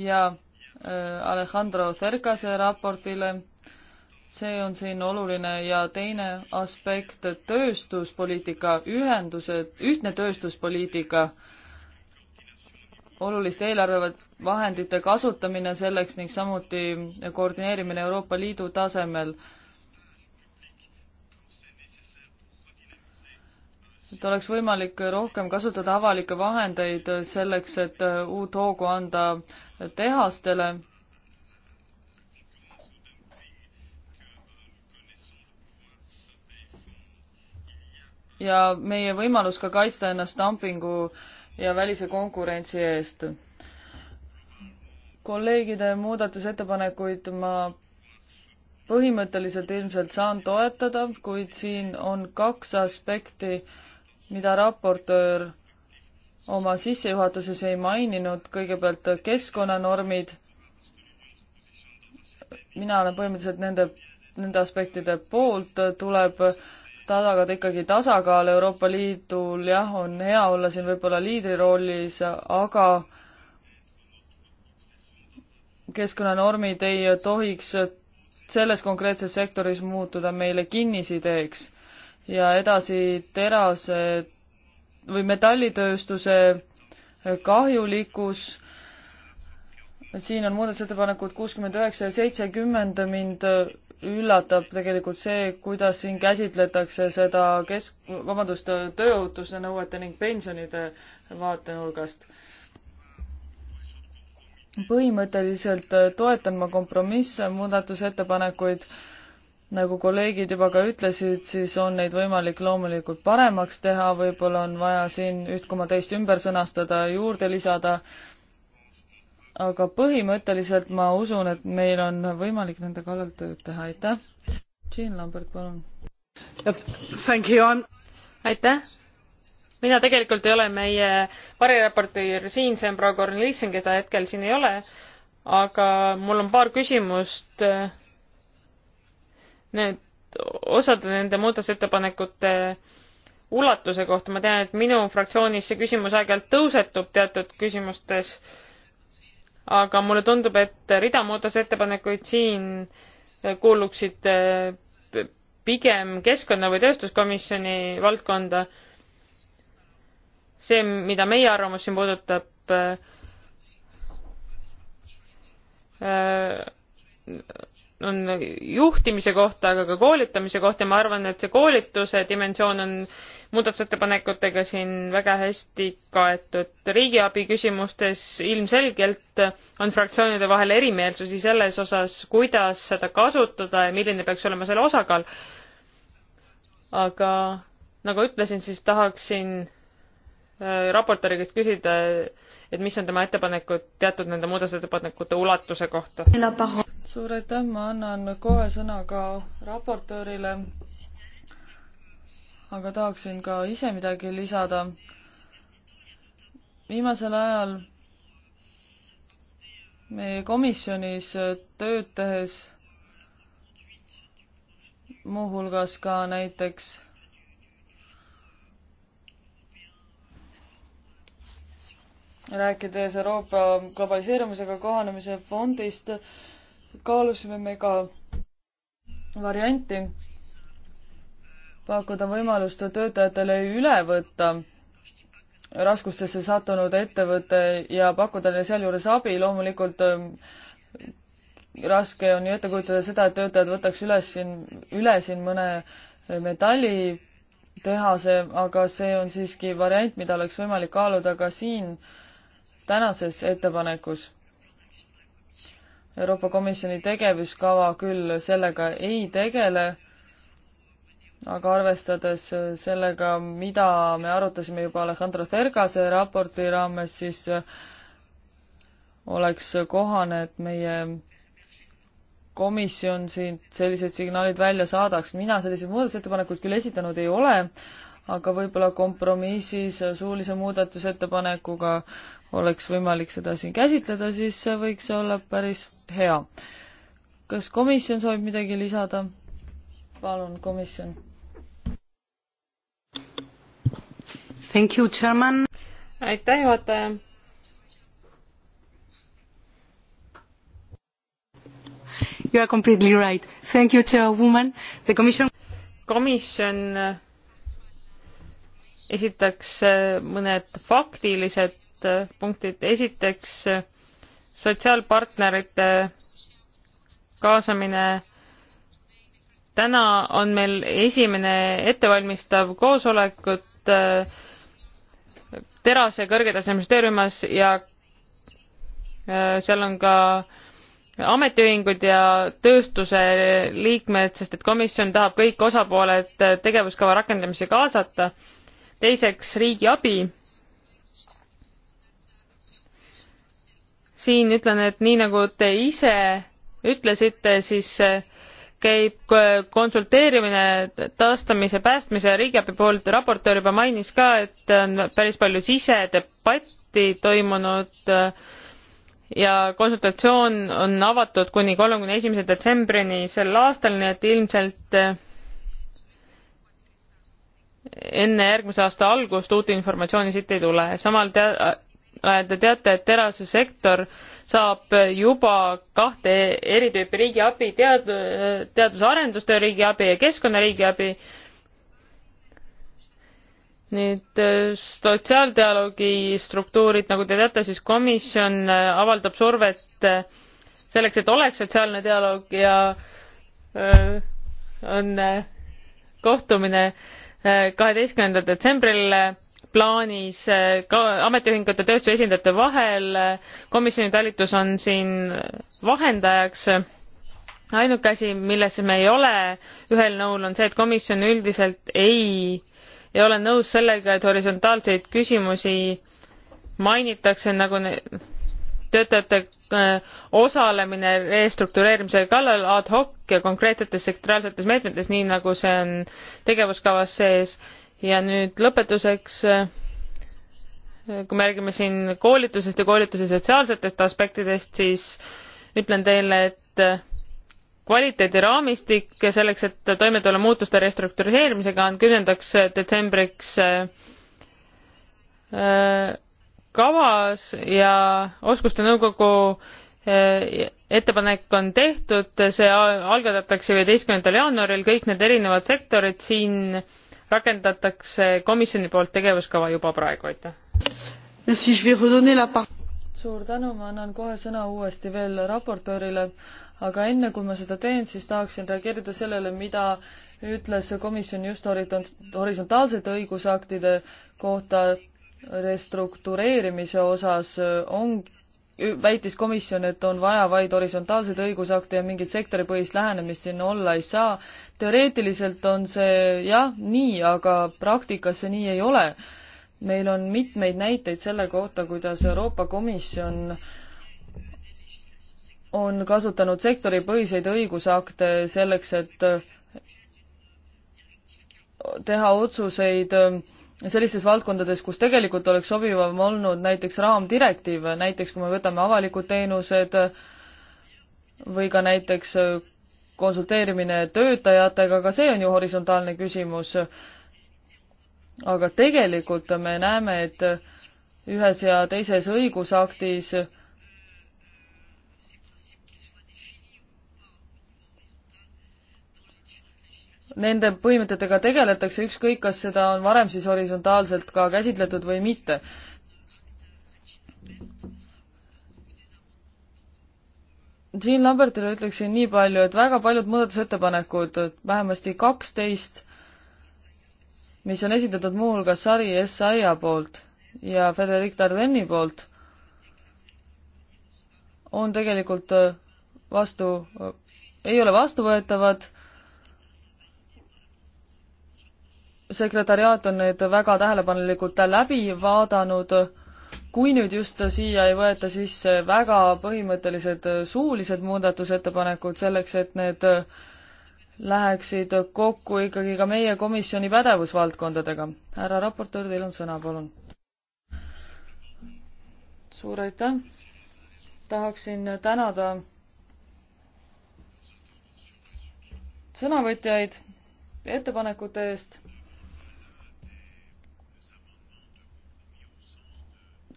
ja äh, Alejandro Cercase raportile, see on siin oluline ja teine aspekt, tööstuspoliitika, ühendused, ühtne tööstuspoliitika oluliste eelarvevahendite kasutamine selleks ning samuti koordineerimine Euroopa Liidu tasemel. et oleks võimalik rohkem kasutada avalikke vahendeid selleks, et uut hoogu anda tehastele ja meie võimalus ka kaitsta ennast dumpingu äh, ja välise konkurentsi eest. kolleegide muudatusettepanekuid ma põhimõtteliselt ilmselt saan toetada, kuid siin on kaks aspekti, mida raportöör oma sissejuhatuses ei maininud, kõigepealt keskkonnanormid. mina olen põhimõtteliselt nende, nende aspektide poolt, tuleb äh, tagada ikkagi tasakaal Euroopa Liidul, jah, on hea olla siin võib-olla liidri rollis, aga keskkonnanormid ei tohiks selles konkreetses sektoris muutuda meile kinnisideeks ja edasi terase või metallitööstuse kahjulikkus. siin on muudatusettepanekud kuuskümmend üheksa ja seitsekümmend mind üllatab tegelikult see, kuidas siin käsitletakse seda kesk, vabandust, tööohutuse nõuete ning pensionide vaatenurgast. põhimõtteliselt toetan ma kompromisse, muudatusettepanekuid, nagu kolleegid juba ka ütlesid, siis on neid võimalik loomulikult paremaks teha, võib-olla on vaja siin üht koma teist ümber sõnastada, juurde lisada aga põhimõtteliselt ma usun, et meil on võimalik nende kallal tööd teha, aitäh. Jean Lambert, palun. aitäh. mina tegelikult ei ole meie variraportöör siin, see on proua Kornelissen, keda hetkel siin ei ole, aga mul on paar küsimust. Need, osade nende muudatusettepanekute ulatuse kohta, ma tean, et minu fraktsioonis see küsimus aeg-ajalt tõusetub teatud küsimustes aga mulle tundub, et rida muudatusettepanekuid siin kuuluksid eh, pigem keskkonna või tööstuskomisjoni valdkonda. see, mida meie arvamus siin puudutab, eh, on juhtimise kohta, aga ka koolitamise kohta ja ma arvan, et see koolituse dimensioon on muudatusettepanekutega siin väga hästi kaetud. riigiabi küsimustes ilmselgelt on fraktsioonide vahel erimeelsusi selles osas, kuidas seda kasutada ja milline peaks olema selle osakaal. aga nagu ütlesin, siis tahaksin äh, raportööri käest küsida, et mis on tema ettepanekud teatud nende muudatusettepanekute ulatuse kohta. suur aitäh, ma annan kohe sõna ka raportöörile aga tahaksin ka ise midagi lisada. viimasel ajal meie komisjonis tööd tehes, muuhulgas ka näiteks rääkides Euroopa globaliseerumisega kohanemise fondist, kaalusime me ka varianti, pakkuda võimalust töötajatele üle võtta raskustesse sattunud ettevõte ja pakkuda neile sealjuures abi, loomulikult ähm, raske on ju ette kujutada seda, et töötajad võtaks üles siin, üle siin mõne äh, metallitehase, aga see on siiski variant, mida oleks võimalik kaaluda ka siin tänases ettepanekus. Euroopa Komisjoni tegevuskava küll sellega ei tegele aga arvestades sellega, mida me arutasime juba Alejandro Stergase raporti raames, siis oleks kohane, et meie komisjon siin sellised signaalid välja saadaks. mina selliseid muudatusettepanekuid küll esitanud ei ole, aga võib-olla kompromissis suulise muudatusettepanekuga oleks võimalik seda siin käsitleda, siis see võiks olla päris hea. kas komisjon soovib midagi lisada? palun, komisjon aitäh, juhataja. You are completely right. Thank you, chairwoman. The commission. komisjon äh, esitaks äh, mõned faktilised äh, punktid. esiteks sotsiaalpartnerite kaasamine. täna on meil esimene ettevalmistav koosolekut terase kõrgetasemelise töörühmas ja äh, seal on ka ametiühingud ja tööstuse liikmed, sest et komisjon tahab kõik osapooled äh, tegevuskava rakendamisse kaasata. teiseks riigiabi. siin ütlen, et nii nagu te ise ütlesite, siis äh, käib äh, konsulteerimine taastamise, päästmise ja riigiabi poolt, raportöör juba mainis ka, et on päris palju sisedebatti toimunud äh, ja konsultatsioon on avatud kuni kolmekümne esimese detsembrini sel aastal, nii et ilmselt äh, enne järgmise aasta algust uut informatsiooni siit ei tule. samal te ajal te teate, et terasesektor saab juba kahte eri tüüpi riigiabi, tead-, teadus-arendustöö riigiabi ja keskkonna riigiabi. nüüd äh, sotsiaaldialoogi struktuurid, nagu te teate, siis komisjon äh, avaldab survet äh, selleks, et oleks sotsiaalne dialoog ja öö, on kohtumine kaheteistkümnendal detsembril plaanis eh, ka ametiühingute tööstuse esindajate vahel. komisjoni talitus on siin vahendajaks. ainuke asi, milles me ei ole ühel nõul, on see, et komisjon üldiselt ei, ei ole nõus sellega, et horisontaalseid küsimusi mainitakse nagu töötajate eh, osalemine restruktureerimise kallal ad hoc ja konkreetsetes sektoriaalsetes meetmetes, nii nagu see on tegevuskavas sees ja nüüd lõpetuseks, äh, kui me räägime siin koolitusest ja koolituse sotsiaalsetest aspektidest, siis ütlen teile, et äh, kvaliteediraamistik selleks, et toime tulla muutuste restruktureerimisega, on kümnendaks detsembriks äh, kavas ja oskuste nõukogu ettepanek on tehtud, see algatatakse viieteistkümnendal jaanuaril, kõik need erinevad sektorid siin rakendatakse komisjoni poolt tegevuskava juba praegu, aitäh. suur tänu, ma annan kohe sõna uuesti veel raportöörile, aga enne kui ma seda teen, siis tahaksin reageerida sellele, mida ütles komisjon just horisontaalsete õigusaktide kohta restruktureerimise osas on väitis komisjon, et on vaja vaid horisontaalseid õigusakte ja mingit sektoripõhist lähenemist siin olla ei saa. teoreetiliselt on see jah, nii, aga praktikas see nii ei ole. meil on mitmeid näiteid selle kohta, kuidas Euroopa Komisjon on kasutanud sektoripõhiseid õigusakte selleks, et teha otsuseid äh, sellistes valdkondades, kus tegelikult oleks sobivam olnud näiteks raamdirektiiv, näiteks kui me võtame avalikud teenused või ka näiteks konsulteerimine töötajatega, ka see on ju horisontaalne küsimus. aga tegelikult me näeme, et ühes ja teises õigusaktis nende põhimõtetega tegeletakse, ükskõik, kas seda on varem siis horisontaalselt ka käsitletud või mitte. Jean Lambertile ütleksin nii palju, et väga paljud muudatusettepanekud, vähemasti kaksteist, mis on esitatud muuhulgas Sari Essaia poolt ja Frederic Dardenni poolt, on tegelikult vastu, ei ole vastuvõetavad sekretariaat on need väga tähelepanelikult läbi vaadanud. kui nüüd just siia ei võeta sisse väga põhimõttelised suulised muudatusettepanekud selleks, et need läheksid kokku ikkagi ka meie komisjoni pädevusvaldkondadega. härra raportöör, teil on sõna, palun. suur aitäh. tahaksin tänada sõnavõtjaid ettepanekute eest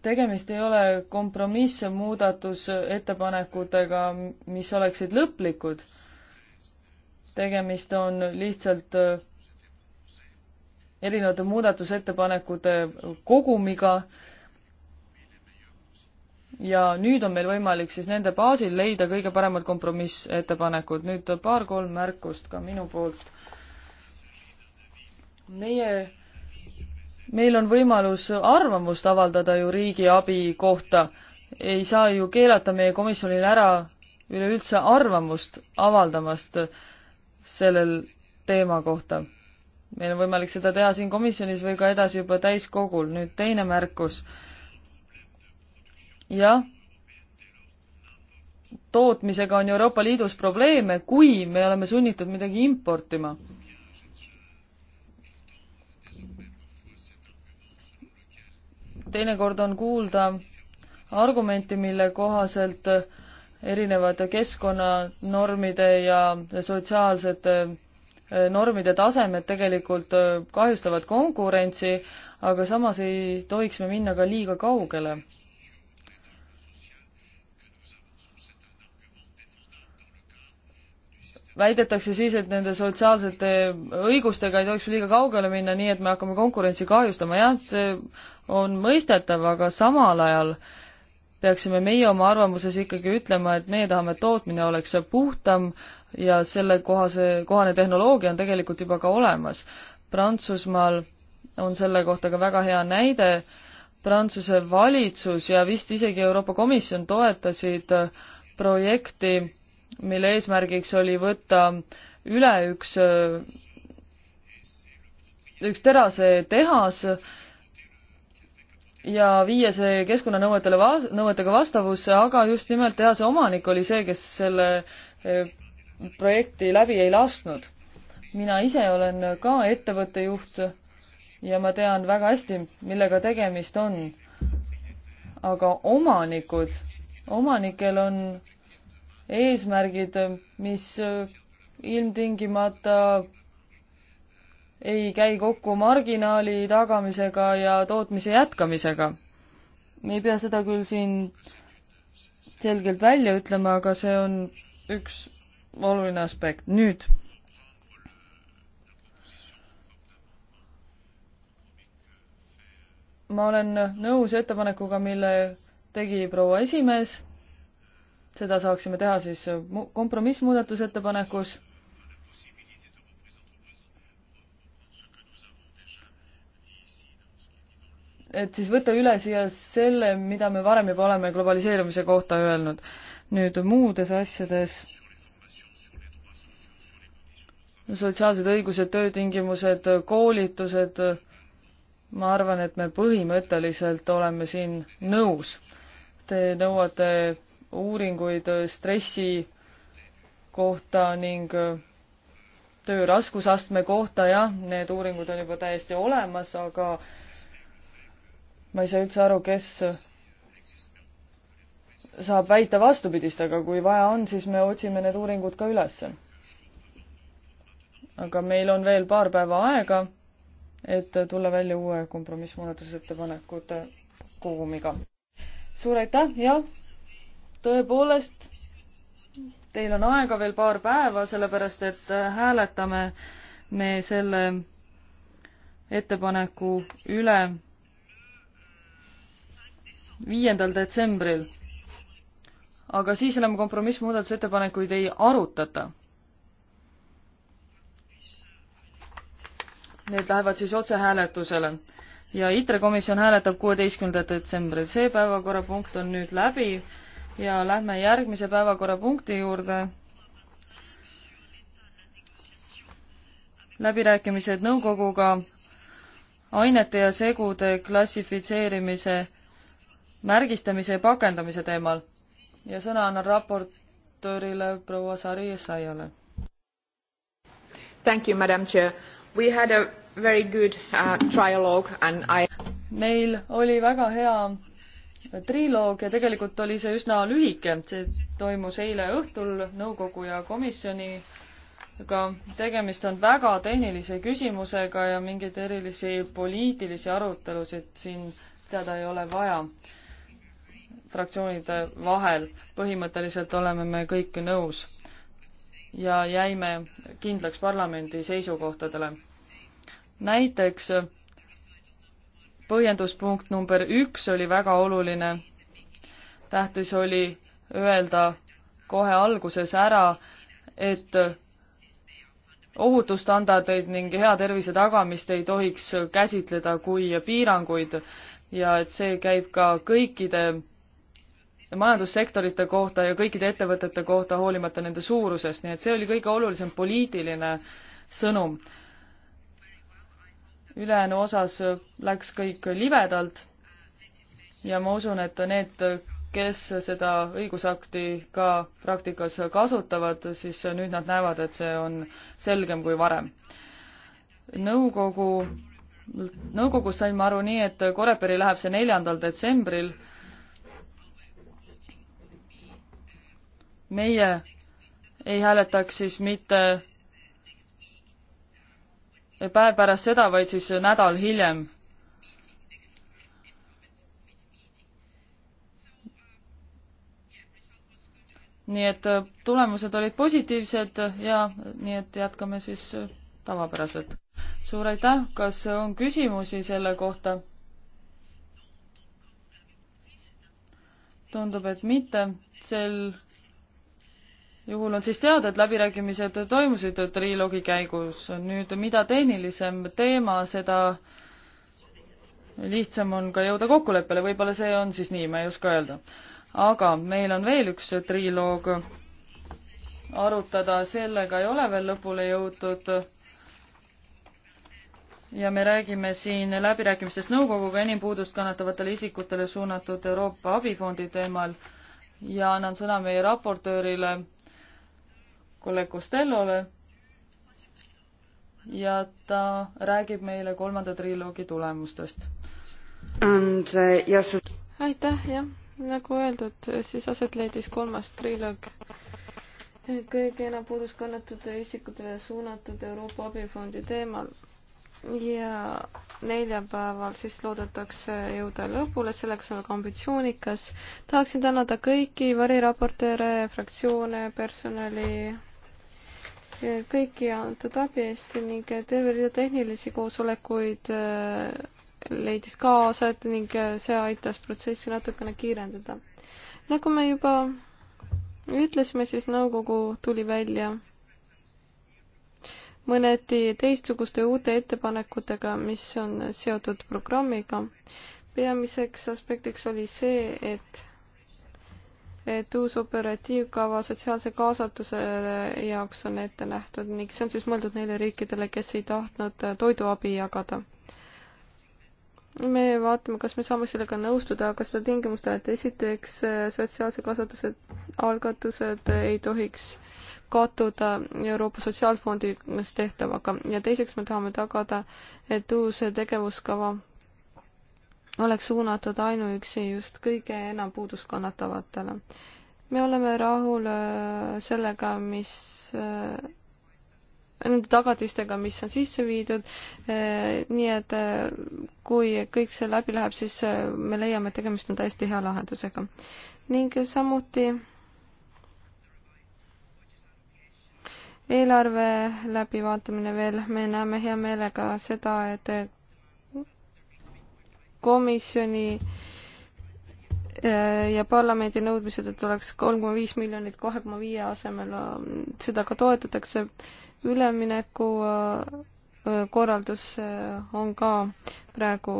tegemist ei ole kompromissmuudatusettepanekutega, mis oleksid lõplikud. tegemist on lihtsalt äh, erinevate muudatusettepanekute kogumiga. ja nüüd on meil võimalik siis nende baasil leida kõige paremad kompromissettepanekud. nüüd paar-kolm märkust ka minu poolt. meie meil on võimalus arvamust avaldada ju riigiabi kohta. ei saa ju keelata meie komisjonil ära üleüldse arvamust avaldamast sellel teema kohta. meil on võimalik seda teha siin komisjonis või ka edasi juba täiskogul. nüüd teine märkus. jah, tootmisega on Euroopa Liidus probleeme, kui me oleme sunnitud midagi importima teinekord on kuulda argumente, mille kohaselt erinevate keskkonnanormide ja sotsiaalsete eh, normide tasemed tegelikult eh, kahjustavad konkurentsi, aga samas ei tohiks me minna ka liiga kaugele väidetakse siis, et nende sotsiaalsete õigustega ei tohiks liiga kaugele minna, nii et me hakkame konkurentsi kahjustama, jah, see on mõistetav, aga samal ajal peaksime meie oma arvamuses ikkagi ütlema, et meie tahame, et tootmine oleks puhtam ja sellekohase, kohane tehnoloogia on tegelikult juba ka olemas. Prantsusmaal on selle kohta ka väga hea näide, Prantsuse valitsus ja vist isegi Euroopa Komisjon toetasid projekti mille eesmärgiks oli võtta üle üks, üks terasetehas ja viia see keskkonnanõuetele va-, nõuetega vastavusse, aga just nimelt tehase omanik oli see, kes selle eh, projekti läbi ei lasknud. mina ise olen ka ettevõtte juht ja ma tean väga hästi, millega tegemist on. aga omanikud, omanikel on eesmärgid, mis äh, ilmtingimata ei käi kokku marginaali tagamisega ja tootmise jätkamisega. me ei pea seda küll siin selgelt välja ütlema, aga see on üks oluline aspekt. nüüd ma olen nõus ettepanekuga, mille tegi proua esimees seda saaksime teha siis kompromissmuudatusettepanekus. et siis võtta üle siia selle, mida me varem juba oleme globaliseerumise kohta öelnud. nüüd muudes asjades sotsiaalsed õigused, töötingimused, koolitused, ma arvan, et me põhimõtteliselt oleme siin nõus. Te nõuate uuringuid äh, stressi kohta ning äh, töö raskusastme kohta, jah, need uuringud on juba täiesti olemas, aga ma ei saa üldse aru, kes äh, saab väita vastupidist, aga kui vaja on, siis me otsime need uuringud ka ülesse. aga meil on veel paar päeva aega, et tulla välja uue kompromissmuudatusettepanekute kogumiga. suur aitäh, jah tõepoolest, teil on aega veel paar päeva, sellepärast et äh, hääletame me selle ettepaneku üle viiendal detsembril. aga siis enam kompromissmuudatusettepanekuid ei arutata. Need lähevad siis otse hääletusele ja ITRE komisjon hääletab kuueteistkümnendal detsembril. see päevakorrapunkt on nüüd läbi ja lähme järgmise päevakorrapunkti juurde. läbirääkimised nõukoguga ainete ja segude klassifitseerimise, märgistamise ja pakendamise teemal ja sõna annan raportöörile proua Sari Essayale. Thank you, madam chair. We had a very good uh, trialogue and I meil oli väga hea triloog ja tegelikult oli see üsna lühike, see toimus eile õhtul nõukogu ja komisjoniga. tegemist on väga tehnilise küsimusega ja mingeid erilisi poliitilisi arutelusid siin teada ei ole vaja fraktsioonide vahel. põhimõtteliselt oleme me kõik nõus ja jäime kindlaks parlamendi seisukohtadele. näiteks põhjenduspunkt number üks oli väga oluline. tähtis oli öelda kohe alguses ära, et ohutusstandardeid ning hea tervise tagamist ei tohiks käsitleda kui piiranguid ja et see käib ka kõikide majandussektorite kohta ja kõikide ettevõtete kohta, hoolimata nende suurusest, nii et see oli kõige olulisem poliitiline sõnum ülejäänu osas läks kõik libedalt ja ma usun, et need, kes seda õigusakti ka praktikas kasutavad, siis nüüd nad näevad, et see on selgem kui varem. nõukogu, nõukogus sain ma aru nii, et Koreperi läheb see neljandal detsembril. meie ei hääletaks siis mitte päev pärast seda, vaid siis nädal hiljem. nii et äh, tulemused olid positiivsed ja nii et jätkame siis äh, tavapäraselt. suur aitäh, kas on küsimusi selle kohta? tundub, et mitte. sel juhul on siis teada, et läbirääkimised toimusid triloogi käigus. nüüd mida tehnilisem teema, seda lihtsam on ka jõuda kokkuleppele, võib-olla see on siis nii, ma ei oska öelda. aga meil on veel üks triloog arutada, sellega ei ole veel lõpule jõutud. ja me räägime siin läbirääkimistest nõukoguga enim puudust kannatavatele isikutele suunatud Euroopa abifondi teemal ja annan sõna meie raportöörile kolleeg Costellole ja ta räägib meile kolmanda triloogi tulemustest. Uh, äh, yes. aitäh, jah, nagu öeldud, siis aset leidis kolmas triloog. kõige enam puudust kannatud isikutele suunatud Euroopa abifondi teemal ja neljapäeval siis loodetakse jõuda lõpule, selleks on väga ambitsioonikas. tahaksin tänada kõiki variraportööre, fraktsioone, personali kõiki antud abi eest ning terve rida tehnilisi koosolekuid äh, leidis ka aset ning äh, see aitas protsessi natukene kiirendada. nagu me juba ütlesime, siis nõukogu tuli välja mõneti teistsuguste uute ettepanekutega, mis on seotud programmiga. peamiseks aspektiks oli see, et et uus operatiivkava sotsiaalse kaasatuse jaoks on ette nähtud ning see on siis mõeldud neile riikidele, kes ei tahtnud toiduabi jagada. me vaatame, kas me saame sellega nõustuda, aga seda tingimustel, et esiteks eh, sotsiaalse kaasatuse algatused ei tohiks kattuda Euroopa Sotsiaalfondis tehtavaga ja teiseks me tahame tagada, et uus tegevuskava oleks suunatud ainuüksi just kõige enam puudust kannatavatele. me oleme rahul äh, sellega, mis äh, nende tagatistega, mis on sisse viidud. Äh, nii et kui kõik see läbi läheb, siis me leiame, et tegemist on täiesti hea lahendusega. ning samuti eelarve läbivaatamine veel, me näeme hea meelega seda, et komisjoni äh, ja parlamendi nõudmised, et oleks kolm koma viis miljonit kahe koma viie asemel, ähm, seda ka toetatakse. ülemineku äh, äh, korraldus on ka praegu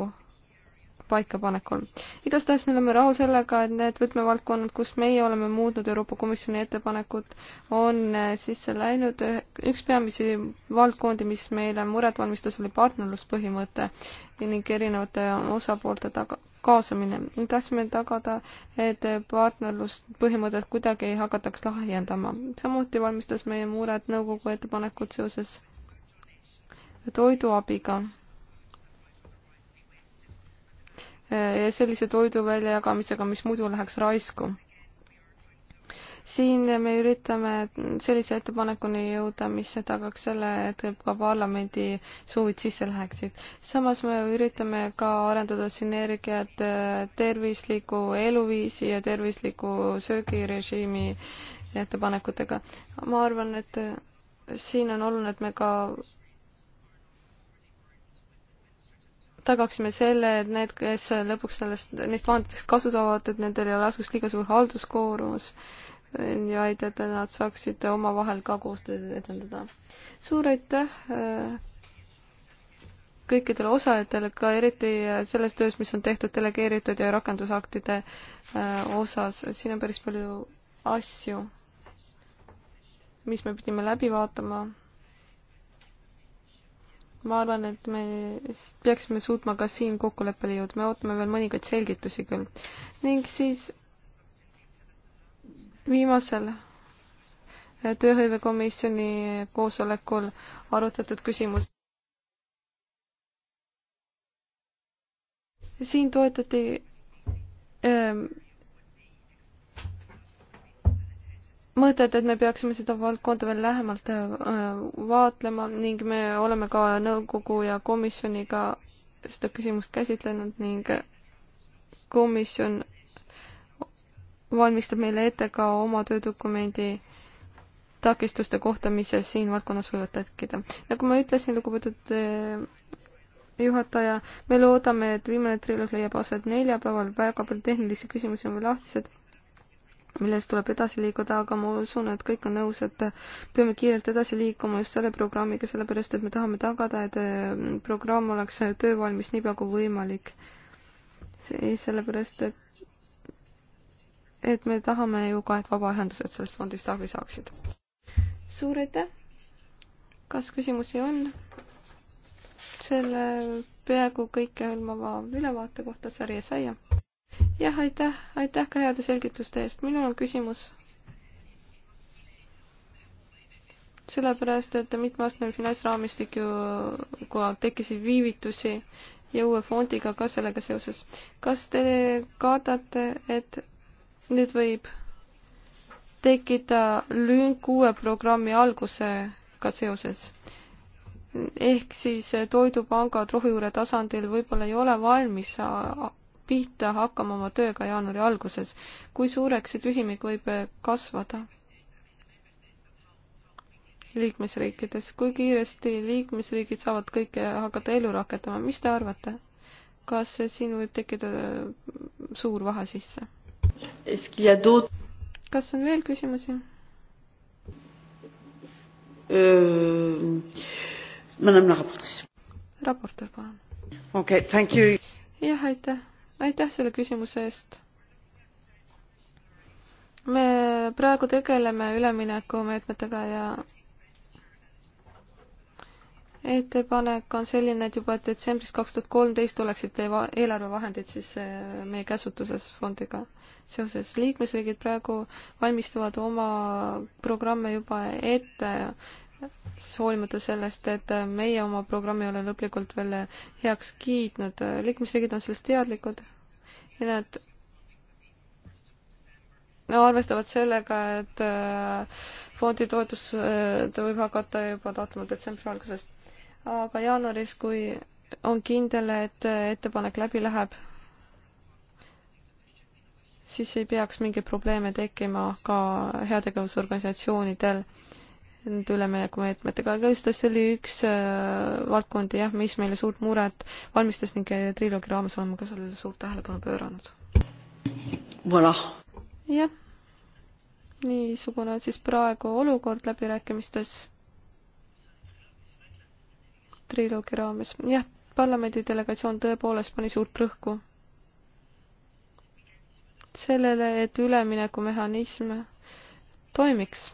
paikapanekul. igastahes me oleme rahul sellega, et need võtmevaldkonnad, kus meie oleme muutnud Euroopa Komisjoni ettepanekut, on eh, sisse läinud. üks peamisi valdkondi, mis meile muret valmistas, oli partnerluspõhimõte ning erinevate osapoolte taga kaasamine. tahtsime tagada, et partnerluspõhimõtet kuidagi ei hakataks lahjendama. samuti valmistas meie muret nõukogu ettepanekud seoses toiduabiga ja sellise toidu väljajagamisega, mis muidu läheks raisku. siin me üritame sellise ettepanekuni jõuda, mis tagaks selle, et ka parlamendi soovid sisse läheksid. samas me üritame ka arendada sünergiat äh, tervisliku eluviisi ja tervisliku söögirežiimi ettepanekutega. ma arvan, et äh, siin on oluline, et me ka tagaksime selle, et need, kes lõpuks sellest, neist vahenditest kasu saavad, et nendel ei lasuks liiga suur halduskoormus, vaid et nad saaksid omavahel ka koostööd edendada. suur aitäh äh, kõikidele osalejatele, ka eriti selles töös, mis on tehtud delegeeritud ja rakendusaktide äh, osas, siin on päris palju asju, mis me pidime läbi vaatama ma arvan, et me peaksime suutma ka siin kokkuleppele jõuda, me ootame veel mõningaid selgitusi küll. ning siis viimasel tööhõivekomisjoni koosolekul arutatud küsimus. siin toetati ähm, mõtet, et me peaksime seda valdkonda veel lähemalt äh, vaatlema ning me oleme ka nõukogu ja komisjoniga seda küsimust käsitlenud ning komisjon valmistab meile ette ka oma töödokumendi takistuste kohta, mis siin valdkonnas võivad tekkida. nagu ma ütlesin, lugupeetud äh, juhataja, me loodame, et viimane triloog leiab aset neljapäeval, väga palju tehnilisi küsimusi on veel lahtised milles tuleb edasi liikuda, aga ma usun, et kõik on nõus, et peame kiirelt edasi liikuma just selle programmiga, sellepärast et me tahame tagada, et mm, programm oleks töövalmis niipea kui võimalik. sellepärast, et, et me tahame ju ka, et vabaühendused sellest fondist abi saaksid. suur aitäh! kas küsimusi on? selle peaaegu kõikehõlmava ülevaate kohta, Sari Essaia jah, aitäh, aitäh ka heade selgituste eest. minul on küsimus. sellepärast, et mitmeastmeline finantsraamistik ju, kui tekkisid viivitusi ja uue fondiga ka sellega seoses. kas te kardate, et nüüd võib tekkida lünk uue programmi algusega seoses? ehk siis toidupangad rohujuure tasandil võib-olla ei ole valmis pihta hakkama oma tööga jaanuari alguses. kui suureks see tühimik võib eh, kasvada? liikmesriikides, kui kiiresti liikmesriigid saavad kõike hakata ellu rakendama, mis te arvate? kas siin võib tekkida eh, suur vahe sisse? kas on veel küsimusi? Euh, raportöör, palun. okei okay,, thank you. jah, aitäh aitäh selle küsimuse eest. me praegu tegeleme üleminekumeetmetega ja ettepanek on selline, et juba detsembris kaks tuhat kolmteist oleksid eelarvevahendid siis äh, meie käsutuses fondiga seoses. liikmesriigid praegu valmistavad oma programme juba ette hoolimata sellest, et meie oma programmi oleme lõplikult veel heaks kiitnud, liikmesriigid on sellest teadlikud ja nad no arvestavad sellega, et äh, fondi toetus ta äh, võib hakata juba taotlema detsembri algusest. aga jaanuaris, kui on kindel, et äh, ettepanek läbi läheb, siis ei peaks mingeid probleeme tekkima ka heategevusorganisatsioonidel nende üleminekumeetmetega, aga igatahes see oli üks äh, valdkondi jah, mis meile suurt muret valmistas ning äh, triloogi raames oleme ka sellele suurt tähelepanu pööranud. Voilà. jah, niisugune on siis praegu olukord läbirääkimistes triloogi raames. jah, parlamendi delegatsioon tõepoolest pani suurt rõhku sellele, et üleminekumehhanism toimiks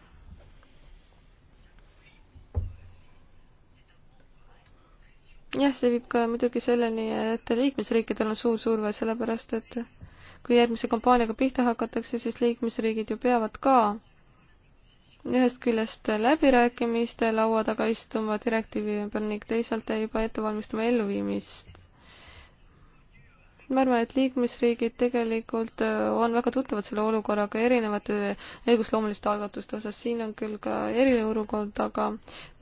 jah, see viib ka muidugi selleni, et liikmesriikidel on suur surve, sellepärast et kui järgmise kampaaniaga pihta hakatakse, siis liikmesriigid ju peavad ka ühest küljest läbirääkimiste laua taga istuma direktiivi ümber ning teisalt juba ette valmistama elluviimist. ma arvan, et liikmesriigid tegelikult äh, on väga tuttavad selle olukorraga erinevate õigusloomuliste algatuste osas, siin on küll ka eriolukord, aga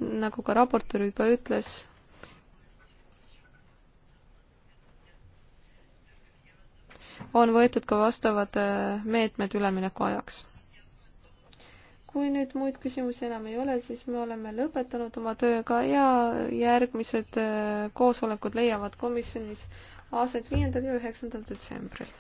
nagu ka raportöör juba ütles, on võetud ka vastavad äh, meetmed ülemineku ajaks. kui nüüd muid küsimusi enam ei ole, siis me oleme lõpetanud oma tööga ja järgmised äh, koosolekud leiavad komisjonis aset viiendal ja üheksandal detsembril